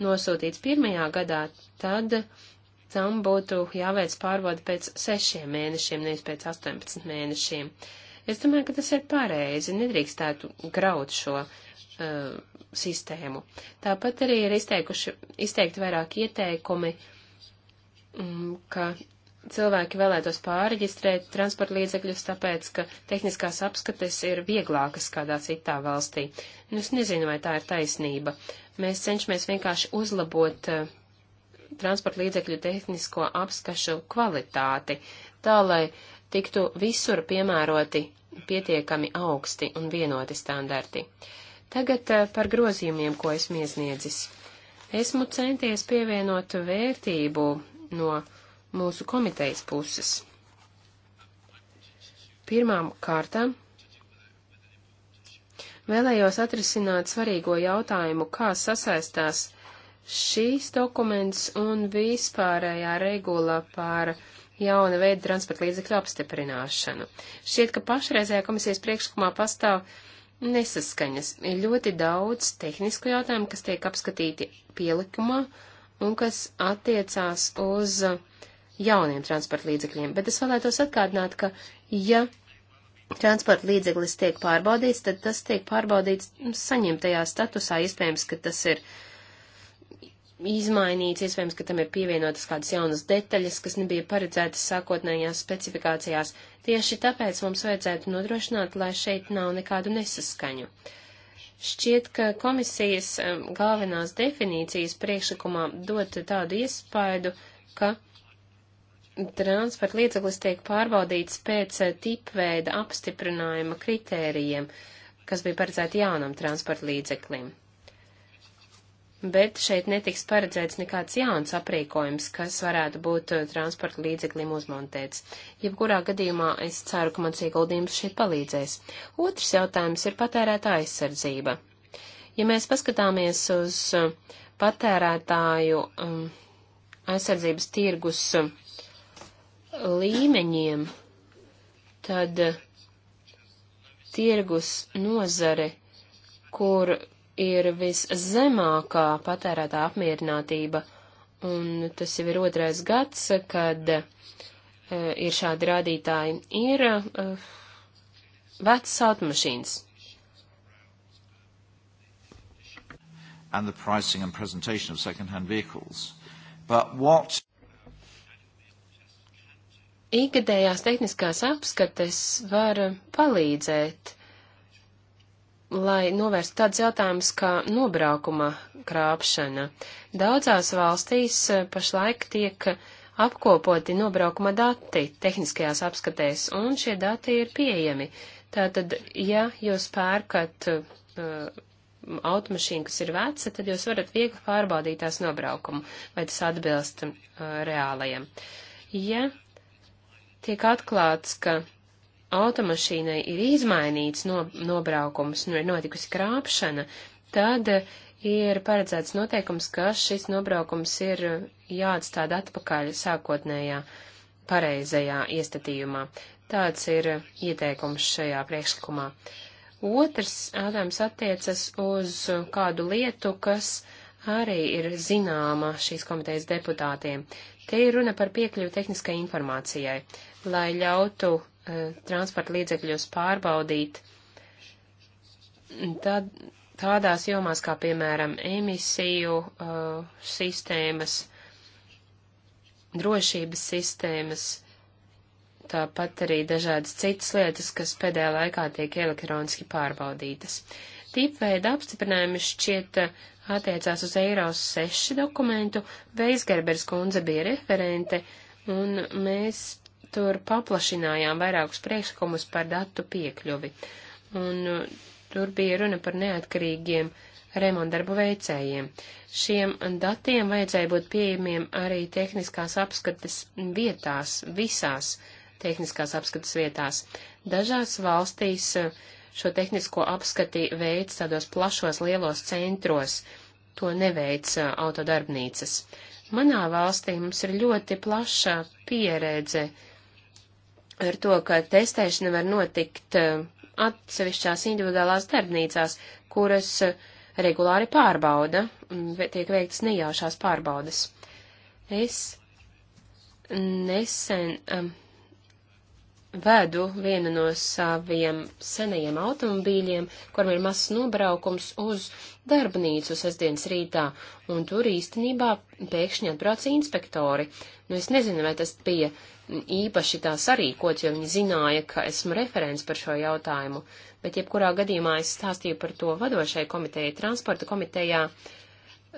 nosūtīts pirmajā gadā, tad tam būtu jāveic pārbauda pēc sešiem mēnešiem, nevis pēc 18 mēnešiem. Es domāju, ka tas ir pareizi, nedrīkstētu graut šo uh, sistēmu. Tāpat arī ir izteikuši, izteikti vairāk ieteikumi, um, ka cilvēki vēlētos pārreģistrēt transporta līdzekļus, tāpēc, ka tehniskās apskates ir vieglākas kādā citā valstī. Nu, es nezinu, vai tā ir taisnība. Mēs cenšamies vienkārši uzlabot uh, transporta līdzekļu tehnisko apskašu kvalitāti, tā lai tiktu visur piemēroti pietiekami augsti un vienoti standarti. Uh, Tagad eh, par grozījumiem, ko esmu iesniedzis. Esmu centies pievienot vērtību no mūsu komitejas puses. Pirmām kārtām vēlējos atrisināt svarīgo jautājumu, kā sasaistās šīs dokuments un vispārējā regula par jauna veida transporta līdzekļu apstiprināšanu. Šķiet, ka pašreizējā komisijas priekšlikumā pastāv nesaskaņas. Ir ļoti daudz tehnisku jautājumu, kas tiek apskatīti pielikumā un kas attiecās uz jauniem transporta līdzekļiem. Bet es vēlētos atkārtināt, ka ja transporta līdzeklis tiek pārbaudīts, tad tas tiek pārbaudīts saņemtajā statusā. Iespējams, ka tas ir uh, izmainīts, iespējams, ka tam ir pievienotas kādas jaunas detaļas, kas nebija paredzētas sākotnējās specifikācijās. Tieši tāpēc mums vajadzētu nodrošināt, lai šeit nav nekādu nesaskaņu. Šķiet, ka komisijas galvenās definīcijas priekšlikumā dod tādu iespaidu, ka transporta līdzeklis tiek pārbaudīts pēc eh, tipveida apstiprinājuma kritērijiem, kas bija paredzēti jaunam transporta līdzeklim bet šeit netiks paredzēts nekāds jauns aprīkojums, kas varētu būt eh, transporta līdzeklim uzmontēts. Jebkurā gadījumā es ceru, ka mans ieguldījums šeit palīdzēs. Otrs jautājums ir patērētā aizsardzība. Ja mēs paskatāmies uz eh, patērētāju um, aizsardzības tirgus um, līmeņiem, tad eh, tirgus nozare, kur ir viszemākā patērētā apmierinātība, un tas jau ir otrais gads, kad uh, ir šādi rādītāji, ir uh, e, vecas automašīnas. And the pricing and presentation of second-hand vehicles. But what Ikgadējās tehniskās apskates var palīdzēt lai novērstu tāds jautājums kā nobraukuma krāpšana. Daudzās valstīs eh, pašlaik tiek apkopoti nobraukuma dati tehniskajās apskatēs, un šie dati ir pieejami. Tātad, ja jūs pērkat uh, automašīnu, kas ir veca, tad jūs varat viegli pārbaudīt tās nobraukumu, vai tas atbilst uh, eh, reālajam. Ja tiek atklāts, ka automašīnai ir izmainīts no, nobraukums, nu ir notikusi krāpšana, tad ir paredzēts noteikums, ka šis nobraukums ir jāatstāda atpakaļ sākotnējā pareizajā iestatījumā. Tāds ir ieteikums šajā priekšlikumā. Otrs ādams attiecas uz kādu lietu, kas arī ir zināma šīs komitejas deputātiem. Te ir runa par piekļuvu tehniskai informācijai, lai ļautu Eh, transporta līdzekļos pārbaudīt tad, tādās jomās kā, piemēram, emisiju uh, sistēmas, drošības sistēmas, tāpat arī dažādas citas lietas, kas pēdējā laikā tiek elektroniski pārbaudītas. Tipveida apstiprinājumi šķiet eh, attiecās uz Eiros 6 dokumentu, Veisgerbers kundze bija referente, un mēs tur paplašinājām vairākus priekšlikumus par datu piekļuvi. Un uh, tur bija runa par neatkarīgiem remontdarbu veicējiem. Šiem datiem vajadzēja būt pieejamiem arī tehniskās apskates vietās, visās tehniskās apskates vietās. Dažās valstīs uh, šo tehnisko apskati veids tādos plašos lielos centros, to neveic uh, autodarbnīcas. Manā valstī mums ir ļoti plaša pieredze uh, ar to, ka testēšana var notikt eh, atsevišķās individuālās darbnīcās, kuras eh, regulāri pārbauda, tiek veiktas nejaušās pārbaudas. Es nesen um, vedu vienu no saviem senajiem automobīļiem, kuram ir mazs nobraukums uz darbnīcu sestdienas rītā, un tur īstenībā pēkšņi atbrauca inspektori. Nu, es nezinu, vai tas bija īpaši tā sarīkots, jo viņi zināja, ka esmu referents par šo jautājumu, bet jebkurā gadījumā es stāstīju par to vadošai komitejai, transporta komitejā, uh,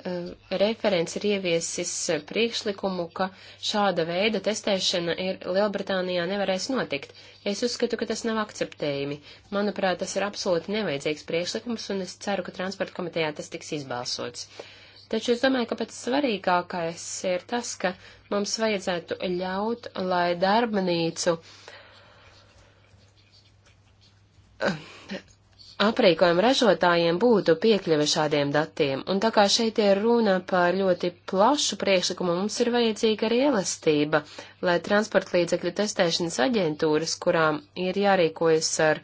Eh, referents ir ieviesis priekšlikumu, ka šāda veida testēšana ir Lielbritānijā nevarēs notikt. Es uzskatu, ka tas nav akceptējami. Manuprāt, tas ir absolūti nevajadzīgs priekšlikums, un es ceru, ka transporta komitejā tas tiks izbalsots. Taču es domāju, ka pats svarīgākais ir tas, ka mums vajadzētu ļaut, lai darbanīcu eh, aprīkojuma ražotājiem būtu piekļuve šādiem datiem, un tā kā šeit ir runa par ļoti plašu priekšlikumu, mums ir vajadzīga arī elastība, lai transporta līdzekļu testēšanas aģentūras, kurām ir jārīkojas ar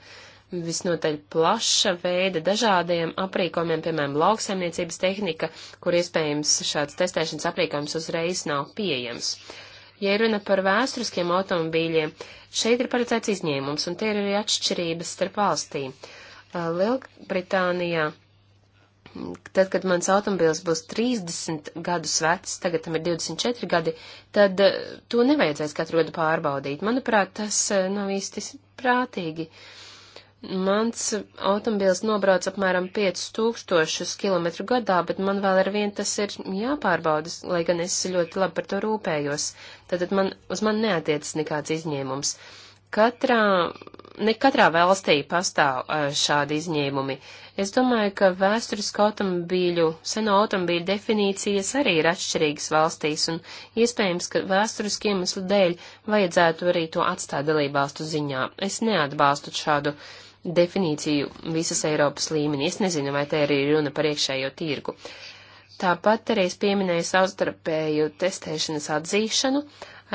visnotaļ plaša veida dažādiem aprīkojumiem, piemēram, lauksaimniecības tehnika, kur iespējams šāds testēšanas aprīkojums uzreiz nav pieejams. Ja runa par vēsturiskiem automobīļiem, šeit ir paredzēts izņēmums, un tie ir arī atšķirības starp valstīm. Uh, Lielbritānijā, tad, kad mans automobils būs 30 gadus vecs, tagad tam ir 24 gadi, tad uh, to nevajadzēs katru gadu pārbaudīt. Manuprāt, tas uh, nav īsti prātīgi. Mans automobils nobrauc apmēram 5000 km gadā, bet man vēl ar vien tas ir jāpārbaudas, lai gan es ļoti labi par to rūpējos. Tātad man, uz man neatiecas nekāds izņēmums. Katrā ne katrā valstī pastāv šādi izņēmumi. Es domāju, ka vēsturiska automobīļu, seno automobīļu definīcijas arī ir atšķirīgas valstīs, un iespējams, ka vēsturiski iemeslu dēļ vajadzētu arī to atstāt dalībvalstu ziņā. Es neatbalstu šādu definīciju visas Eiropas līmenī. Es nezinu, vai te arī runa par iekšējo tirgu. Tāpat arī es pieminēju savstarpēju testēšanas atzīšanu,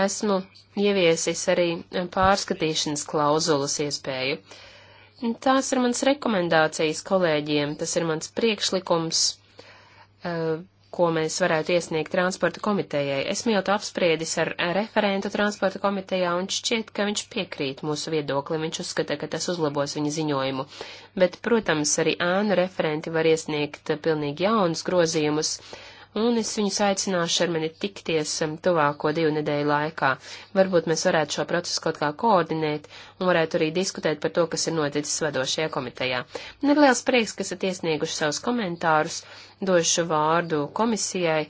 esmu ieviesis arī pārskatīšanas klauzulas iespēju. Tās ir mans rekomendācijas kolēģiem, tas ir mans priekšlikums, eh, ko mēs varētu iesniegt transporta komitejai. Esmu jau to apspriedis ar referentu transporta komitejā un šķiet, ka viņš piekrīt mūsu viedoklim, viņš uzskata, ka tas uzlabos viņa ziņojumu. Bet, protams, arī ēnu referenti var iesniegt pilnīgi jaunus grozījumus, un es viņus aicināšu ar mani tikties um, tuvāko divu nedēļu laikā. Varbūt mēs varētu šo procesu kaut kā koordinēt un varētu arī diskutēt par to, kas ir noticis vadošajā komitejā. Man ir liels prieks, ka esat iesnieguši savus komentārus, došu vārdu komisijai,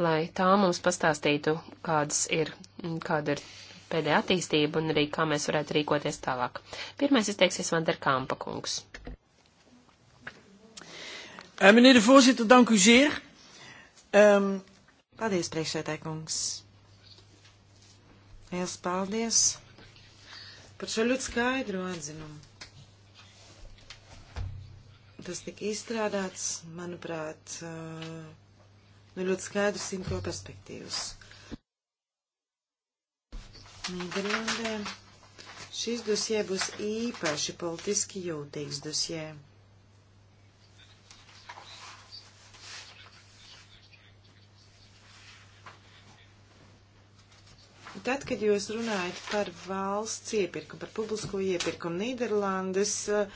lai tā mums pastāstītu, kādas ir, kāda ir pēdējā attīstība un arī kā mēs varētu rīkoties tālāk. Pirmais izteiksies Vanderkampa kungs. Eh, meneer de voorzitter, dank u zeer. Um, paldies, priekšsēdētājkungs. Liels paldies par šo ļoti skaidru atzinumu. Tas tika izstrādāts, manuprāt, uh, no nu, ļoti skaidras simtko perspektīvas. Nīderlandē šis dosie būs īpaši politiski jūtīgs dosie. Tad, kad jūs runājat par valsts iepirkumu, par publisko iepirkumu Nīderlandes, eh,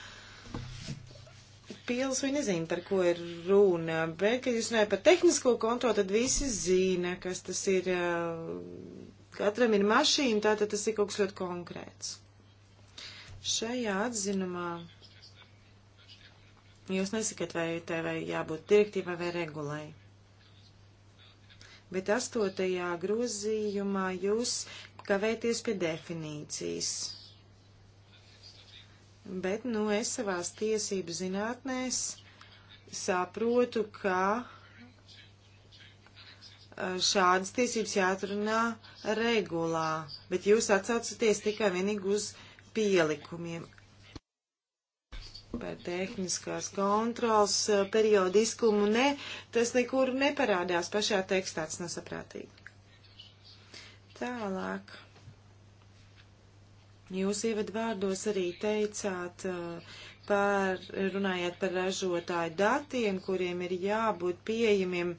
pils viņi nezina, par ko ir runa, bet, kad jūs runājat par tehnisko konto, tad visi zina, kas tas ir, eh, katram ir mašīna, tātad tas ir kaut kas ļoti konkrēts. Šajā atzinumā jūs nesakat, vai tev jābūt direktīvai vai regulai bet astotajā grozījumā jūs kavēties pie definīcijas. Bet, nu, es savās tiesību zinātnēs saprotu, ka e, šādas tiesības jāatrunā regulā, bet jūs atsaucaties tikai vienīgi uz pielikumiem par tehniskās kontrols e, periodiskumu, ne, tas nekur neparādās pašā tekstā, tas nav saprātīgi. Tālāk. Jūs ievadvārdos arī teicāt, e, par, runājāt par ražotāju datiem, kuriem ir jābūt pieejamiem e,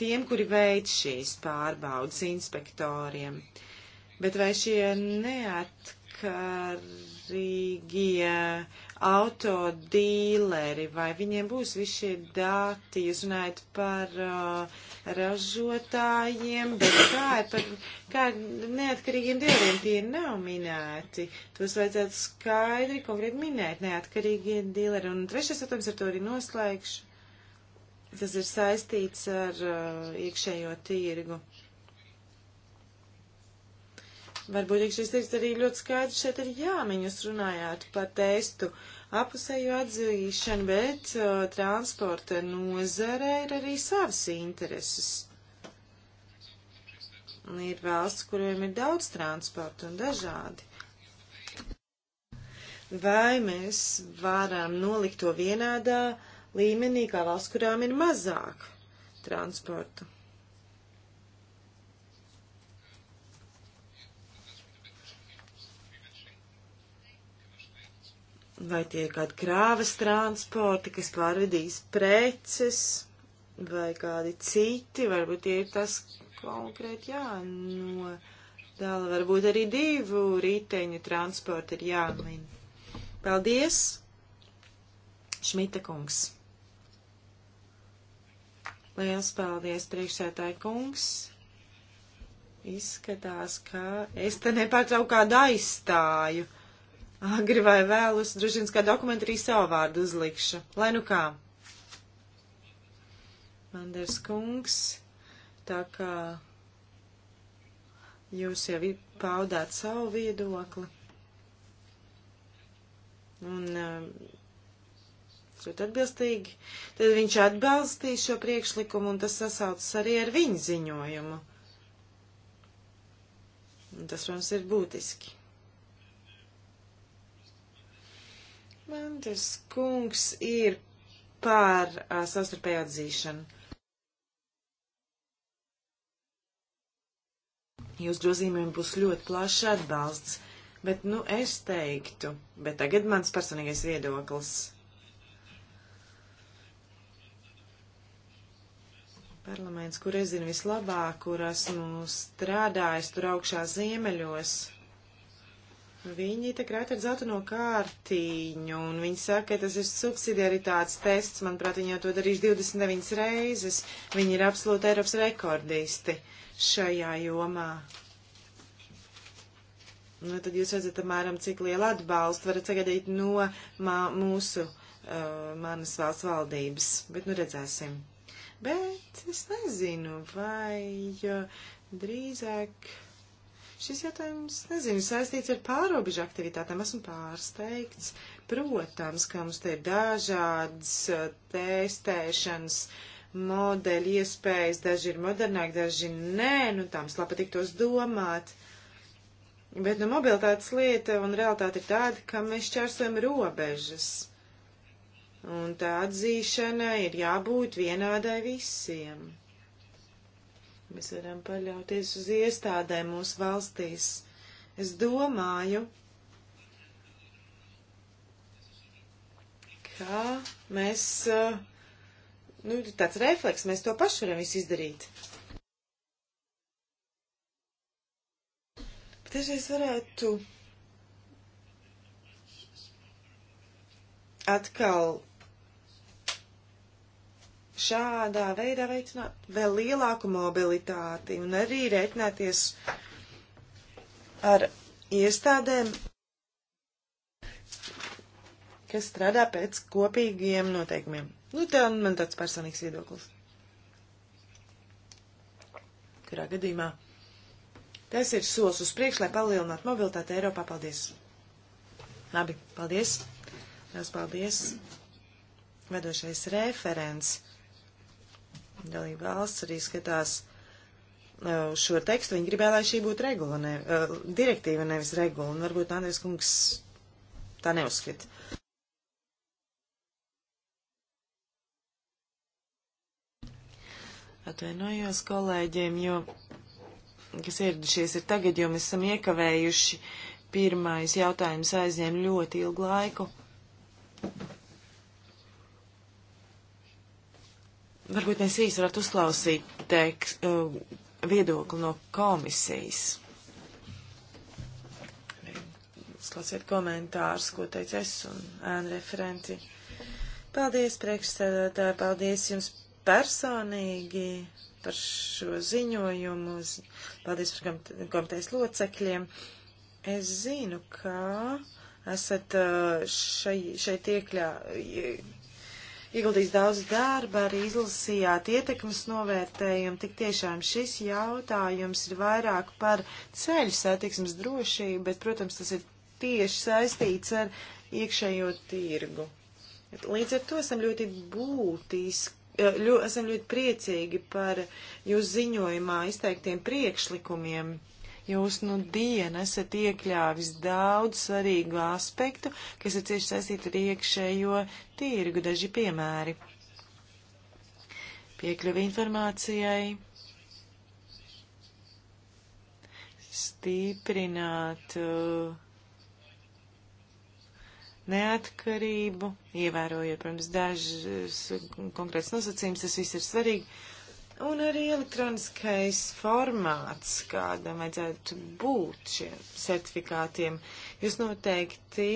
tiem, kuri veic šīs pārbaudas inspektoriem. Bet vai šie neatkar milzīgie autodīleri, vai viņiem būs visi šie dati, jūs runājat par uh, ražotājiem, bet kā ir par kā neatkarīgiem dīleriem, tie nav minēti. Tos vajadzētu skaidri, konkrēti minēt, neatkarīgie dīleri. Un trešais jautājums ar to arī noslēgšu. Tas ir saistīts ar uh, iekšējo tirgu. Varbūt šis teiks arī ļoti skaidrs šeit ir jāmiņ, jūs runājāt par testu apusēju atzīšanu, bet uh, transporta nozare ir arī savas intereses. Ir valsts, kuriem ir daudz transporta un dažādi. Vai mēs varam nolikt to vienādā līmenī, kā valsts, kurām ir mazāk transporta? vai tie ir kādi krāvas transporti, kas pārvedīs preces, vai kādi citi, varbūt tie ir tas konkrēti, jā, no dala, varbūt arī divu riteņu transporti ir jāmin. Paldies, Šmita kungs. Liels paldies, priekšsētāji kungs. Izskatās, ka es te nepārtraukt kādu aizstāju. Agri vai vēlus, droši vien, kā dokumentu arī savu vārdu uzlikšu. Lai nu kā. Manders kungs, tā kā jūs jau paudāt savu viedokli. Un, Sūt um, atbilstīgi, tad viņš atbalstīs šo priekšlikumu, un tas sasaucas arī ar viņa ziņojumu. Un tas, protams, ir būtiski. Mantas kungs ir par uh, savstarpēju atzīšanu. Jūs grozījumiem būs ļoti plašs atbalsts, bet, nu, es teiktu, bet tagad mans personīgais viedoklis. Parlaments, kur es zinu vislabāk, kur esmu strādājis tur augšā ziemeļos. Viņi tā krāt ar zeltaino kārtiņu, un viņi saka, ka tas ir subsidiaritātes tests. Manuprāt, viņi jau to darījuši 29 reizes. Viņi ir absolūti Eiropas rekordisti šajā jomā. Nu, tad jūs redzat, apmēram, cik lielu atbalstu varat sagaidīt no mā, mūsu, uh, manas valsts valdības. Bet nu redzēsim. Bet es nezinu, vai uh, drīzāk. Uh, Šis jautājums, nezinu, saistīts ar pārobežu aktivitātēm. Esmu pārsteigts. Protams, ka mums te ir dažādas uh, testēšanas modeļi, iespējas, daži ir modernāki, daži nē, nu tām slapatiktos domāt. Bet, nu, mobilitātes lieta un realitāte ir tāda, ka mēs čērsojam robežas. Un tā atzīšana ir jābūt vienādai visiem. Mēs varam paļauties uz iestādēm mūsu valstīs. Es domāju, ka mēs, eh, nu, tāds refleks, mēs to paši varam visu izdarīt. Bet dažreiz varētu atkal šādā veidā veicināt vēl lielāku mobilitāti un arī reiķināties ar iestādēm, kas strādā pēc kopīgiem noteikumiem. Nu, tā ir man tāds personīgs viedoklis. Kurā gadījumā tas ir solis uz priekšu, lai palielinātu mobilitāti Eiropā. Paldies! Labi, paldies! Lielas paldies! Vedošais referents dalība valsts arī skatās uh, šo tekstu. Viņi gribēja, lai šī būtu regula, ne, uh, direktīva, nevis regula, un varbūt Andrēs kungs tā neuzskata. Atvainojos kolēģiem, jo, kas ieradušies ir tagad, jo mēs esam iekavējuši. Pirmais jautājums aizņem ļoti ilgu laiku. Thank you. Varbūt mēs īsi varētu uzklausīt teiks, eh, viedokli no komisijas. Uzklausiet komentārus, ko teicu es un ēnu referenti. Paldies, priekšsēdētāji, paldies jums personīgi par šo ziņojumu. Paldies par komitejas locekļiem. Es zinu, ka esat eh, šai, šeit iekļā, ieguldījis daudz darba, arī izlasījāt ietekmes novērtējumu. Tik tiešām šis jautājums ir vairāk par ceļu satiksmes drošību, bet, protams, tas ir tieši saistīts ar iekšējo tirgu. Līdz ar to esam ļoti būtiski. Eh, ļo, esam ļoti priecīgi par jūsu ziņojumā izteiktiem priekšlikumiem. Uh, Jūs nu dienu esat iekļāvis daudz svarīgu aspektu, kas ir cieši saistīti ar iekšējo tīrgu, daži piemēri. Piekļuvi informācijai, stiprināt uh, neatkarību, ievērojot, protams, dažas konkrētas nosacījumus, tas viss ir svarīgi un arī elektroniskais formāts, kādam vajadzētu būt šiem certifikātiem. Jūs noteikti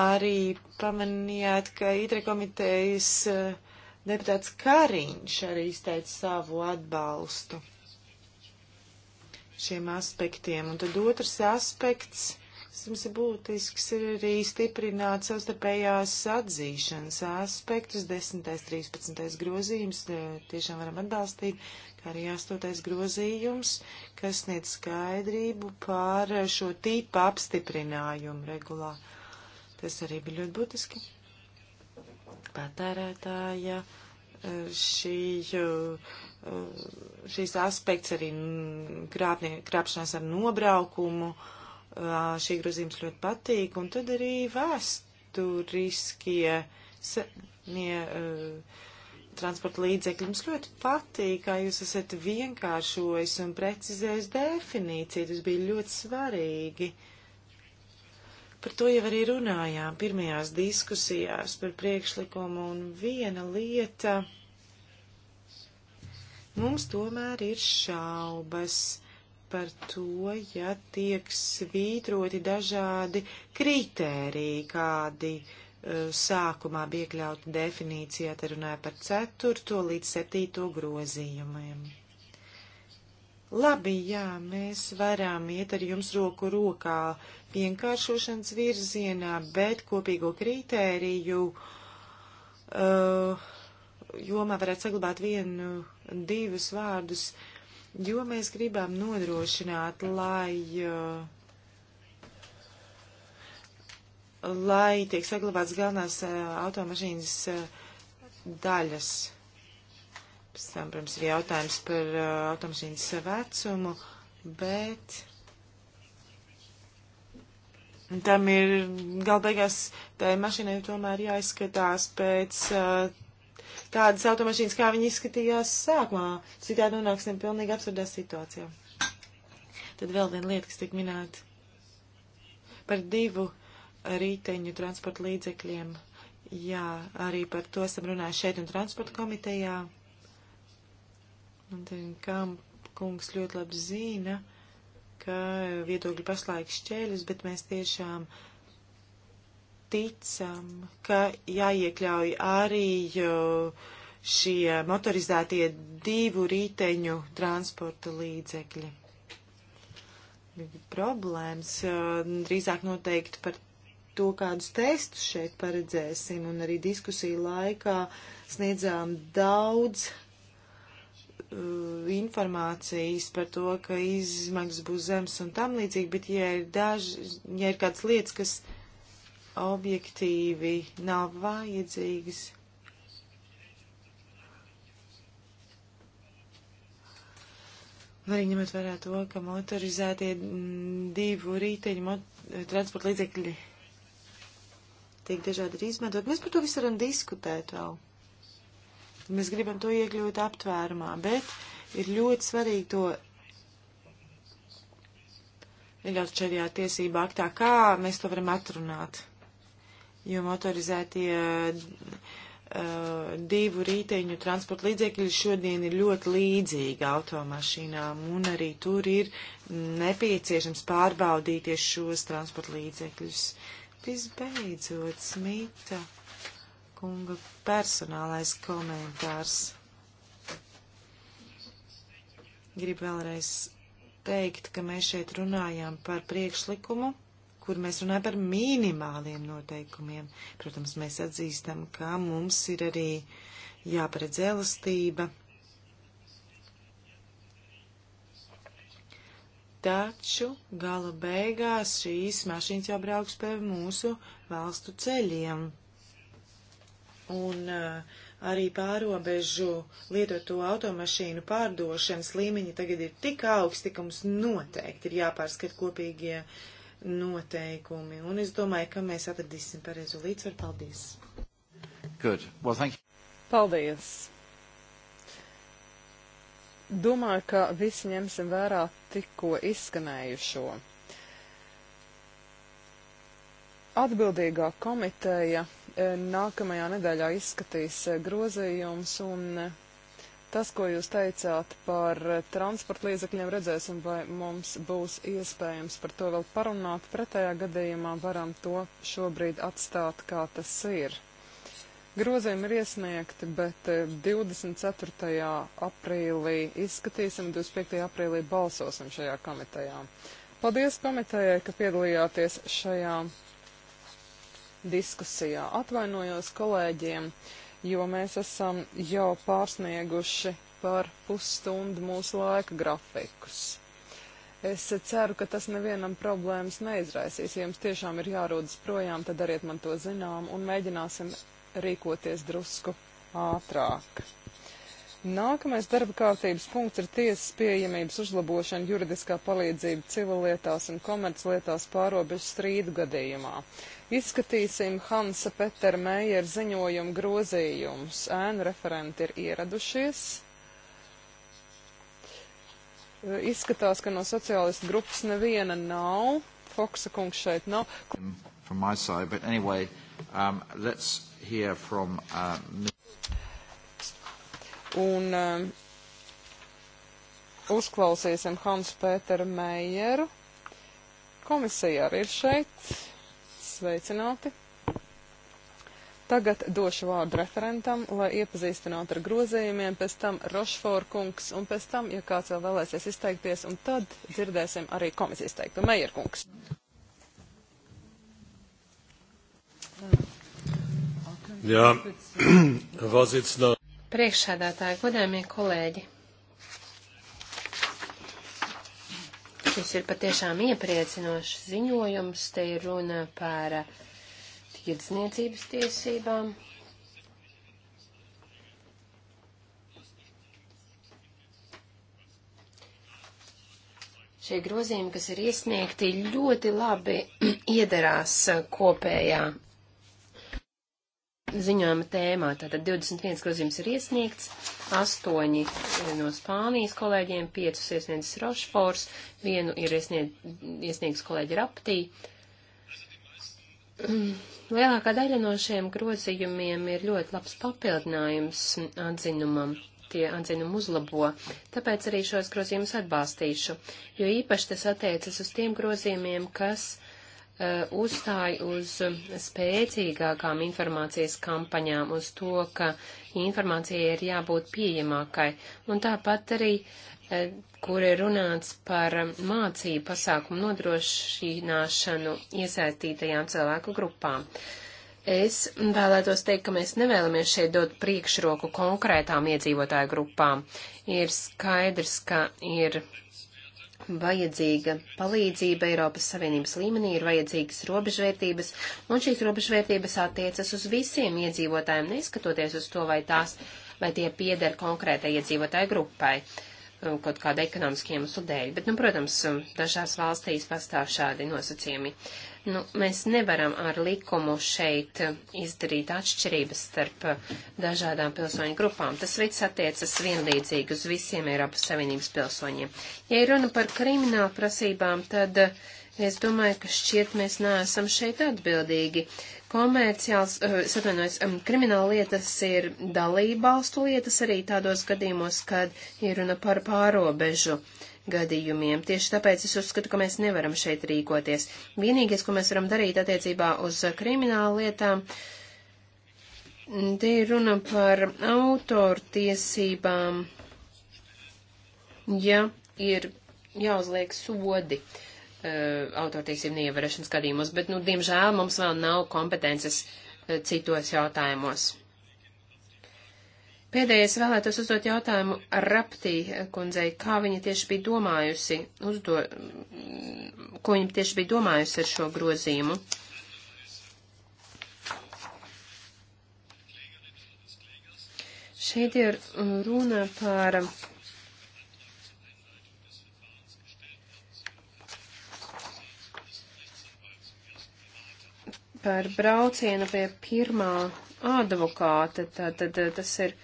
arī pamanījāt, ka Idra komitejas eh, deputāts Kariņš arī izteica savu atbalstu šiem aspektiem. Un tad otrs aspekts Mums ir būtisks ir arī stiprināt savstarpējās atzīšanas aspektus. 10. 13. grozījums eh, tiešām varam atbalstīt, kā arī 8. grozījums, kas sniedz skaidrību par šo tipu apstiprinājumu regulā. Tas arī bija ļoti būtiski. Patērētāja eh, šī eh, šīs aspekts arī krāpšanās ar nobraukumu, uh, šī grozījums ļoti patīk, un tad arī vēsturiskie se, nie, uh, transporta līdzekļi mums ļoti patīk, kā jūs esat vienkāršojis un precizējis definīciju, tas bija ļoti svarīgi. Par to jau arī runājām pirmajās diskusijās par priekšlikumu, un viena lieta mums tomēr ir šaubas par to, ja tiek svītroti dažādi kritēriji, kādi uh, sākumā bija iekļauti definīcijā, te runāja par 4. līdz 7. grozījumiem. Labi, jā, mēs varam iet ar jums roku rokā vienkāršošanas virzienā, bet kopīgo kritēriju uh, jomā varētu saglabāt vienu, divus vārdus jo mēs gribam nodrošināt, lai, uh, lai tiek saglabāts galvenās uh, automašīnas uh, daļas. Pēc tam, protams, ir jautājums par automašīnas vecumu, bet. Tam ir galbeigās, tai mašīnai tomēr jāizskatās pēc uh, kādas automašīnas, kā viņi izskatījās sākumā. Citādi nonāksim pilnīgi absurdā situācijā. Tad vēl viena lieta, kas tika minēta par divu rīteņu transporta līdzekļiem. Jā, arī par to esam runājuši šeit un transporta komitejā. Un kā kungs ļoti labi zina, ka viedokļi pašlaik šķēļus, bet mēs tiešām uh, ticam, ka jāiekļauj arī šie motorizētie divu riteņu transporta līdzekļi. Problēmas eh, drīzāk noteikti par to, kādus testus šeit paredzēsim, un arī diskusiju laikā sniedzām daudz eh, informācijas par to, ka izmaksas būs zemes un tam līdzīgi, bet ja ir daži, ja ir kādas lietas, kas objektīvi nav vajadzīgas. Arī ņemot vērā to, ka motorizētie divu rīteņu transporta līdzekļi tiek dažādi arī izmantot. Mēs par to visu varam diskutēt vēl. Mēs gribam to iekļūt aptvērumā, bet ir ļoti svarīgi to iekļaut šajā tiesība aktā, kā mēs to varam atrunāt jo motorizētie eh, divu rīteņu transporta līdzekļi šodien ir ļoti līdzīgi automašīnām, un arī tur ir nepieciešams pārbaudīties šos transporta līdzekļus. Visbeidzot, Smita kunga personālais komentārs. Gribu vēlreiz teikt, ka mēs šeit runājām par priekšlikumu kur mēs runājam par minimāliem noteikumiem. Protams, mēs atzīstam, ka mums ir arī jāparedz elastība. Taču gala beigās šīs mašīnas jau brauks pie mūsu valstu ceļiem. Un uh, arī pārobežu lietoto automašīnu pārdošanas līmeņi tagad ir tik augsti, ka mums noteikti ir jāpārskat kopīgie uh, noteikumi. Un es domāju, ka mēs atradīsim pareizo līdzsvaru. Paldies! Good. Well, thank you. Paldies! Domāju, ka visi ņemsim vērā tikko izskanējušo. Atbildīgā komiteja eh, nākamajā nedēļā izskatīs eh, grozījums un eh, Tas, ko jūs teicāt par transporta līdzakļiem, redzēsim, vai mums būs iespējams par to vēl parunāt. Pretējā gadījumā varam to šobrīd atstāt, kā tas ir. Grozījumi ir iesniegti, bet 24. Eh, aprīlī izskatīsim, 25. aprīlī balsosim šajā komitejā. Paldies komitejai, ka piedalījāties šajā diskusijā. Atvainojos kolēģiem jo mēs esam jau pārsnieguši par pusstundu mūsu laika grafikus. Es ceru, ka tas nevienam problēmas neizraisīs. Ja jums tiešām ir jārodas projām, tad dariet man to zinām un mēģināsim rīkoties drusku ātrāk. Nākamais darba kārtības punkts ir tiesas pieejamības uzlabošana juridiskā palīdzība civillietās un komerclietās pārobežu strīdu gadījumā. Izskatīsim Hansa Petera Meijer ziņojumu grozījumus. Ēnu referenti ir ieradušies. Izskatās, ka no sociālistu grupas neviena nav. Foksa kungs šeit nav. From my side, but anyway, um, let's hear from uh, Un um, uzklausīsim Hansu Pēteru Meijeru. Komisija arī ir šeit. Sveicināti. Tagad došu vārdu referentam, lai iepazīstinātu ar grozījumiem, pēc tam Rošfor kungs, un pēc tam, ja kāds vēl vēlēsies izteikties, un tad dzirdēsim arī komisijas teiktu. Meijer kungs. Jā, ja, Vazicnā. Priekšsēdētāji, godējumie kolēģi, šis ir patiešām iepriecinošs ziņojums. Te ir runa par eh, tirdzniecības tiesībām. Šie grozījumi, kas ir iesniegti, ļoti labi iederās eh, kopējā ziņojuma tēmā. Tātad 21 grozījums ir iesniegts, 8 no Spānijas kolēģiem, 5 iesniedzis Rošfors, 1 ir iesniedz, iesniegts kolēģi Raptī. Lielākā daļa no šiem grozījumiem ir ļoti labs papildinājums atzinumam. Tie atzinumu uzlabo, tāpēc arī šos grozījumus atbalstīšu, jo īpaši tas attiecas uz tiem grozījumiem, kas uh, Uh, uzstāja uz spēcīgākām informācijas kampaņām, uz to, ka informācija ir jābūt pieejamākai. Un tāpat arī, uh, kur ir runāts par mācību pasākumu nodrošināšanu iesaistītajām cilvēku grupām. Es vēlētos teikt, ka mēs nevēlamies šeit dot priekšroku konkrētām iedzīvotāju grupām. Ir skaidrs, ka ir vajadzīga palīdzība Eiropas Savienības līmenī, ir vajadzīgas robežvērtības, un šīs robežvērtības attiecas uz visiem iedzīvotājiem, neskatoties uz to, vai tās, vai tie pieder konkrētai iedzīvotāju grupai um, kaut kāda ekonomiskiem sudēļ. Bet, nu, protams, um, dažās valstīs pastāv šādi nosacījumi. Uh, Nu, mēs nevaram ar likumu šeit izdarīt atšķirības starp dažādām pilsoņu grupām. Tas viss attiecas vienlīdzīgi uz visiem Eiropas Savienības pilsoņiem. Ja ir runa par kriminālu prasībām, tad eh, es domāju, ka šķiet mēs neesam šeit atbildīgi. Komerciāls, eh, es atvainojos, krimināla lietas ir dalība valstu lietas arī tādos gadījumos, kad ir runa par pārobežu gadījumiem. Tieši tāpēc es uzskatu, ka mēs nevaram šeit rīkoties. Vienīgais, ko mēs varam darīt attiecībā uz kriminālu lietām, te ir runa par autortiesībām, ja ir jāuzliek sodi uh, autortiesību neievērošanas gadījumos, bet, nu, diemžēl mums vēl nav kompetences uh, citos jautājumos. Pēdējais vēlētos uzdot jautājumu Raptī kundzei, kā viņa tieši bija domājusi, uzdo, ko viņa tieši bija domājusi ar šo grozījumu. Šeit ir runa par par braucienu pie pirmā advokāta, tad, tad tas ir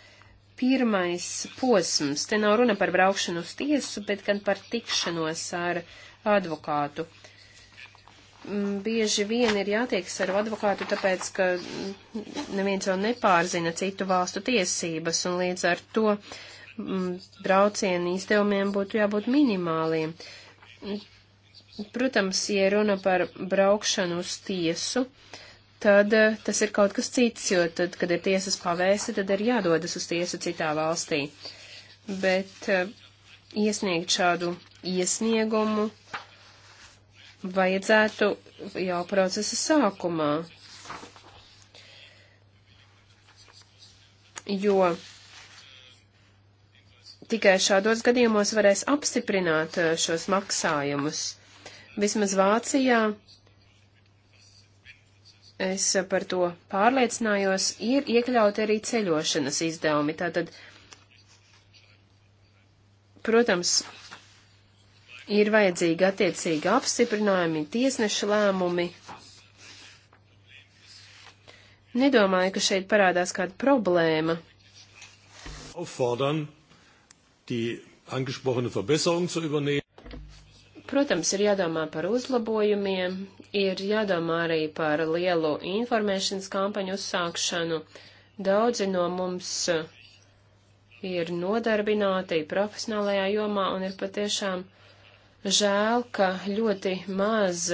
pirmais posms. Te nav runa par braukšanu uz tiesu, bet gan par tikšanos ar advokātu. Mm, bieži vien ir jātiekas ar advokātu, tāpēc, ka neviens vēl nepārzina citu valstu tiesības, un līdz ar to mm, braucienu izdevumiem būtu jābūt minimāliem. Protams, ja runa par braukšanu uz tiesu, uh, tad eh, tas ir kaut kas cits, jo tad, kad ir tiesas pavēsti, tad ir jādodas uz tiesu citā valstī. Bet eh, iesniegt šādu iesniegumu vajadzētu jau procesa sākumā, jo tikai šādos gadījumos varēs apstiprināt eh, šos maksājumus. Vismaz Vācijā es par to pārliecinājos, ir iekļauti arī ceļošanas izdevumi. Tātad, protams, ir vajadzīgi attiecīgi apstiprinājumi, tiesneša lēmumi. Nedomāju, ka šeit parādās kāda problēma. Auffordern, die angesprochene Verbesserung zu übernehmen. Protams, ir jādomā par uzlabojumiem, ir jādomā arī par lielu informēšanas kampaņu uzsākšanu. Daudzi no mums ir nodarbināti profesionālajā jomā un ir patiešām žēl, ka ļoti maz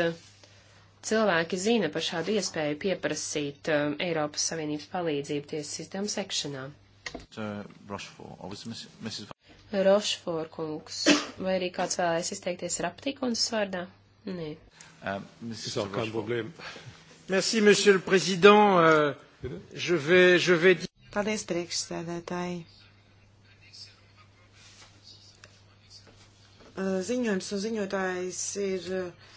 cilvēki zina par šādu iespēju pieprasīt um, Eiropas Savienības palīdzību tiesas sistēmu sekšanā. Uh, Rochefort, Rošfor kungs, vai arī kāds vēlēs izteikties Raptīkundas vārdā? Nē. Um, Merci, monsieur le président. Uh, je vais, je vais... Paldies, priekšsēdētāji. Uh, ziņojums un ziņotājs ir uh,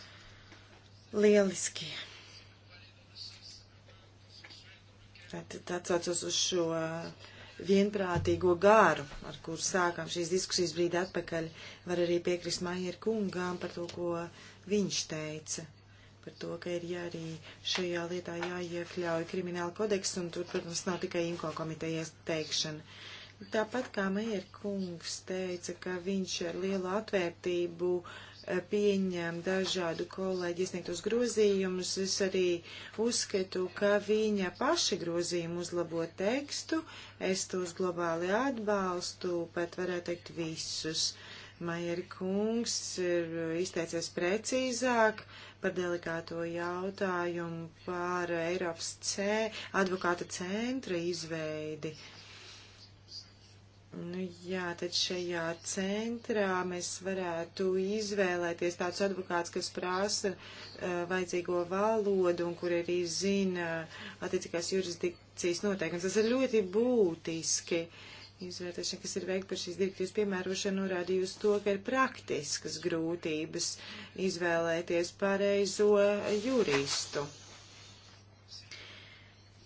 lieliski. Tad atcaucos uz šo uh, vienprātīgo garu, ar kur sākām šīs diskusijas brīdi atpakaļ, var arī piekrist Maier kungām par to, ko viņš teica. Par to, ka ir jā, arī šajā lietā jāiekļauj krimināla kodeks, un tur, protams, nav tikai inko komitejas teikšana. Tāpat kā Maier kungs teica, ka viņš ar lielu atvērtību uh, Eh, pieņem dažādu kolēģi iesniegtos grozījumus. Es arī uzskatu, ka viņa paša grozījumi uzlabo tekstu. Es tos globāli atbalstu, pat varētu teikt visus. Maieri kungs ir izteicies precīzāk par delikāto jautājumu par Eiropas C, advokāta centra izveidi. Uh, Nu, jā, tad šajā centrā mēs varētu izvēlēties tāds advokāts, kas prasa uh, vajadzīgo valodu un kur arī zina eh, attiecīgās jurisdikcijas noteikums. Tas ir ļoti būtiski. Izvērtēšana, kas ir veikta par šīs direktīvas piemērošanu, norādīja uz to, ka ir praktiskas grūtības izvēlēties pareizo juristu.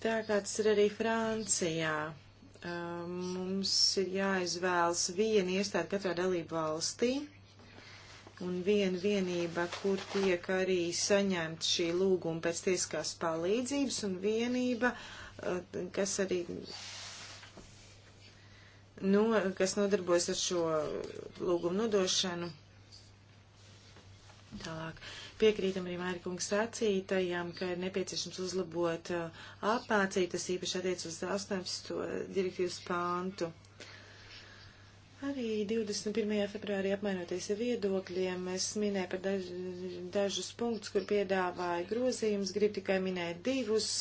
Tā kāds ir arī Francijā Ehm, mums ir jāizvēlas viena iestāde katrā dalību valstī un viena vienība, kur tiek arī saņemta šī lūguma pēc tiesiskās palīdzības un vienība, eh, kas arī, nu, kas nodarbojas ar šo lūgumu nodošanu. Tālāk. Uh, Piekrītam arī Mērkungs sacītajam, ka ir nepieciešams uzlabot uh, apmācību, tas īpaši attiec uz 18. direktīvas pāntu. Arī 21. februārī apmainoties ar viedokļiem, es minēju par daž, dažus punktus, kur piedāvāju grozījumus, gribu tikai minēt divus.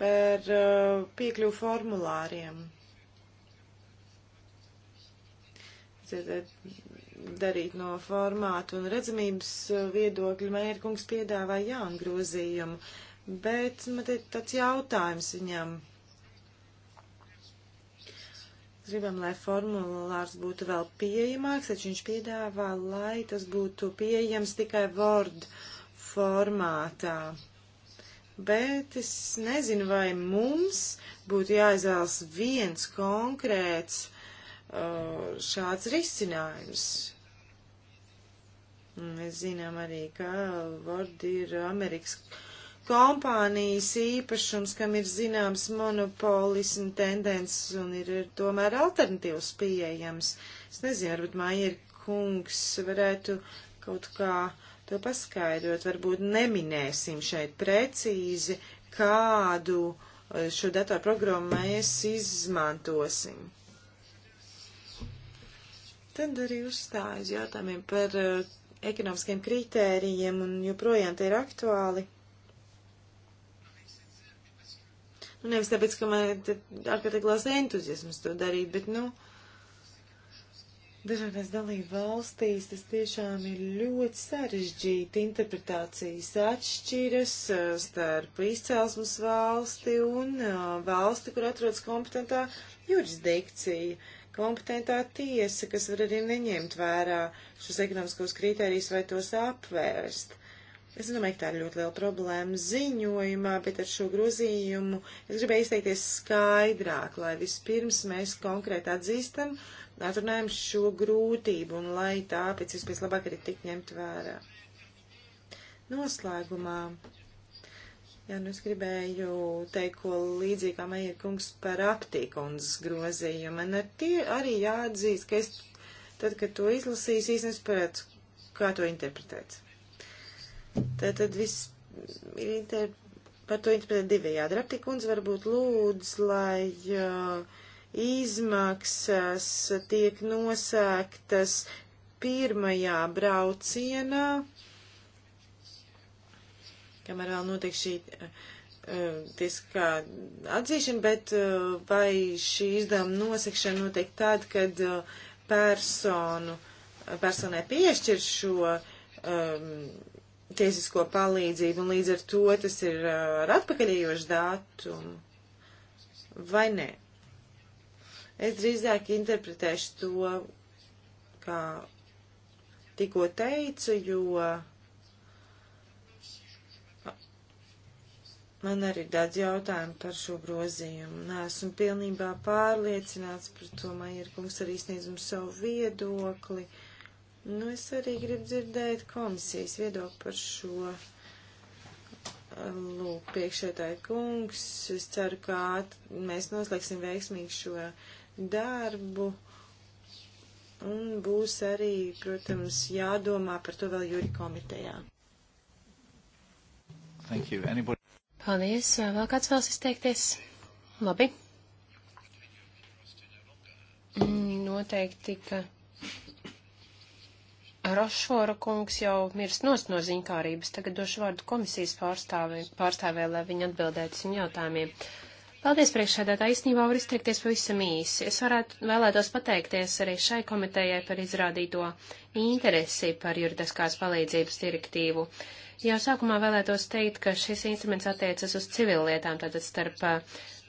Par uh, piekļuvu formulāriem. Tad, darīt no formātu un redzamības eh, viedokļa. Mērkungs piedāvāja jaunu grozījumu, bet man te tāds jautājums viņam. Gribam, lai formulārs būtu vēl pieejamāks, taču viņš piedāvā, lai tas būtu pieejams tikai Word formātā. Bet es nezinu, vai mums būtu jāizvēlas viens konkrēts uh, Uh, šāds risinājums. Mēs zinām arī, ka Ford ir Amerikas kompānijas īpašums, kam ir zināms monopolis un tendences un ir tomēr alternatīvas pieejams. Es nezinu, varbūt Maier kungs varētu kaut kā to paskaidrot, varbūt neminēsim šeit precīzi, kādu uh, šo datoru programmu mēs izmantosim. Tad arī uzstāju uz jautājumiem par uh, ekonomiskiem kritērijiem un joprojām tie ir aktuāli. Nu, nevis tāpēc, ka man ir ārkārtīgi liels entuziasms to darīt, bet, nu, dažādās dalību valstīs tas tiešām ir ļoti sarežģīti. Interpretācijas atšķiras eh, starp izcelsmes valsti un eh, valsti, kur atrodas kompetentā jurisdikcija. Uh, kompetentā tiesa, kas var arī neņemt vērā šos ekonomiskos kritērijus vai tos apvērst. Es domāju, ka tā ir ļoti liela problēma ziņojumā, bet ar šo grozījumu es gribēju izteikties skaidrāk, lai vispirms mēs konkrēti atzīstam, atrunājam šo grūtību un lai tā pēc vispēc labāk arī tik ņemt vērā. Noslēgumā Jā, nu es gribēju teikt, ko līdzīgi kā Meija kungs par aptīkundas grozījumu. Man ar tie arī jāatzīst, ka es tad, kad to izlasīju, īstenībā sapratu, kā to interpretēt. Tad, tad viss ir inter... par to interpretēt divējādi. Aptīkundas varbūt lūdz, lai uh, izmaksas tiek nosēktas pirmajā braucienā. Uh, kamēr vēl notiek šī eh, eh, tiesiskā atzīšana, bet eh, vai šī izdevuma nosekšana notiek tad, kad personu, personai piešķir šo um, tiesisko palīdzību, un līdz ar to tas ir ar atpakaļējošu datumu, vai nē? Es drīzāk interpretēšu to, kā tikko teicu, jo Man arī daudz jautājumu par šo grozījumu. Nē, esmu pilnībā pārliecināts par to, Mairkungs arī sniedz mums savu viedokli. Nu, es arī gribu dzirdēt komisijas viedokli par šo. Lūk, priekšētāji kungs, es ceru, ka mēs noslēgsim veiksmīgi šo darbu. Un būs arī, protams, jādomā par to vēl jūri komitejā. Thank you. Anybody? Paldies. Vai vēl kāds vēlas izteikties? Labi. Mm, noteikti, ka Rošvora kungs jau mirst nost no ziņkārības. Tagad došu vārdu komisijas pārstāvē, pārstāvē lai viņi atbildētu uz jautājumiem. Paldies, priekšsēdētā. Īstenībā var izteikties pavisam īsi. Es varētu vēlētos pateikties arī šai komitejai par izrādīto interesi par juridiskās palīdzības direktīvu. Jau sākumā vēlētos teikt, ka šis instruments attiecas uz civillietām, tātad starp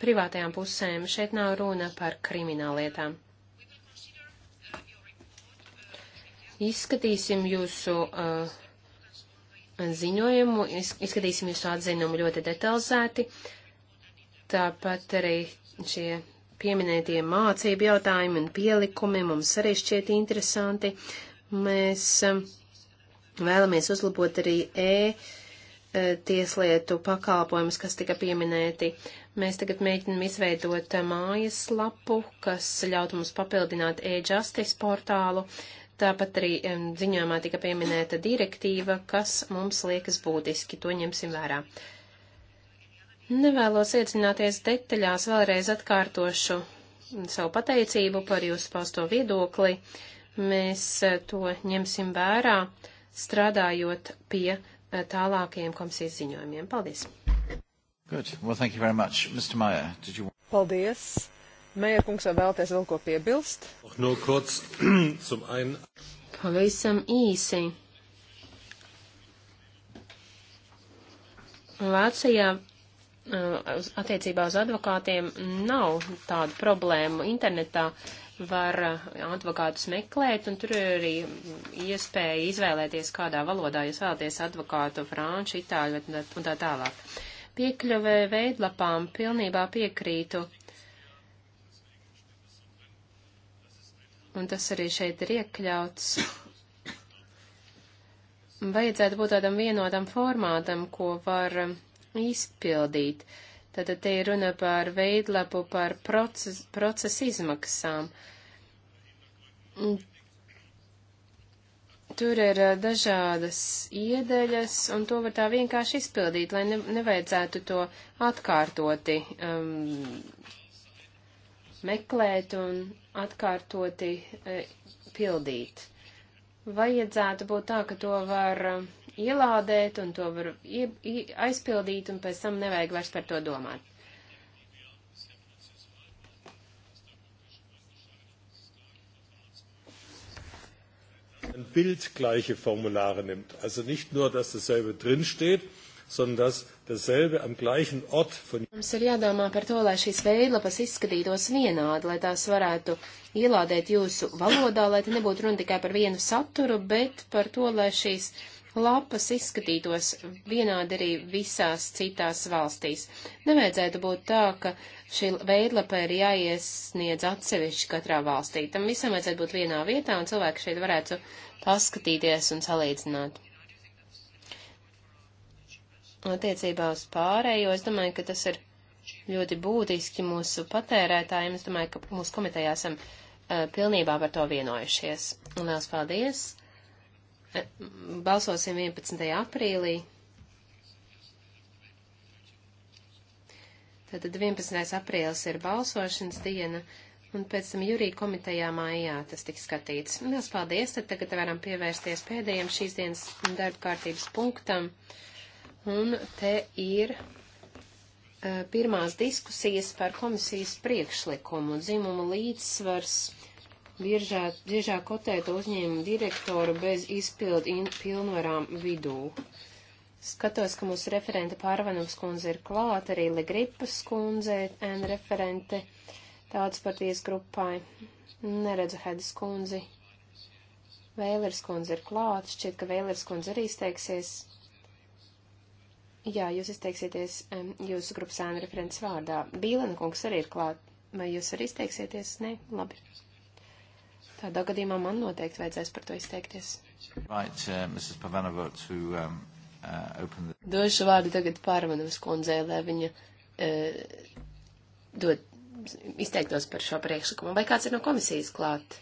privātajām pusēm. Šeit nav runa par krimināllietām. Izskatīsim jūsu uh, ziņojumu, izskatīsim jūsu atzinumu ļoti detalizēti. Tāpat arī šie pieminētie mācību jautājumi un pielikumi mums arī šķiet interesanti. Mēs uh, Vēlamies uzlabot arī e, e tieslietu pakalpojumus, kas tika pieminēti. Mēs tagad mēģinam izveidot e, mājas lapu, kas ļautu mums papildināt e-justice portālu. Tāpat arī e, ziņojumā tika pieminēta direktīva, kas mums liekas būtiski, to ņemsim vērā. Nevēlos iedzināties detaļās, vēlreiz atkārtošu savu pateicību par jūsu pausto viedokli. Mēs to ņemsim vērā. Uh, strādājot pie eh, tālākajiem komisijas ziņojumiem. Paldies! Good. Well, thank you very much. Mr. Meyer, did you... Paldies! Meija kungs, vai vēlaties vēl ko piebilst? No kurz, zum einen... Pavisam īsi. Vācijā eh, attiecībā uz advokātiem nav tādu problēmu internetā. Uh, var eh, advokātus meklēt, un tur ir arī iespēja izvēlēties, kādā valodā jūs vēlaties advokātu, franču, itāļu un tā tālāk. Piekļuvē veidlapām pilnībā piekrītu. Un tas arī šeit ir iekļauts. Vajadzētu būt tādam vienotam formātam, ko var eh, izpildīt. Uh, Tātad te ir runa par veidlapu, par proces, procesu izmaksām. Tur ir eh, dažādas iedeļas, un to var tā vienkārši izpildīt, lai ne, nevajadzētu to atkārtoti um, meklēt un atkārtoti uh, pildīt. Vajadzētu būt tā, ka to var uh, ielādēt un to var ie, ie, aizpildīt un pēc tam nevajag vairs par to domāt. bildgleiche Formulare nimmt. Also nicht nur, dass dasselbe drinsteht, sondern dass dasselbe am gleichen Ort von. Mums ir jādomā par to, lai šīs veidlapas izskatītos vienādi, lai tās varētu ielādēt jūsu valodā, lai te nebūtu runa tikai par vienu saturu, bet par to, lai šīs lapas izskatītos vienādi arī visās citās valstīs. Nevajadzētu būt tā, ka šī veidlapa ir jāiesniedz atsevišķi katrā valstī. Tam visam vajadzētu būt vienā vietā, un cilvēki šeit varētu paskatīties un salīdzināt. Attiecībā uz pārējo, es domāju, ka tas ir ļoti būtiski mūsu patērētājiem. Es domāju, ka mūsu komitejā esam uh, pilnībā par to vienojušies. Un liels paldies! balsosim 11. aprīlī. Tātad 11. aprīlis ir balsošanas diena, un pēc tam jūrija komitejā mājā tas tiks skatīts. Lielas paldies, tad tagad varam pievērsties pēdējiem šīs dienas darba kārtības punktam. Un te ir uh, pirmās diskusijas par komisijas priekšlikumu dzimumu līdzsvars biežā, biežāk kotēta uzņēmuma direktoru bez izpildu pilnvarām vidū. Skatos, ka mūsu referente Pārvanovs kundze ir klāta, arī Legripas kundze ir referente tautas partijas grupai. Neredzu Hedas kundzi. Vēlers kundze ir klāta, šķiet, ka Vēlers kundze arī izteiksies. Jā, jūs izteiksieties jūsu grupas ēna referents vārdā. Bīlena kungs arī ir klāt. Vai jūs arī izteiksieties? Nē, labi. Tādā gadījumā man noteikti vajadzēs par to izteikties. Right, uh, to, um, uh, the... Došu vārdu tagad Pārvanovas kundzei, lai viņa uh, dod, izteiktos par šo priekšlikumu. Vai kāds ir no komisijas klāt?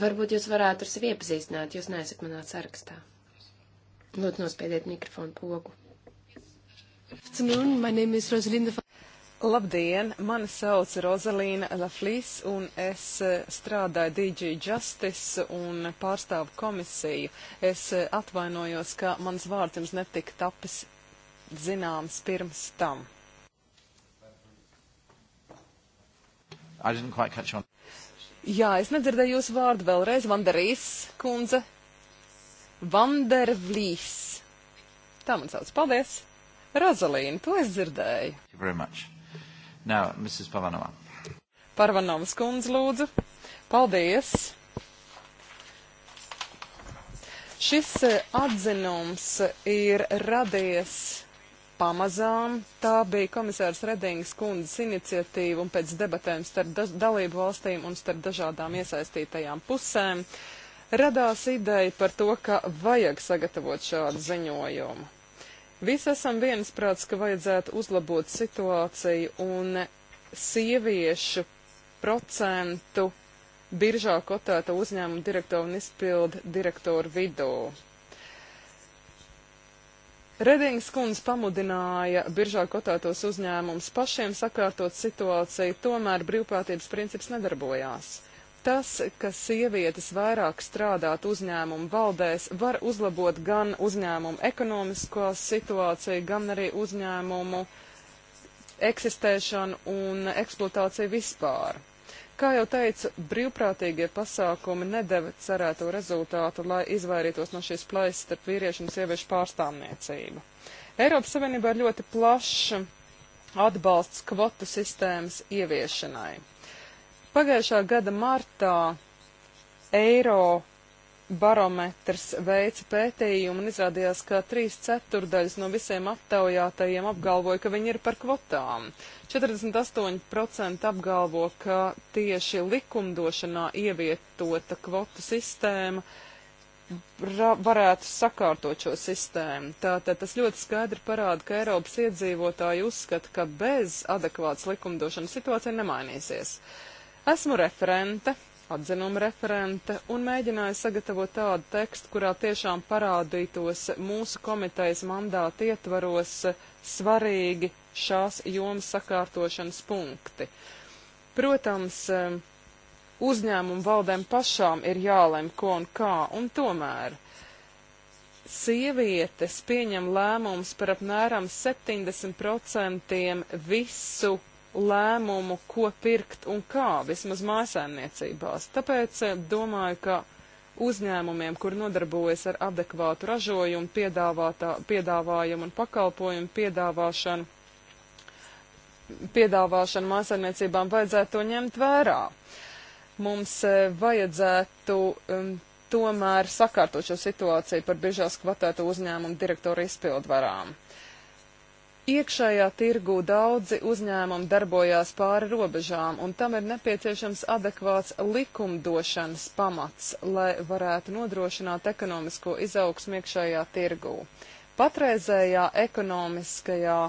Varbūt jūs varētu ar sevi iepazīstināt, jūs neesat manā sarakstā. Lūdzu, nospiediet mikrofonu pogu. Afternoon, my name is Rosalinda. Labdien! Mani sauc Rozalīna Laflīs, un es eh, strādāju DG Justice un pārstāvu komisiju. Es eh, atvainojos, ka mans vārds jums netika tapis zināms pirms tam. Jā, es nedzirdēju jūsu vārdu vēlreiz. Vanderīs, kundze. Vandervlīs. Tā man sauc. Paldies! Rozalīna, to es dzirdēju. Thank you very much. Now, Mrs. Parvanova. Parvanovas kundze, lūdzu. Paldies! Šis eh, atzinums eh, ir radies pamazām. Tā bija komisārs Redingas kundzes iniciatīva un pēc debatēm starp dalību valstīm un starp dažādām iesaistītajām pusēm radās ideja par to, ka vajag sagatavot šādu ziņojumu. Visi esam viensprāts, ka vajadzētu uzlabot situāciju un sieviešu procentu biržā kotēta uzņēmuma direktoru un izpildu direktoru vidū. Redings kundze pamudināja biržā kotētos uzņēmumus pašiem sakārtot situāciju, tomēr brīvprātības princips nedarbojās. Tas, ka sievietes vairāk strādāt uzņēmumu valdēs, var uzlabot gan uzņēmumu ekonomisko situāciju, gan arī uzņēmumu eksistēšanu un eksploatāciju vispār. Kā jau teicu, brīvprātīgie pasākumi nedeva cerēto rezultātu, lai izvairītos no šīs plaisas starp vīriešu un sieviešu pārstāvniecību. Eiropas Savienībā ir ļoti plašs atbalsts kvotu sistēmas ieviešanai. Pagājušā gada martā eiro barometrs veica pētījumu un izrādījās, ka trīs ceturdaļas no visiem aptaujātajiem apgalvoja, ka viņi ir par kvotām. 48% apgalvo, ka tieši likumdošanā ievietota kvotu sistēma varētu sakārtot šo sistēmu. Tātad tas ļoti skaidri parāda, ka Eiropas iedzīvotāji uzskata, ka bez adekvātas likumdošanas situācija nemainīsies. Esmu referente, atzinuma referente, un mēģināju sagatavot tādu tekstu, kurā tiešām parādītos mūsu komitejas mandāta ietvaros svarīgi šās jomas sakārtošanas punkti. Protams, uzņēmumu valdēm pašām ir jālem, ko un kā, un tomēr sievietes pieņem lēmums par apmēram 70% visu lēmumu, ko pirkt un kā, vismaz mājasēmniecībās. Tāpēc eh, domāju, ka uzņēmumiem, kur nodarbojas ar adekvātu ražojumu, piedāvājumu un pakalpojumu piedāvāšanu, piedāvāšanu mājasēmniecībām vajadzētu to ņemt vērā. Mums eh, vajadzētu um, tomēr sakārtot šo situāciju par biežās kvatēto uzņēmumu direktoru izpildvarām. Uh, Iekšējā tirgū daudzi uzņēmumi darbojās pāri robežām, un tam ir nepieciešams adekvāts likumdošanas pamats, lai varētu nodrošināt ekonomisko izaugsmu iekšējā tirgū. Patreizējā ekonomiskajā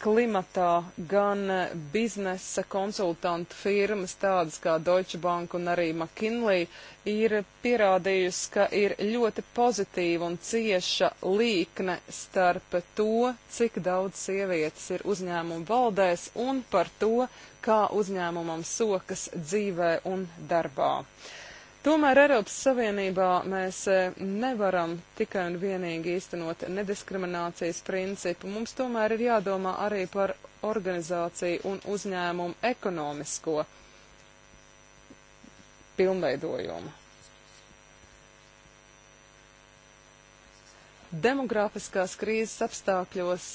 klimatā gan eh, biznesa konsultantu firmas, tādas kā Deutsche Bank un arī McKinley, ir pierādījusi, ka ir ļoti pozitīva un cieša līkne starp to, cik daudz sievietes ir uzņēmumu valdēs un par to, kā uzņēmumam sokas dzīvē un darbā. Uh, Tomēr Eiropas Savienībā mēs e, nevaram tikai un vienīgi īstenot nediskriminācijas principu. Mums tomēr ir jādomā arī par organizāciju un uzņēmumu ekonomisko pilnveidojumu. Demografiskās krīzes apstākļos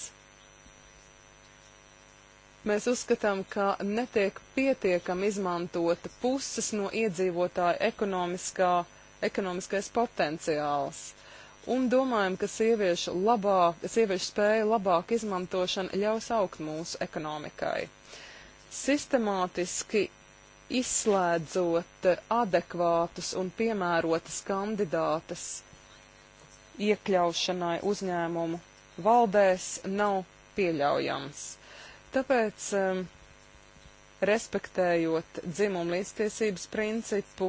Mēs uzskatām, ka netiek pietiekami izmantota puses no iedzīvotāja ekonomiskā, ekonomiskais potenciāls. Un domājam, ka sieviešu, labāk, sieviešu spēju labāk izmantošana ļaus augt mūsu ekonomikai. Sistemātiski izslēdzot adekvātus un piemērotas kandidātas iekļaušanai uzņēmumu valdēs nav pieļaujams. Tāpēc, respektējot dzimumu līdztiesības principu,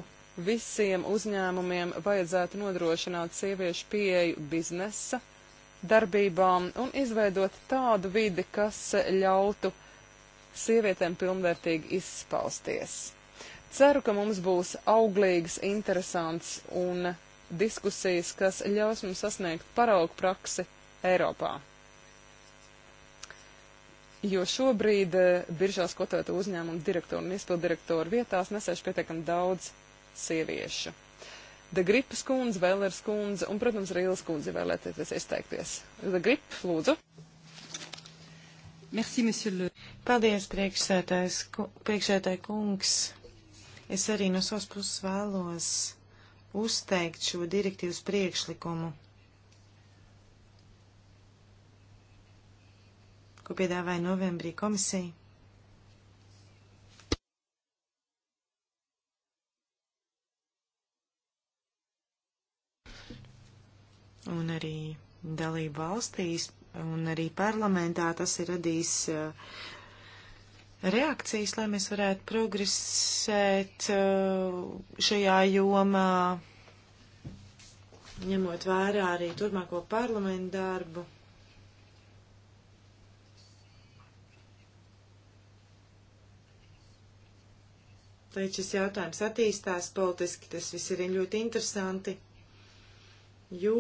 visiem uzņēmumiem vajadzētu nodrošināt sieviešu pieeju biznesa darbībām un izveidot tādu vidi, kas ļautu sievietēm pilnvērtīgi izpausties. Ceru, ka mums būs auglīgs, interesants un diskusijas, kas ļaus mums sasniegt paraugu praksi Eiropā jo šobrīd eh, biržās kotēto uzņēmumu direktoru un izpildirektoru vietās nesēž pietiekami daudz sieviešu. De Gripas kundze, Vēlers kundze un, protams, Rīles kundze vēlēties izteikties. De Grip, lūdzu. Merci, le... Paldies, priekšsētājs, ku, priekšsētāj kungs. Es arī no savas puses vēlos uzteikt šo direktīvas priekšlikumu. ko piedāvāja novembrī komisija. Un arī dalību valstīs un arī parlamentā tas ir radījis uh, reakcijas, lai mēs varētu progresēt uh, šajā jomā, ņemot vērā arī turpmāko parlamentu darbu. līdz šis jautājums attīstās politiski, tas viss ir ļoti interesanti, jo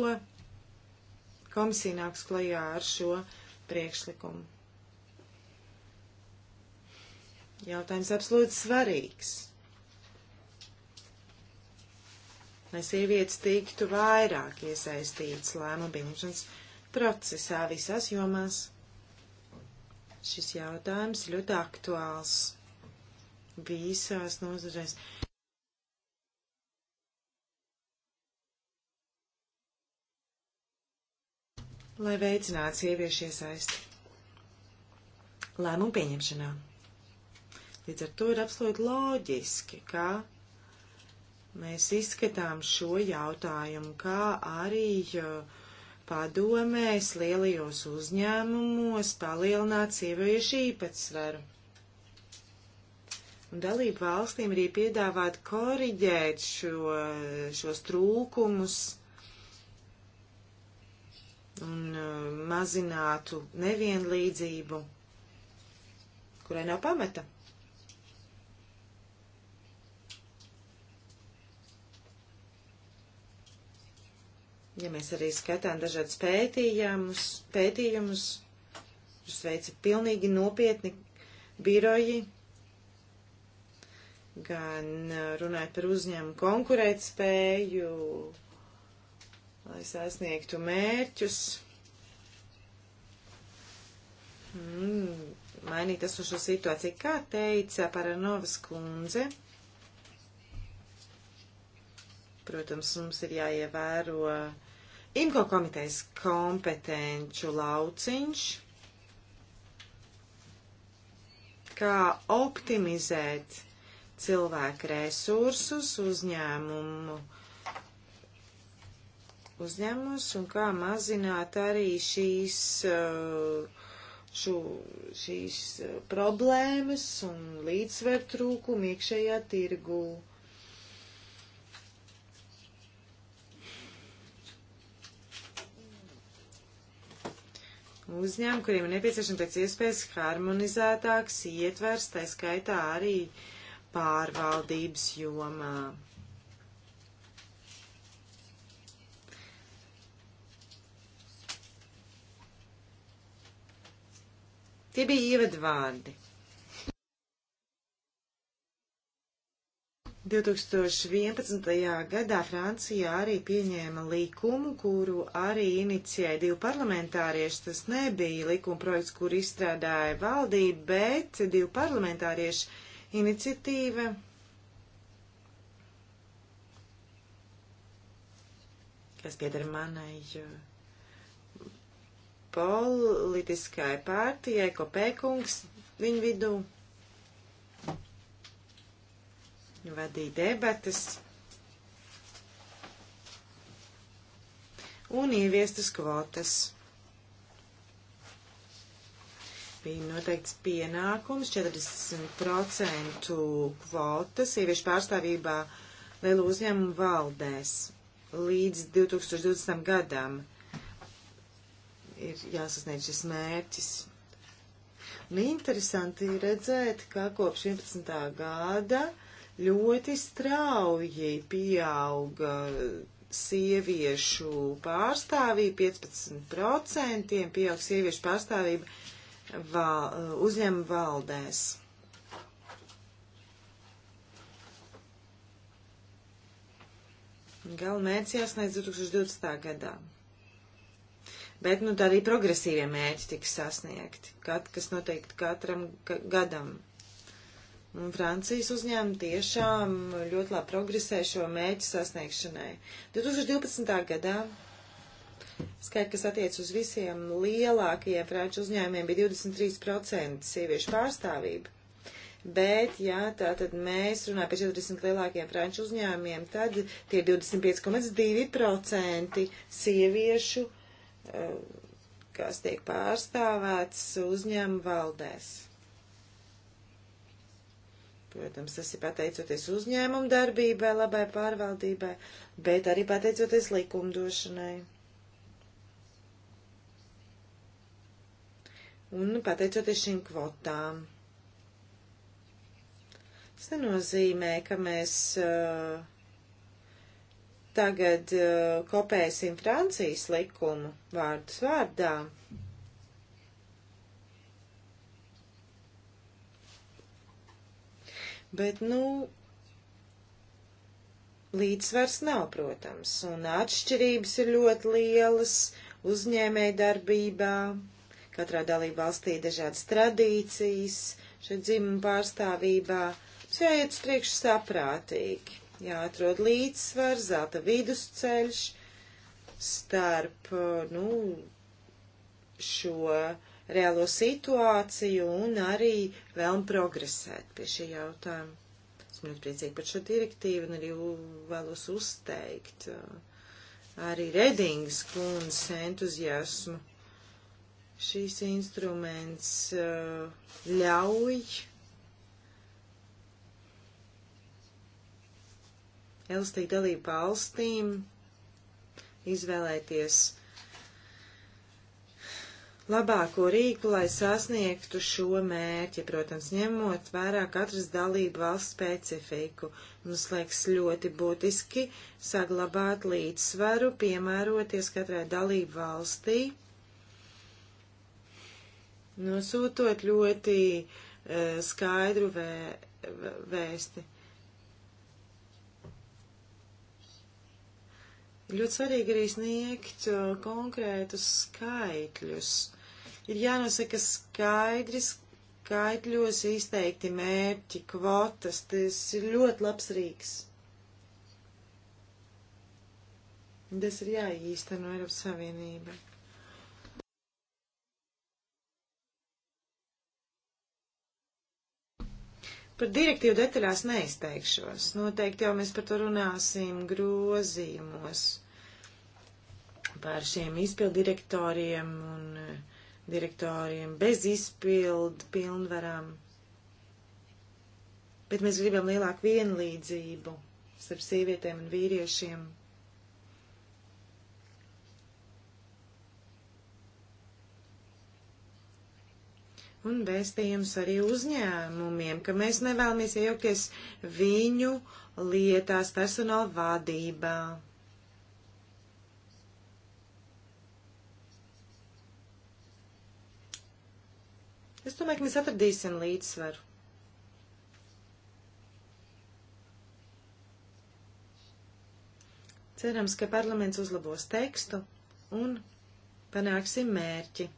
komisija nāks klajā ar šo priekšlikumu. Jautājums absolūti svarīgs. Lai sievietes tiktu vairāk iesaistītas lēmumu pieņemšanas procesā visās jomās. Šis jautājums ļoti aktuāls visās nozarēs. Lai veicinātu sieviešu iesaisti lēmumu pieņemšanā. Līdz ar to ir absolūti loģiski, ka mēs izskatām šo jautājumu, kā arī uh, padomēs lielajos uzņēmumos palielināt sieviešu īpatsvaru. Dalību valstīm arī piedāvāt koriģēt šo, šos trūkumus un uh, mazinātu nevienlīdzību, kurai nav pamata. ja mēs arī skatām dažādas pētījumus, pētījumus, kurus veica pilnīgi nopietni biroji, gan runājot par uzņēmumu konkurētspēju, lai sasniegtu mērķus. Mm, mainīt esošo situāciju, kā teica Paranovas kundze. Protams, mums ir jāievēro IMCO komitejas kompetenču lauciņš, kā optimizēt cilvēku resursus, uzņēmumu, uzņēmumus un kā mazināt arī šīs, uh, šo, šīs uh, problēmas un līdzsver trūkumu iekšējā tirgū. uzņēmumi, kuriem ir nepieciešams pēc iespējas harmonizētāks ietvers, tā skaitā arī uh, pārvaldības jomā. Tie bija ievadvārdi. 2011. gadā Francijā arī pieņēma likumu, kuru arī inicijēja divi parlamentārieši. Tas nebija likuma projekts, kur izstrādāja valdība, bet divi parlamentārieši инициативе. kas pieder manai politiskai pārtijai, kopēkungs viņu vidū. Vadīja debatas un ieviestas kvotas. bija noteikts pienākums 40% kvotas sieviešu pārstāvībā lielu uzņēmumu valdēs līdz 2020. gadam. Ir jāsasniedz šis mērķis. Un interesanti redzēt, ka kopš 11. gada ļoti strauji pieauga sieviešu pārstāvība, 15% pieauga sieviešu pārstāvība val, uzņēmuma valdēs. Galvenmērķis jāsniedz 2020. gadā. Bet, nu, tā arī progresīvie mērķi tiks sasniegti, kat, kas noteikti katram ka, gadam. Un Francijas uzņēmumi tiešām ļoti labi progresē šo mērķu sasniegšanai. 2012. gadā Skaidrs, kas attiec uz visiem lielākajiem franču uzņēmiem, bija 23% sieviešu pārstāvība. Bet, ja tā tad mēs runājam par 40 lielākiem franču uzņēmiem, tad tie 25,2% sieviešu, eh, kas tiek pārstāvēts uzņēmu valdēs. Protams, tas ir pateicoties uzņēmumu darbībai, labai pārvaldībai, bet arī pateicoties likumdošanai. un pateicoties šīm kvotām. Tas nenozīmē, ka mēs uh, tagad uh, kopēsim Francijas likumu vārdus vārdā. Bet, nu, līdzsvars nav, protams, un atšķirības ir ļoti lielas uzņēmē darbībā. Katrā dalība valstī dažādas tradīcijas šeit dzimuma pārstāvībā. Mums jāiet uz priekšu saprātīgi, jāatrod līdzsvar, zelta vidusceļš starp, nu, šo reālo situāciju un arī vēlm progresēt pie šī jautājuma. Esmu ļoti priecīgi par šo direktīvu un arī vēlos uzteikt uh, arī Redingas kundzes entuziasmu Šīs instruments uh, ļauj elastīgi dalību valstīm izvēlēties labāko rīku, lai sasniegtu šo mērķi, protams, ņemot vērā katras dalību valsts specifiku. Mums liekas ļoti būtiski saglabāt līdzsvaru, piemēroties katrai dalību valstī nosūtot ļoti uh, skaidru vē, vēsti. Ļoti svarīgi arī sniegt uh, konkrētus skaitļus. Ir jānosaka skaidri skaitļos izteikti mērķi, kvotas. Tas ir ļoti labs rīks. Tas ir jāīsteno Eiropas Savienībai. Par direktīvu detaļās neizteikšos. Noteikti jau mēs par to runāsim grozījumos par šiem izpildirektoriem un eh, direktoriem bez izpildu pilnvarām. Bet mēs gribam lielāku vienlīdzību starp sievietēm un vīriešiem un vēstījums arī uzņēmumiem, ka mēs nevēlamies iejaukties viņu lietās personāla vadībā. Es domāju, ka mēs atradīsim līdzsvaru. Cerams, ka parlaments uzlabos tekstu un panāksim mērķi.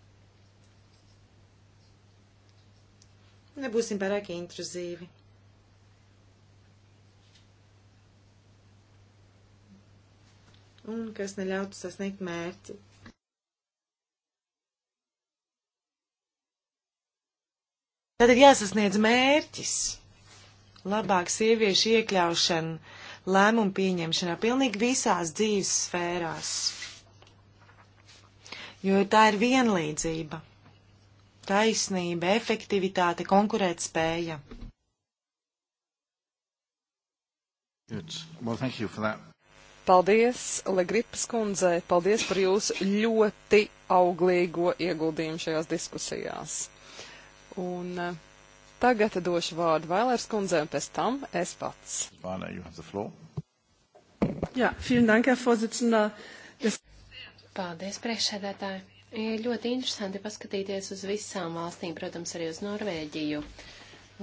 Nebūsim pārāk intruzīvi. Un kas neļautu sasniegt mērķi. Tad ir jāsasniedz mērķis, labāk sieviešu iekļaušana, lēmumu pieņemšanā, pilnīgi visās dzīves sfērās. Jo tā ir vienlīdzība taisnība, efektivitāte, konkurētspēja. Well, paldies Legripas kundzei, paldies par jūsu ļoti auglīgo ieguldījumu šajās diskusijās. Un eh, tagad došu vārdu Vailērs kundzei, un pēc tam es pats. Jā, vielen dank, Herr Vorsitzender. Paldies, priekšsēdētāji. Ir ļoti interesanti paskatīties uz visām valstīm, protams, arī uz Norvēģiju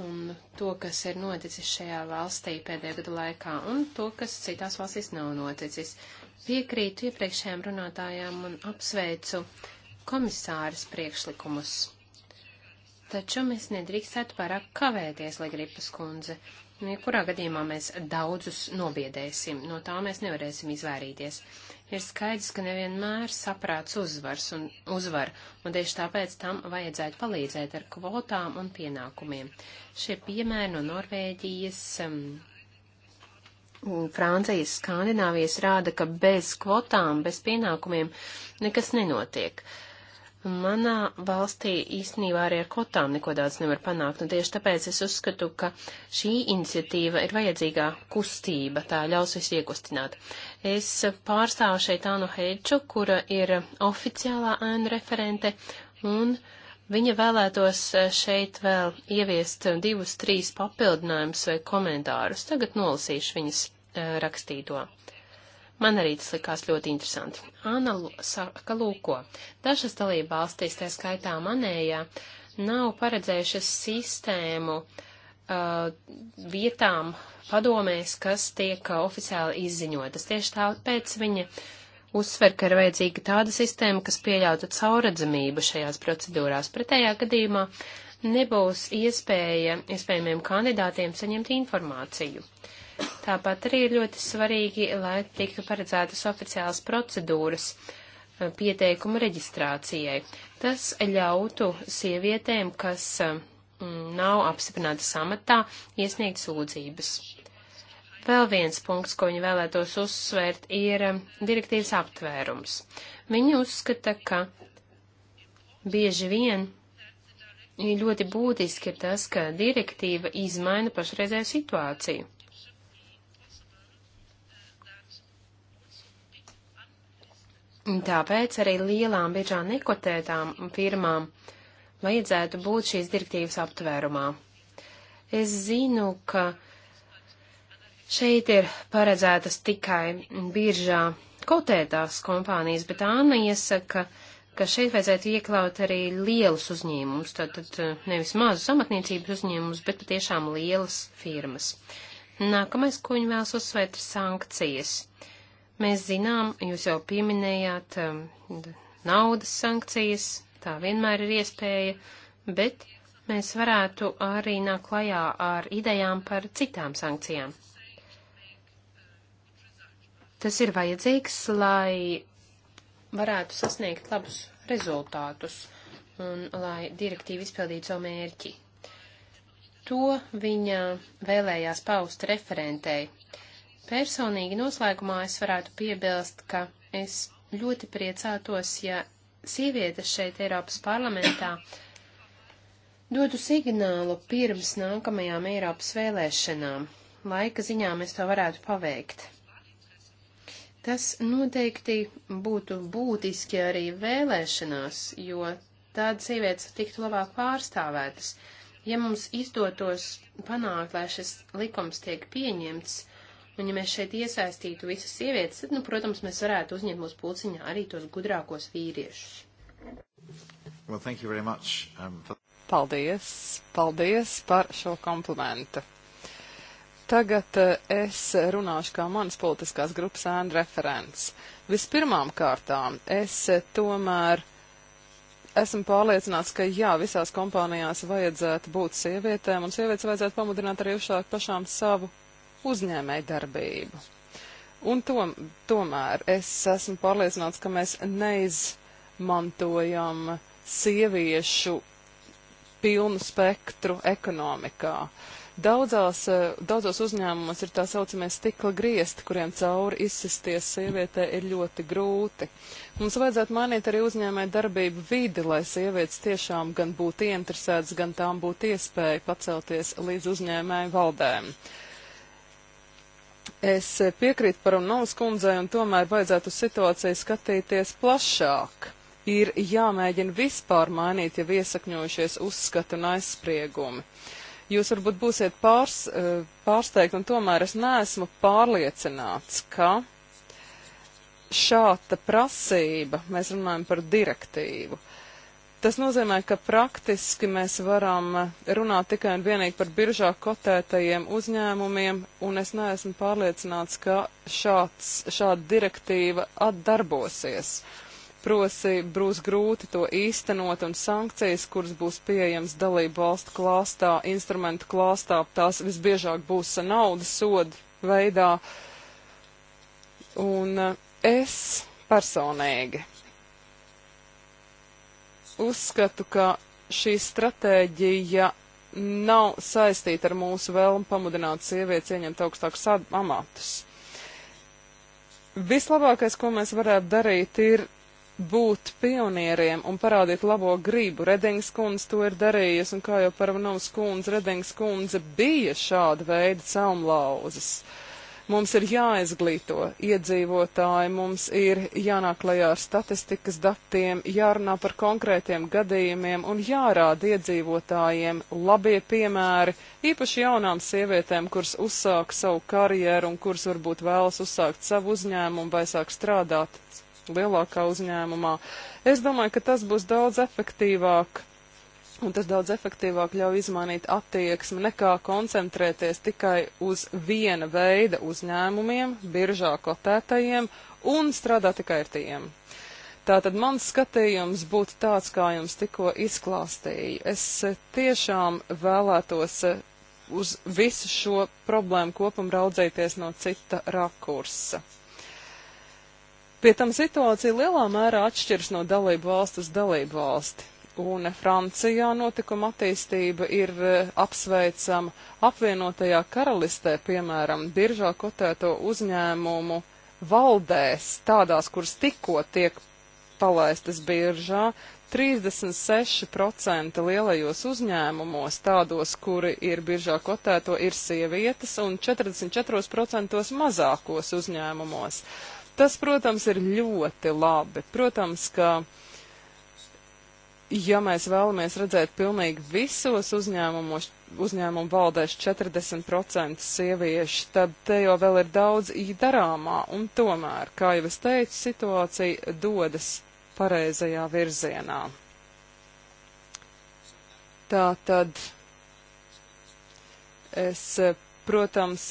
un to, kas ir noticis šajā valstī pēdējo gadu laikā, un to, kas citās valstīs nav noticis. Piekrītu iepriekšējām runātājām un apsveicu komisāras priekšlikumus. Taču mēs nedrīkstētu pārāk kavēties, lai gripas kundze. Jebkurā gadījumā mēs daudzus nobiedēsim, no tā mēs nevarēsim izvairīties. Ir skaidrs, ka nevienmēr saprāts uzvars un uzvar, un tieši tāpēc tam vajadzētu palīdzēt ar kvotām un pienākumiem. Šie piemēri no Norvēģijas, um, Francijas, Skandināvijas rāda, ka bez kvotām, bez pienākumiem nekas nenotiek. Uh, Un manā valstī īstenībā arī ar kvotām neko daudz nevar panākt, un tieši tāpēc es uzskatu, ka šī iniciatīva ir vajadzīgā kustība, tā ļaus visu iekustināt. Es pārstāvu šeit Ānu Heiču, kura ir oficiālā ēnu referente, un viņa vēlētos šeit vēl ieviest divus, trīs papildinājumus vai komentārus. Tagad nolasīšu viņas eh, rakstīto. Man arī tas likās ļoti interesanti. Ana saka, lūko, dažas dalība valstīs, tā skaitā manējā, nav paredzējušas sistēmu uh, vietām padomēs, kas tiek oficiāli izziņotas. Tieši tāpēc viņa uzsver, ka ir vajadzīga tāda sistēma, kas pieļautu cauradzamību šajās procedūrās. Pretējā gadījumā nebūs iespēja iespējamiem kandidātiem saņemt informāciju. Tāpat arī ir ļoti svarīgi, lai tiktu paredzētas oficiālas procedūras eh, pieteikumu reģistrācijai. Tas ļautu sievietēm, kas eh, nav apstiprinātas amatā, iesniegt sūdzības. Vēl viens punkts, ko viņi vēlētos uzsvērt, ir eh, direktīvas aptvērums. Viņi uzskata, ka bieži vien ļoti būtiski ir tas, ka direktīva izmaina pašreizēju situāciju. Tāpēc arī lielām, biežām nekotētām firmām vajadzētu būt šīs direktīvas aptvērumā. Es zinu, ka šeit ir paredzētas tikai biržā kotētās kompānijas, bet Anna iesaka, ka šeit vajadzētu iekļaut arī lielus uzņēmumus, tātad eh, nevis mazus amatniecības uzņēmumus, bet patiešām lielas firmas. Nākamais, ko viņi vēlas uzsvērt, ir sankcijas. Uh, Mēs zinām, jūs jau pieminējāt um, naudas sankcijas, tā vienmēr ir iespēja, bet mēs varētu arī nākt klajā ar idejām par citām sankcijām. Tas ir vajadzīgs, lai varētu sasniegt labus rezultātus un lai direktīva izpildītu savu mērķi. To viņa vēlējās paust referentei, Personīgi noslēgumā es varētu piebilst, ka es ļoti priecātos, ja sievietes šeit Eiropas parlamentā dotu signālu pirms nākamajām Eiropas vēlēšanām. Laika ziņā mēs to varētu paveikt. Tas noteikti būtu būtiski arī vēlēšanās, jo tad sievietes tiktu labāk pārstāvētas. Ja mums izdotos panākt, lai šis likums tiek pieņemts, Un nu, ja mēs šeit iesaistītu visas sievietes, tad, nu, protams, mēs varētu uzņemt mūsu pulciņā arī tos gudrākos vīriešus. Well, thank you very much. Um, for... Paldies, paldies par šo komplimentu. Tagad eh, es runāšu kā manas politiskās grupas ēna referents. Vispirmām kārtām es eh, tomēr esmu pārliecināts, ka jā, visās kompānijās vajadzētu būt sievietēm, un sievietes vajadzētu pamudināt arī uzsākt pašām savu uzņēmēju darbību. Un tom, tomēr es esmu pārliecināts, ka mēs neizmantojam sieviešu pilnu spektru ekonomikā. Daudzās, eh, daudzos uzņēmumos ir tā saucamie stikla griezti, kuriem cauri izsisties sievietē ir ļoti grūti. Mums vajadzētu mainīt arī uzņēmē darbību vidi, lai sievietes tiešām gan būtu ieinteresētas, gan tām būtu iespēja pacelties līdz uzņēmēju valdēm. Uh, Es piekrītu par un nav skundzē, un tomēr vajadzētu situāciju skatīties plašāk. Ir jāmēģina vispār mainīt jau iesakņojušies uzskatu un aizspriegumi. Jūs varbūt būsiet pārs, eh, pārsteigti, un tomēr es neesmu pārliecināts, ka šāda prasība, mēs runājam par direktīvu, uh, Tas nozīmē, ka praktiski mēs varam eh, runāt tikai un vienīgi par biržā kotētajiem uzņēmumiem, un es neesmu pārliecināts, ka šāds, šāda direktīva atdarbosies. Prosi, būs grūti to īstenot, un sankcijas, kuras būs pieejamas dalību valstu klāstā, instrumentu klāstā, tās visbiežāk būs naudas sodu veidā. Un eh, es personīgi uzskatu, ka šī stratēģija nav saistīta ar mūsu vēlmu pamudināt sievietes ieņemt augstākus amatus. Vislabākais, ko mēs varētu darīt, ir būt pionieriem un parādīt labo gribu. Redings kundze to ir darījusi, un kā jau par Vanovas kundze, Redings kundze bija šāda veida caumlauzes. Uh, Mums ir jāizglīto iedzīvotāji, mums ir jānāk lejā ar statistikas datiem, jārunā par konkrētiem gadījumiem un jārāda iedzīvotājiem labie piemēri, īpaši jaunām sievietēm, kuras uzsāk savu karjeru un kuras varbūt vēlas uzsākt savu uzņēmumu vai sāk strādāt lielākā uzņēmumā. Es domāju, ka tas būs daudz efektīvāk un tas daudz efektīvāk ļauj izmainīt attieksmi nekā koncentrēties tikai uz viena veida uzņēmumiem, biržā kotētajiem un strādāt tikai ar tiem. Tātad mans skatījums būtu tāds, kā jums tikko izklāstīju. Es eh, tiešām vēlētos eh, uz visu šo problēmu kopumu raudzēties no cita rakursa. Pie tam situācija lielā mērā atšķiras no dalību valsts uz dalību valsti un Francijā notikuma attīstība ir eh, apsveicama. Apvienotajā karalistē, piemēram, biržā kotēto uzņēmumu valdēs, tādās, kuras tikko tiek palaistas biržā, 36% lielajos uzņēmumos, tādos, kuri ir biržā kotēto, ir sievietes, un 44% mazākos uzņēmumos. Tas, protams, ir ļoti labi. Protams, ka uh, ja mēs vēlamies redzēt pilnīgi visos uzņēmumos, uzņēmumu valdēs 40% sieviešu, tad te jau vēl ir daudz darāmā, un tomēr, kā jau es teicu, situācija dodas pareizajā virzienā. Tā tad es, protams,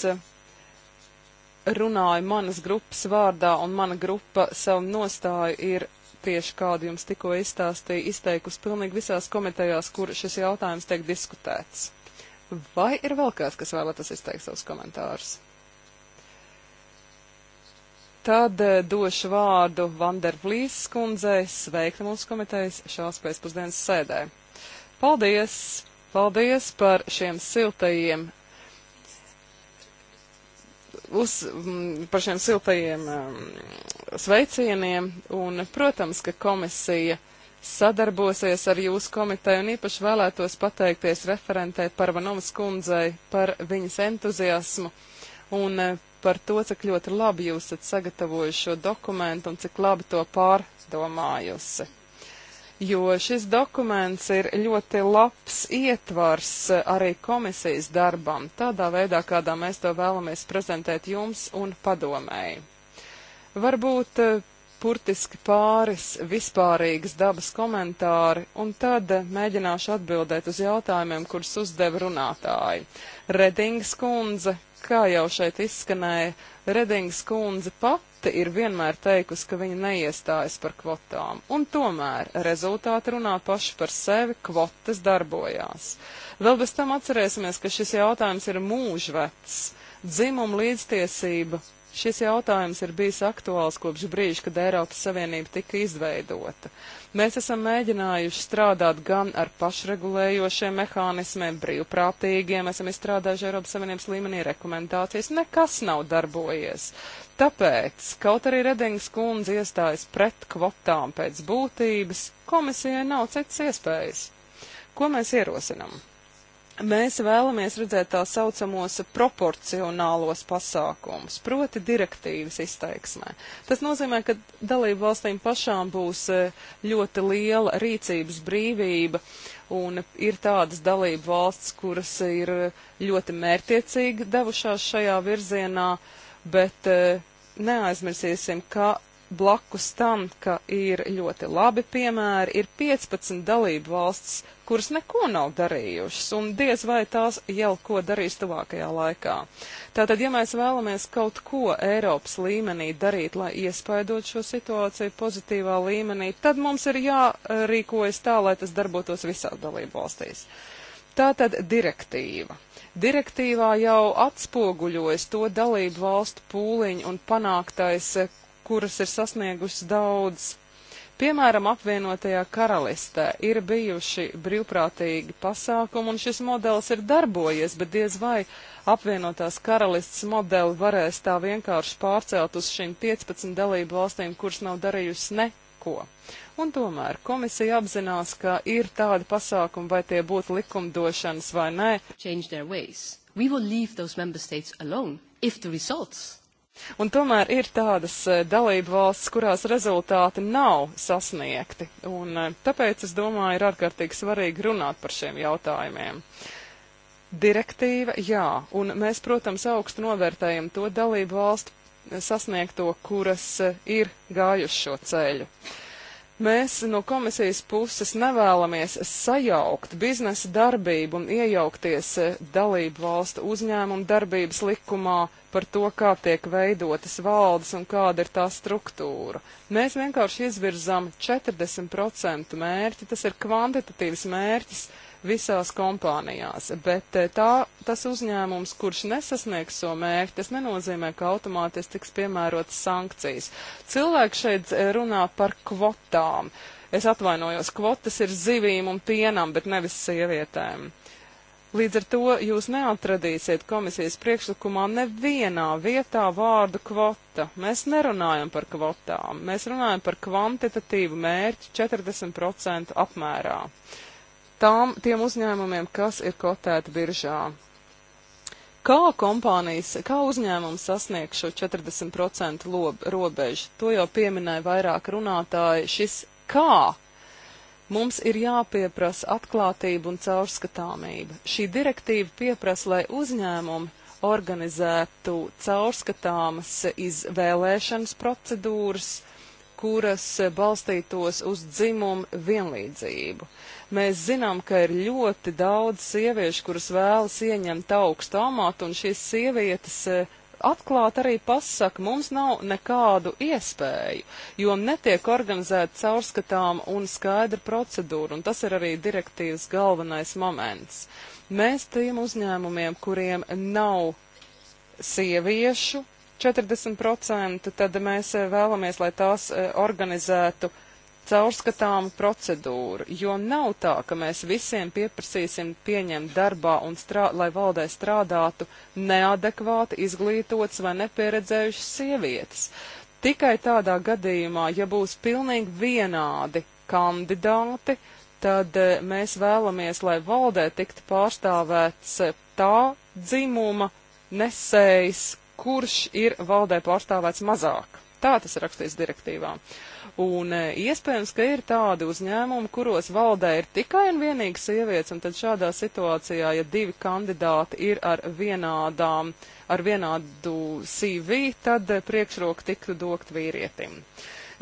runāju manas grupas vārdā, un mana grupa savu nostāju ir tieši kādu jums tikko izstāstīju, izteikusi pilnīgi visās komitejās, kur šis jautājums tiek diskutēts. Vai ir vēl kāds, kas vēlētas izteikt savus komentārus? Tad eh, došu vārdu Vandervlīs skundzei sveikta mūsu komitejas šās pēcpusdienas sēdē. Paldies! Paldies par šiem siltajiem uz, par šiem siltajiem sveicieniem, un, protams, ka komisija sadarbosies ar jūsu komiteju, un īpaši vēlētos pateikties referentē par Vanovas kundzei par viņas entuziasmu un e, par to, cik ļoti labi jūs esat sagatavojuši šo dokumentu un cik labi to pārdomājusi jo šis dokuments ir ļoti labs ietvars eh, arī komisijas darbam, tādā veidā, kādā mēs to vēlamies prezentēt jums un padomēji. Varbūt burtiski eh, pāris vispārīgas dabas komentāri, un tad eh, mēģināšu atbildēt uz jautājumiem, kurus uzdeva runātāji. Redings kundze, kā jau šeit izskanēja, Redings kundze pat pati ir vienmēr teikusi, ka viņa neiestājas par kvotām. Un tomēr rezultāti runā paši par sevi, kvotas darbojās. Vēl bez tam atcerēsimies, ka šis jautājums ir mūžvecs. Dzimuma līdztiesība. Šis jautājums ir bijis aktuāls kopš brīža, kad Eiropas Savienība tika izveidota. Mēs esam mēģinājuši strādāt gan ar pašregulējošiem mehānismiem, brīvprātīgiem, esam izstrādājuši Eiropas Savienības līmenī rekomendācijas. Nekas nav darbojies. Tāpēc, kaut arī Redings kundze iestājas pret kvotām pēc būtības, komisijai nav citas iespējas. Ko mēs ierosinam? Mēs vēlamies redzēt tā saucamos proporcionālos pasākumus, proti direktīvas izteiksmē. Tas nozīmē, ka dalību valstīm pašām būs e, ļoti liela rīcības brīvība, un ir tādas dalību valsts, kuras ir e, ļoti mērtiecīgi devušās šajā virzienā, uh, bet eh, neaizmirsīsim, ka blakus tam, ka ir ļoti labi piemēri, ir 15 dalību valsts, kuras neko nav darījušas, un diez vai tās jau ko darīs tuvākajā laikā. Tātad, ja mēs vēlamies kaut ko Eiropas līmenī darīt, lai iespaidot šo situāciju pozitīvā līmenī, tad mums ir jārīkojas tā, lai tas darbotos visās dalību valstīs. Tātad direktīva. Direktīvā jau atspoguļojas to dalību valstu pūliņu un panāktais, eh, kuras ir sasniegusi daudz. Piemēram, apvienotajā karalistē ir bijuši brīvprātīgi pasākumi, un šis modelis ir darbojies, bet diez vai apvienotās karalistes modeli varēs tā vienkārši pārcelt uz šīm 15 dalību valstīm, kuras nav darījusi neko. Un tomēr komisija apzinās, ka ir tādi pasākumi, vai tie būtu likumdošanas vai nē. Un tomēr ir tādas eh, dalību valsts, kurās rezultāti nav sasniegti. Un eh, tāpēc, es domāju, ir ārkārtīgi svarīgi runāt par šiem jautājumiem. Direktīva, jā, un mēs, protams, augstu novērtējam to dalību valstu sasniegto, kuras eh, ir gājuši šo ceļu. Uh, Mēs no komisijas puses nevēlamies sajaukt biznesa darbību un iejaukties eh, dalību valstu uzņēmumu darbības likumā par to, kā tiek veidotas valdes un kāda ir tā struktūra. Mēs vienkārši izvirzām 40% mērķi, tas ir kvantitatīvs mērķis, visās kompānijās, bet eh, tā, tas uzņēmums, kurš nesasniegs šo so mērķi, tas nenozīmē, ka automātiski tiks piemērotas sankcijas. Cilvēki šeit eh, runā par kvotām. Es atvainojos, kvotas ir zivīm un pienam, bet nevis sievietēm. Līdz ar to jūs neatradīsiet komisijas priekšlikumā nevienā vietā vārdu kvota. Mēs nerunājam par kvotām, mēs runājam par kvantitatīvu mērķu 40% apmērā tām, tiem uzņēmumiem, kas ir kotēti biržā. Kā kompānijas, kā uzņēmums sasniegt šo 40% lob, robežu? To jau pieminēja vairāk runātāji. Šis kā mums ir jāpieprasa atklātība un caurskatāmība. Šī direktīva pieprasa, lai uzņēmumi organizētu caurskatāmas izvēlēšanas procedūras, kuras balstītos uz dzimumu vienlīdzību. Mēs zinām, ka ir ļoti daudz sieviešu, kuras vēlas ieņemt augstu amatu, un šīs sievietes e, atklāti arī pasaka, mums nav nekādu iespēju, jo netiek organizēta caurskatām un skaidra procedūra, un tas ir arī direktīvas galvenais moments. Mēs tiem uzņēmumiem, kuriem nav sieviešu 40%, tad mēs e, vēlamies, lai tās e, organizētu caurskatāma procedūra, jo nav tā, ka mēs visiem pieprasīsim pieņemt darbā un strā, lai valdē strādātu neadekvāti izglītots vai nepieredzējušas sievietes. Tikai tādā gadījumā, ja būs pilnīgi vienādi kandidāti, tad eh, mēs vēlamies, lai valdē tiktu pārstāvēts eh, tā dzimuma nesējs, kurš ir valdē pārstāvēts mazāk. Tā tas ir rakstīts direktīvā. Uh, Un e, iespējams, ka ir tādi uzņēmumi, kuros valdē ir tikai un vienīgi sievietes, un tad šādā situācijā, ja divi kandidāti ir ar vienādām, ar vienādu CV, tad e, priekšroka tiktu dokt vīrietim.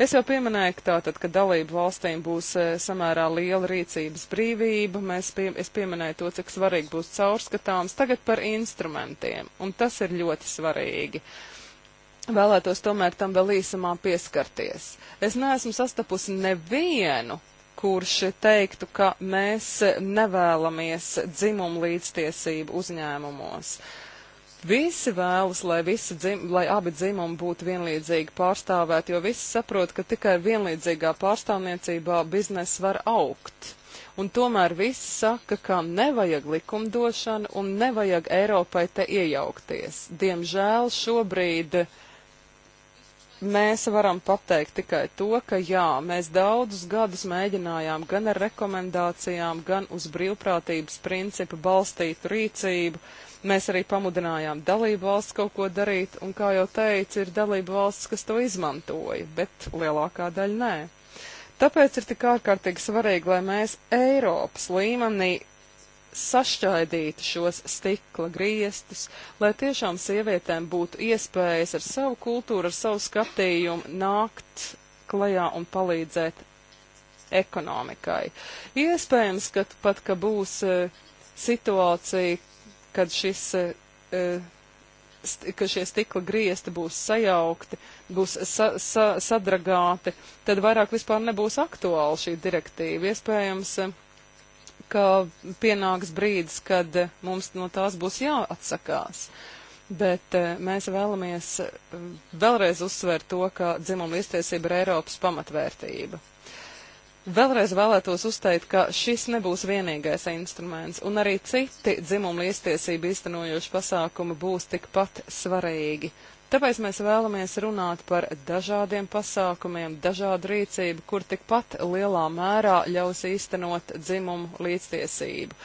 Es jau pieminēju, ka tātad, ka dalību valstīm būs e, samērā liela rīcības brīvība, mēs pie, es pieminēju to, cik svarīgi būs caurskatāms, tagad par instrumentiem, un tas ir ļoti svarīgi. Uh, vēlētos tomēr tam vēl īsumā pieskarties. Es neesmu sastapusi nevienu, kurš teiktu, ka mēs nevēlamies dzimumu līdztiesību uzņēmumos. Visi vēlas, lai, visi dzim, lai abi dzimumi būtu vienlīdzīgi pārstāvēti, jo visi saprot, ka tikai vienlīdzīgā pārstāvniecībā biznes var augt un tomēr visi saka, ka nevajag likumdošanu un nevajag Eiropai te iejaukties. Diemžēl šobrīd mēs varam pateikt tikai to, ka jā, mēs daudzus gadus mēģinājām gan ar rekomendācijām, gan uz brīvprātības principu balstītu rīcību. Mēs arī pamudinājām dalību valsts kaut ko darīt, un, kā jau teicu, ir dalību valsts, kas to izmantoja, bet lielākā daļa nē. Tāpēc ir tik ārkārtīgi svarīgi, lai mēs Eiropas līmenī sašķaidītu šos stikla griestus, lai tiešām sievietēm būtu iespējas ar savu kultūru, ar savu skatījumu nākt klajā un palīdzēt ekonomikai. Iespējams, ka pat, ka būs e, situācija, kad šis e, e, ka šie stikla griezti būs sajaukti, būs sa, sa, sadragāti, tad vairāk vispār nebūs aktuāla šī direktīva. Iespējams, ka pienāks brīdis, kad mums no tās būs jāatsakās. Bet eh, mēs vēlamies eh, vēlreiz uzsvērt to, ka dzimuma līdztiesība ir Eiropas pamatvērtība. Vēlreiz vēlētos uzteikt, ka šis nebūs vienīgais instruments, un arī citi dzimumu līdztiesību īstenojoši pasākumi būs tikpat svarīgi. Tāpēc mēs vēlamies runāt par dažādiem pasākumiem, dažādu rīcību, kur tikpat lielā mērā ļaus īstenot dzimumu līdztiesību.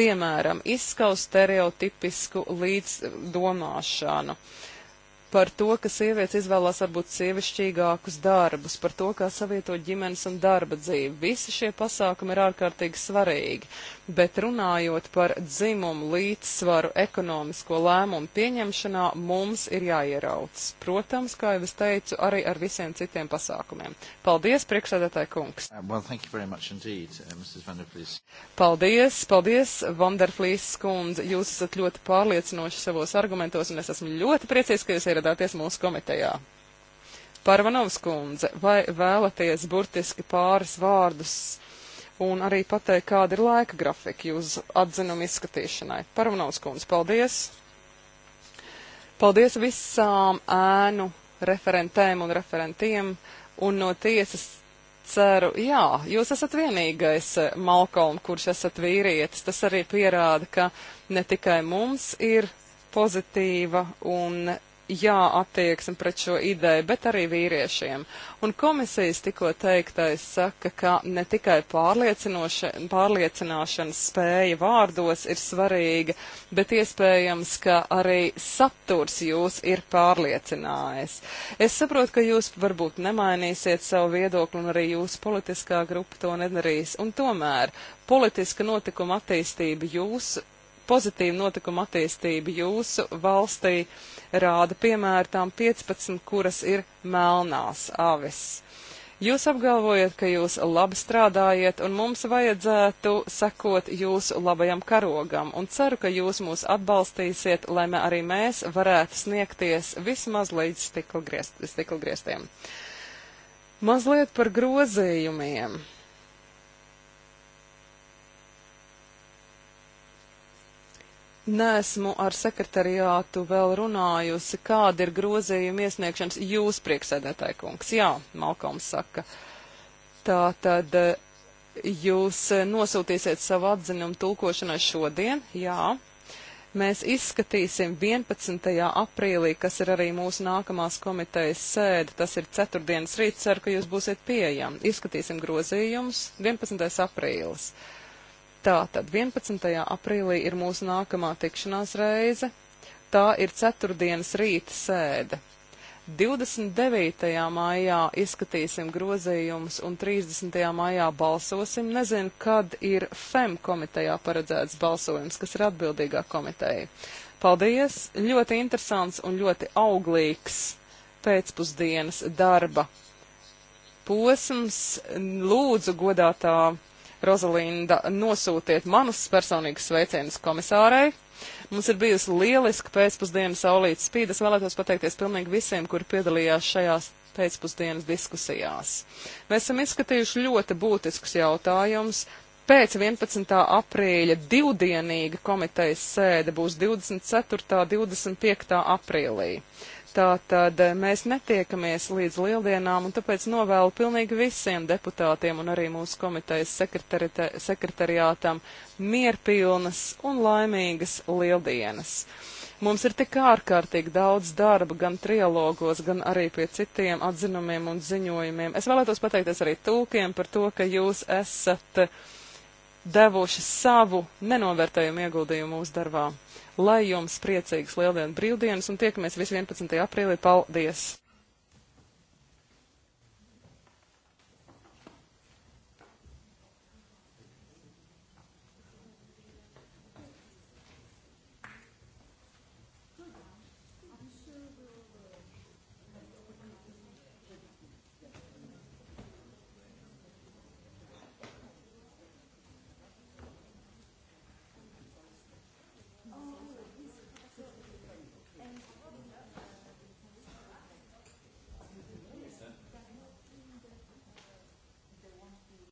Piemēram, izskaus stereotipisku līdzdomāšanu. Uh, par to, ka sievietes izvēlās varbūt sievišķīgākus darbus, par to, kā savietot ģimenes un darba dzīvi. Visi šie pasākumi ir ārkārtīgi svarīgi, bet runājot par dzimumu līdzsvaru ekonomisko lēmumu pieņemšanā, mums ir jāierauc. Protams, kā jau es teicu, arī ar visiem citiem pasākumiem. Paldies, priekšsēdētāji kungs! Uh, well, indeed, uh, paldies, paldies, Vanderflīs kundze! Jūs esat ļoti pārliecinoši savos argumentos, un es esmu ļoti priecīgs, ka jūs ieradāties iegādāties mūsu komitejā. Parvanovs kundze, vai vēlaties burtiski pāris vārdus un arī pateikt, kāda ir laika grafika jūsu atzinumu izskatīšanai? Parvanovs kundze, paldies! Paldies visām ēnu referentēm un referentiem un no tiesas ceru, jā, jūs esat vienīgais eh, Malkolm, kurš esat vīrietis. Tas arī pierāda, ka ne tikai mums ir pozitīva un jāattieksme pret šo ideju, bet arī vīriešiem. Un komisijas tikko teiktais saka, ka ne tikai pārliecināšanas spēja vārdos ir svarīga, bet iespējams, ka arī saturs jūs ir pārliecinājis. Es saprotu, ka jūs varbūt nemainīsiet savu viedokli un arī jūsu politiskā grupa to nedarīs. Un tomēr politiska notikuma attīstība jūsu pozitīva notikuma attīstība jūsu valstī rāda piemēru tām 15, kuras ir melnās avis. Jūs apgalvojat, ka jūs labi strādājat, un mums vajadzētu sekot jūsu labajam karogam, un ceru, ka jūs mūs atbalstīsiet, lai mē arī mēs varētu sniegties vismaz līdz stikla griest, stiklgriestiem. Mazliet par grozījumiem. Nesmu ar sekretariātu vēl runājusi, kāda ir grozījuma iesniegšanas jūs prieksēdētāji kungs. Jā, Malkoms saka. Tā tad eh, jūs eh, nosūtīsiet savu atzinumu tulkošanai šodien? Jā. Mēs izskatīsim 11. aprīlī, kas ir arī mūsu nākamās komitejas sēde, tas ir ceturtdienas rīts, ceru, ka jūs būsiet pieejami. Izskatīsim grozījumus 11. aprīlis. Tātad 11. aprīlī ir mūsu nākamā tikšanās reize. Tā ir ceturtdienas rīta sēde. 29. maijā izskatīsim grozījumus un 30. maijā balsosim. Nezinu, kad ir FEM komitejā paredzēts balsojums, kas ir atbildīgā komiteja. Paldies! Ļoti interesants un ļoti auglīgs pēcpusdienas darba posms. Lūdzu, godātā Rozalinda, nosūtiet manus personīgus sveicienus komisārai. Mums ir bijusi lieliska pēcpusdiena saulītas spīd. Es vēlētos pateikties pilnīgi visiem, kuri piedalījās šajās pēcpusdienas diskusijās. Mēs esam izskatījuši ļoti būtiskus jautājumus. Pēc 11. aprīļa divdienīga komitejas sēde būs 24. un 25. aprīlī. Tātad eh, mēs netiekamies līdz lieldienām, un tāpēc novēlu pilnīgi visiem deputātiem un arī mūsu komitejas sekretariātam mierpilnas un laimīgas lieldienas. Mums ir tik ārkārtīgi daudz darba gan trialogos, gan arī pie citiem atzinumiem un ziņojumiem. Es vēlētos pateikties arī tulkiem par to, ka jūs esat devuši savu nenovērtējumu ieguldījumu mūsu darbā. Lai jums priecīgs lieldienu brīvdienas un tiekamies visi 11. aprīlī. Paldies!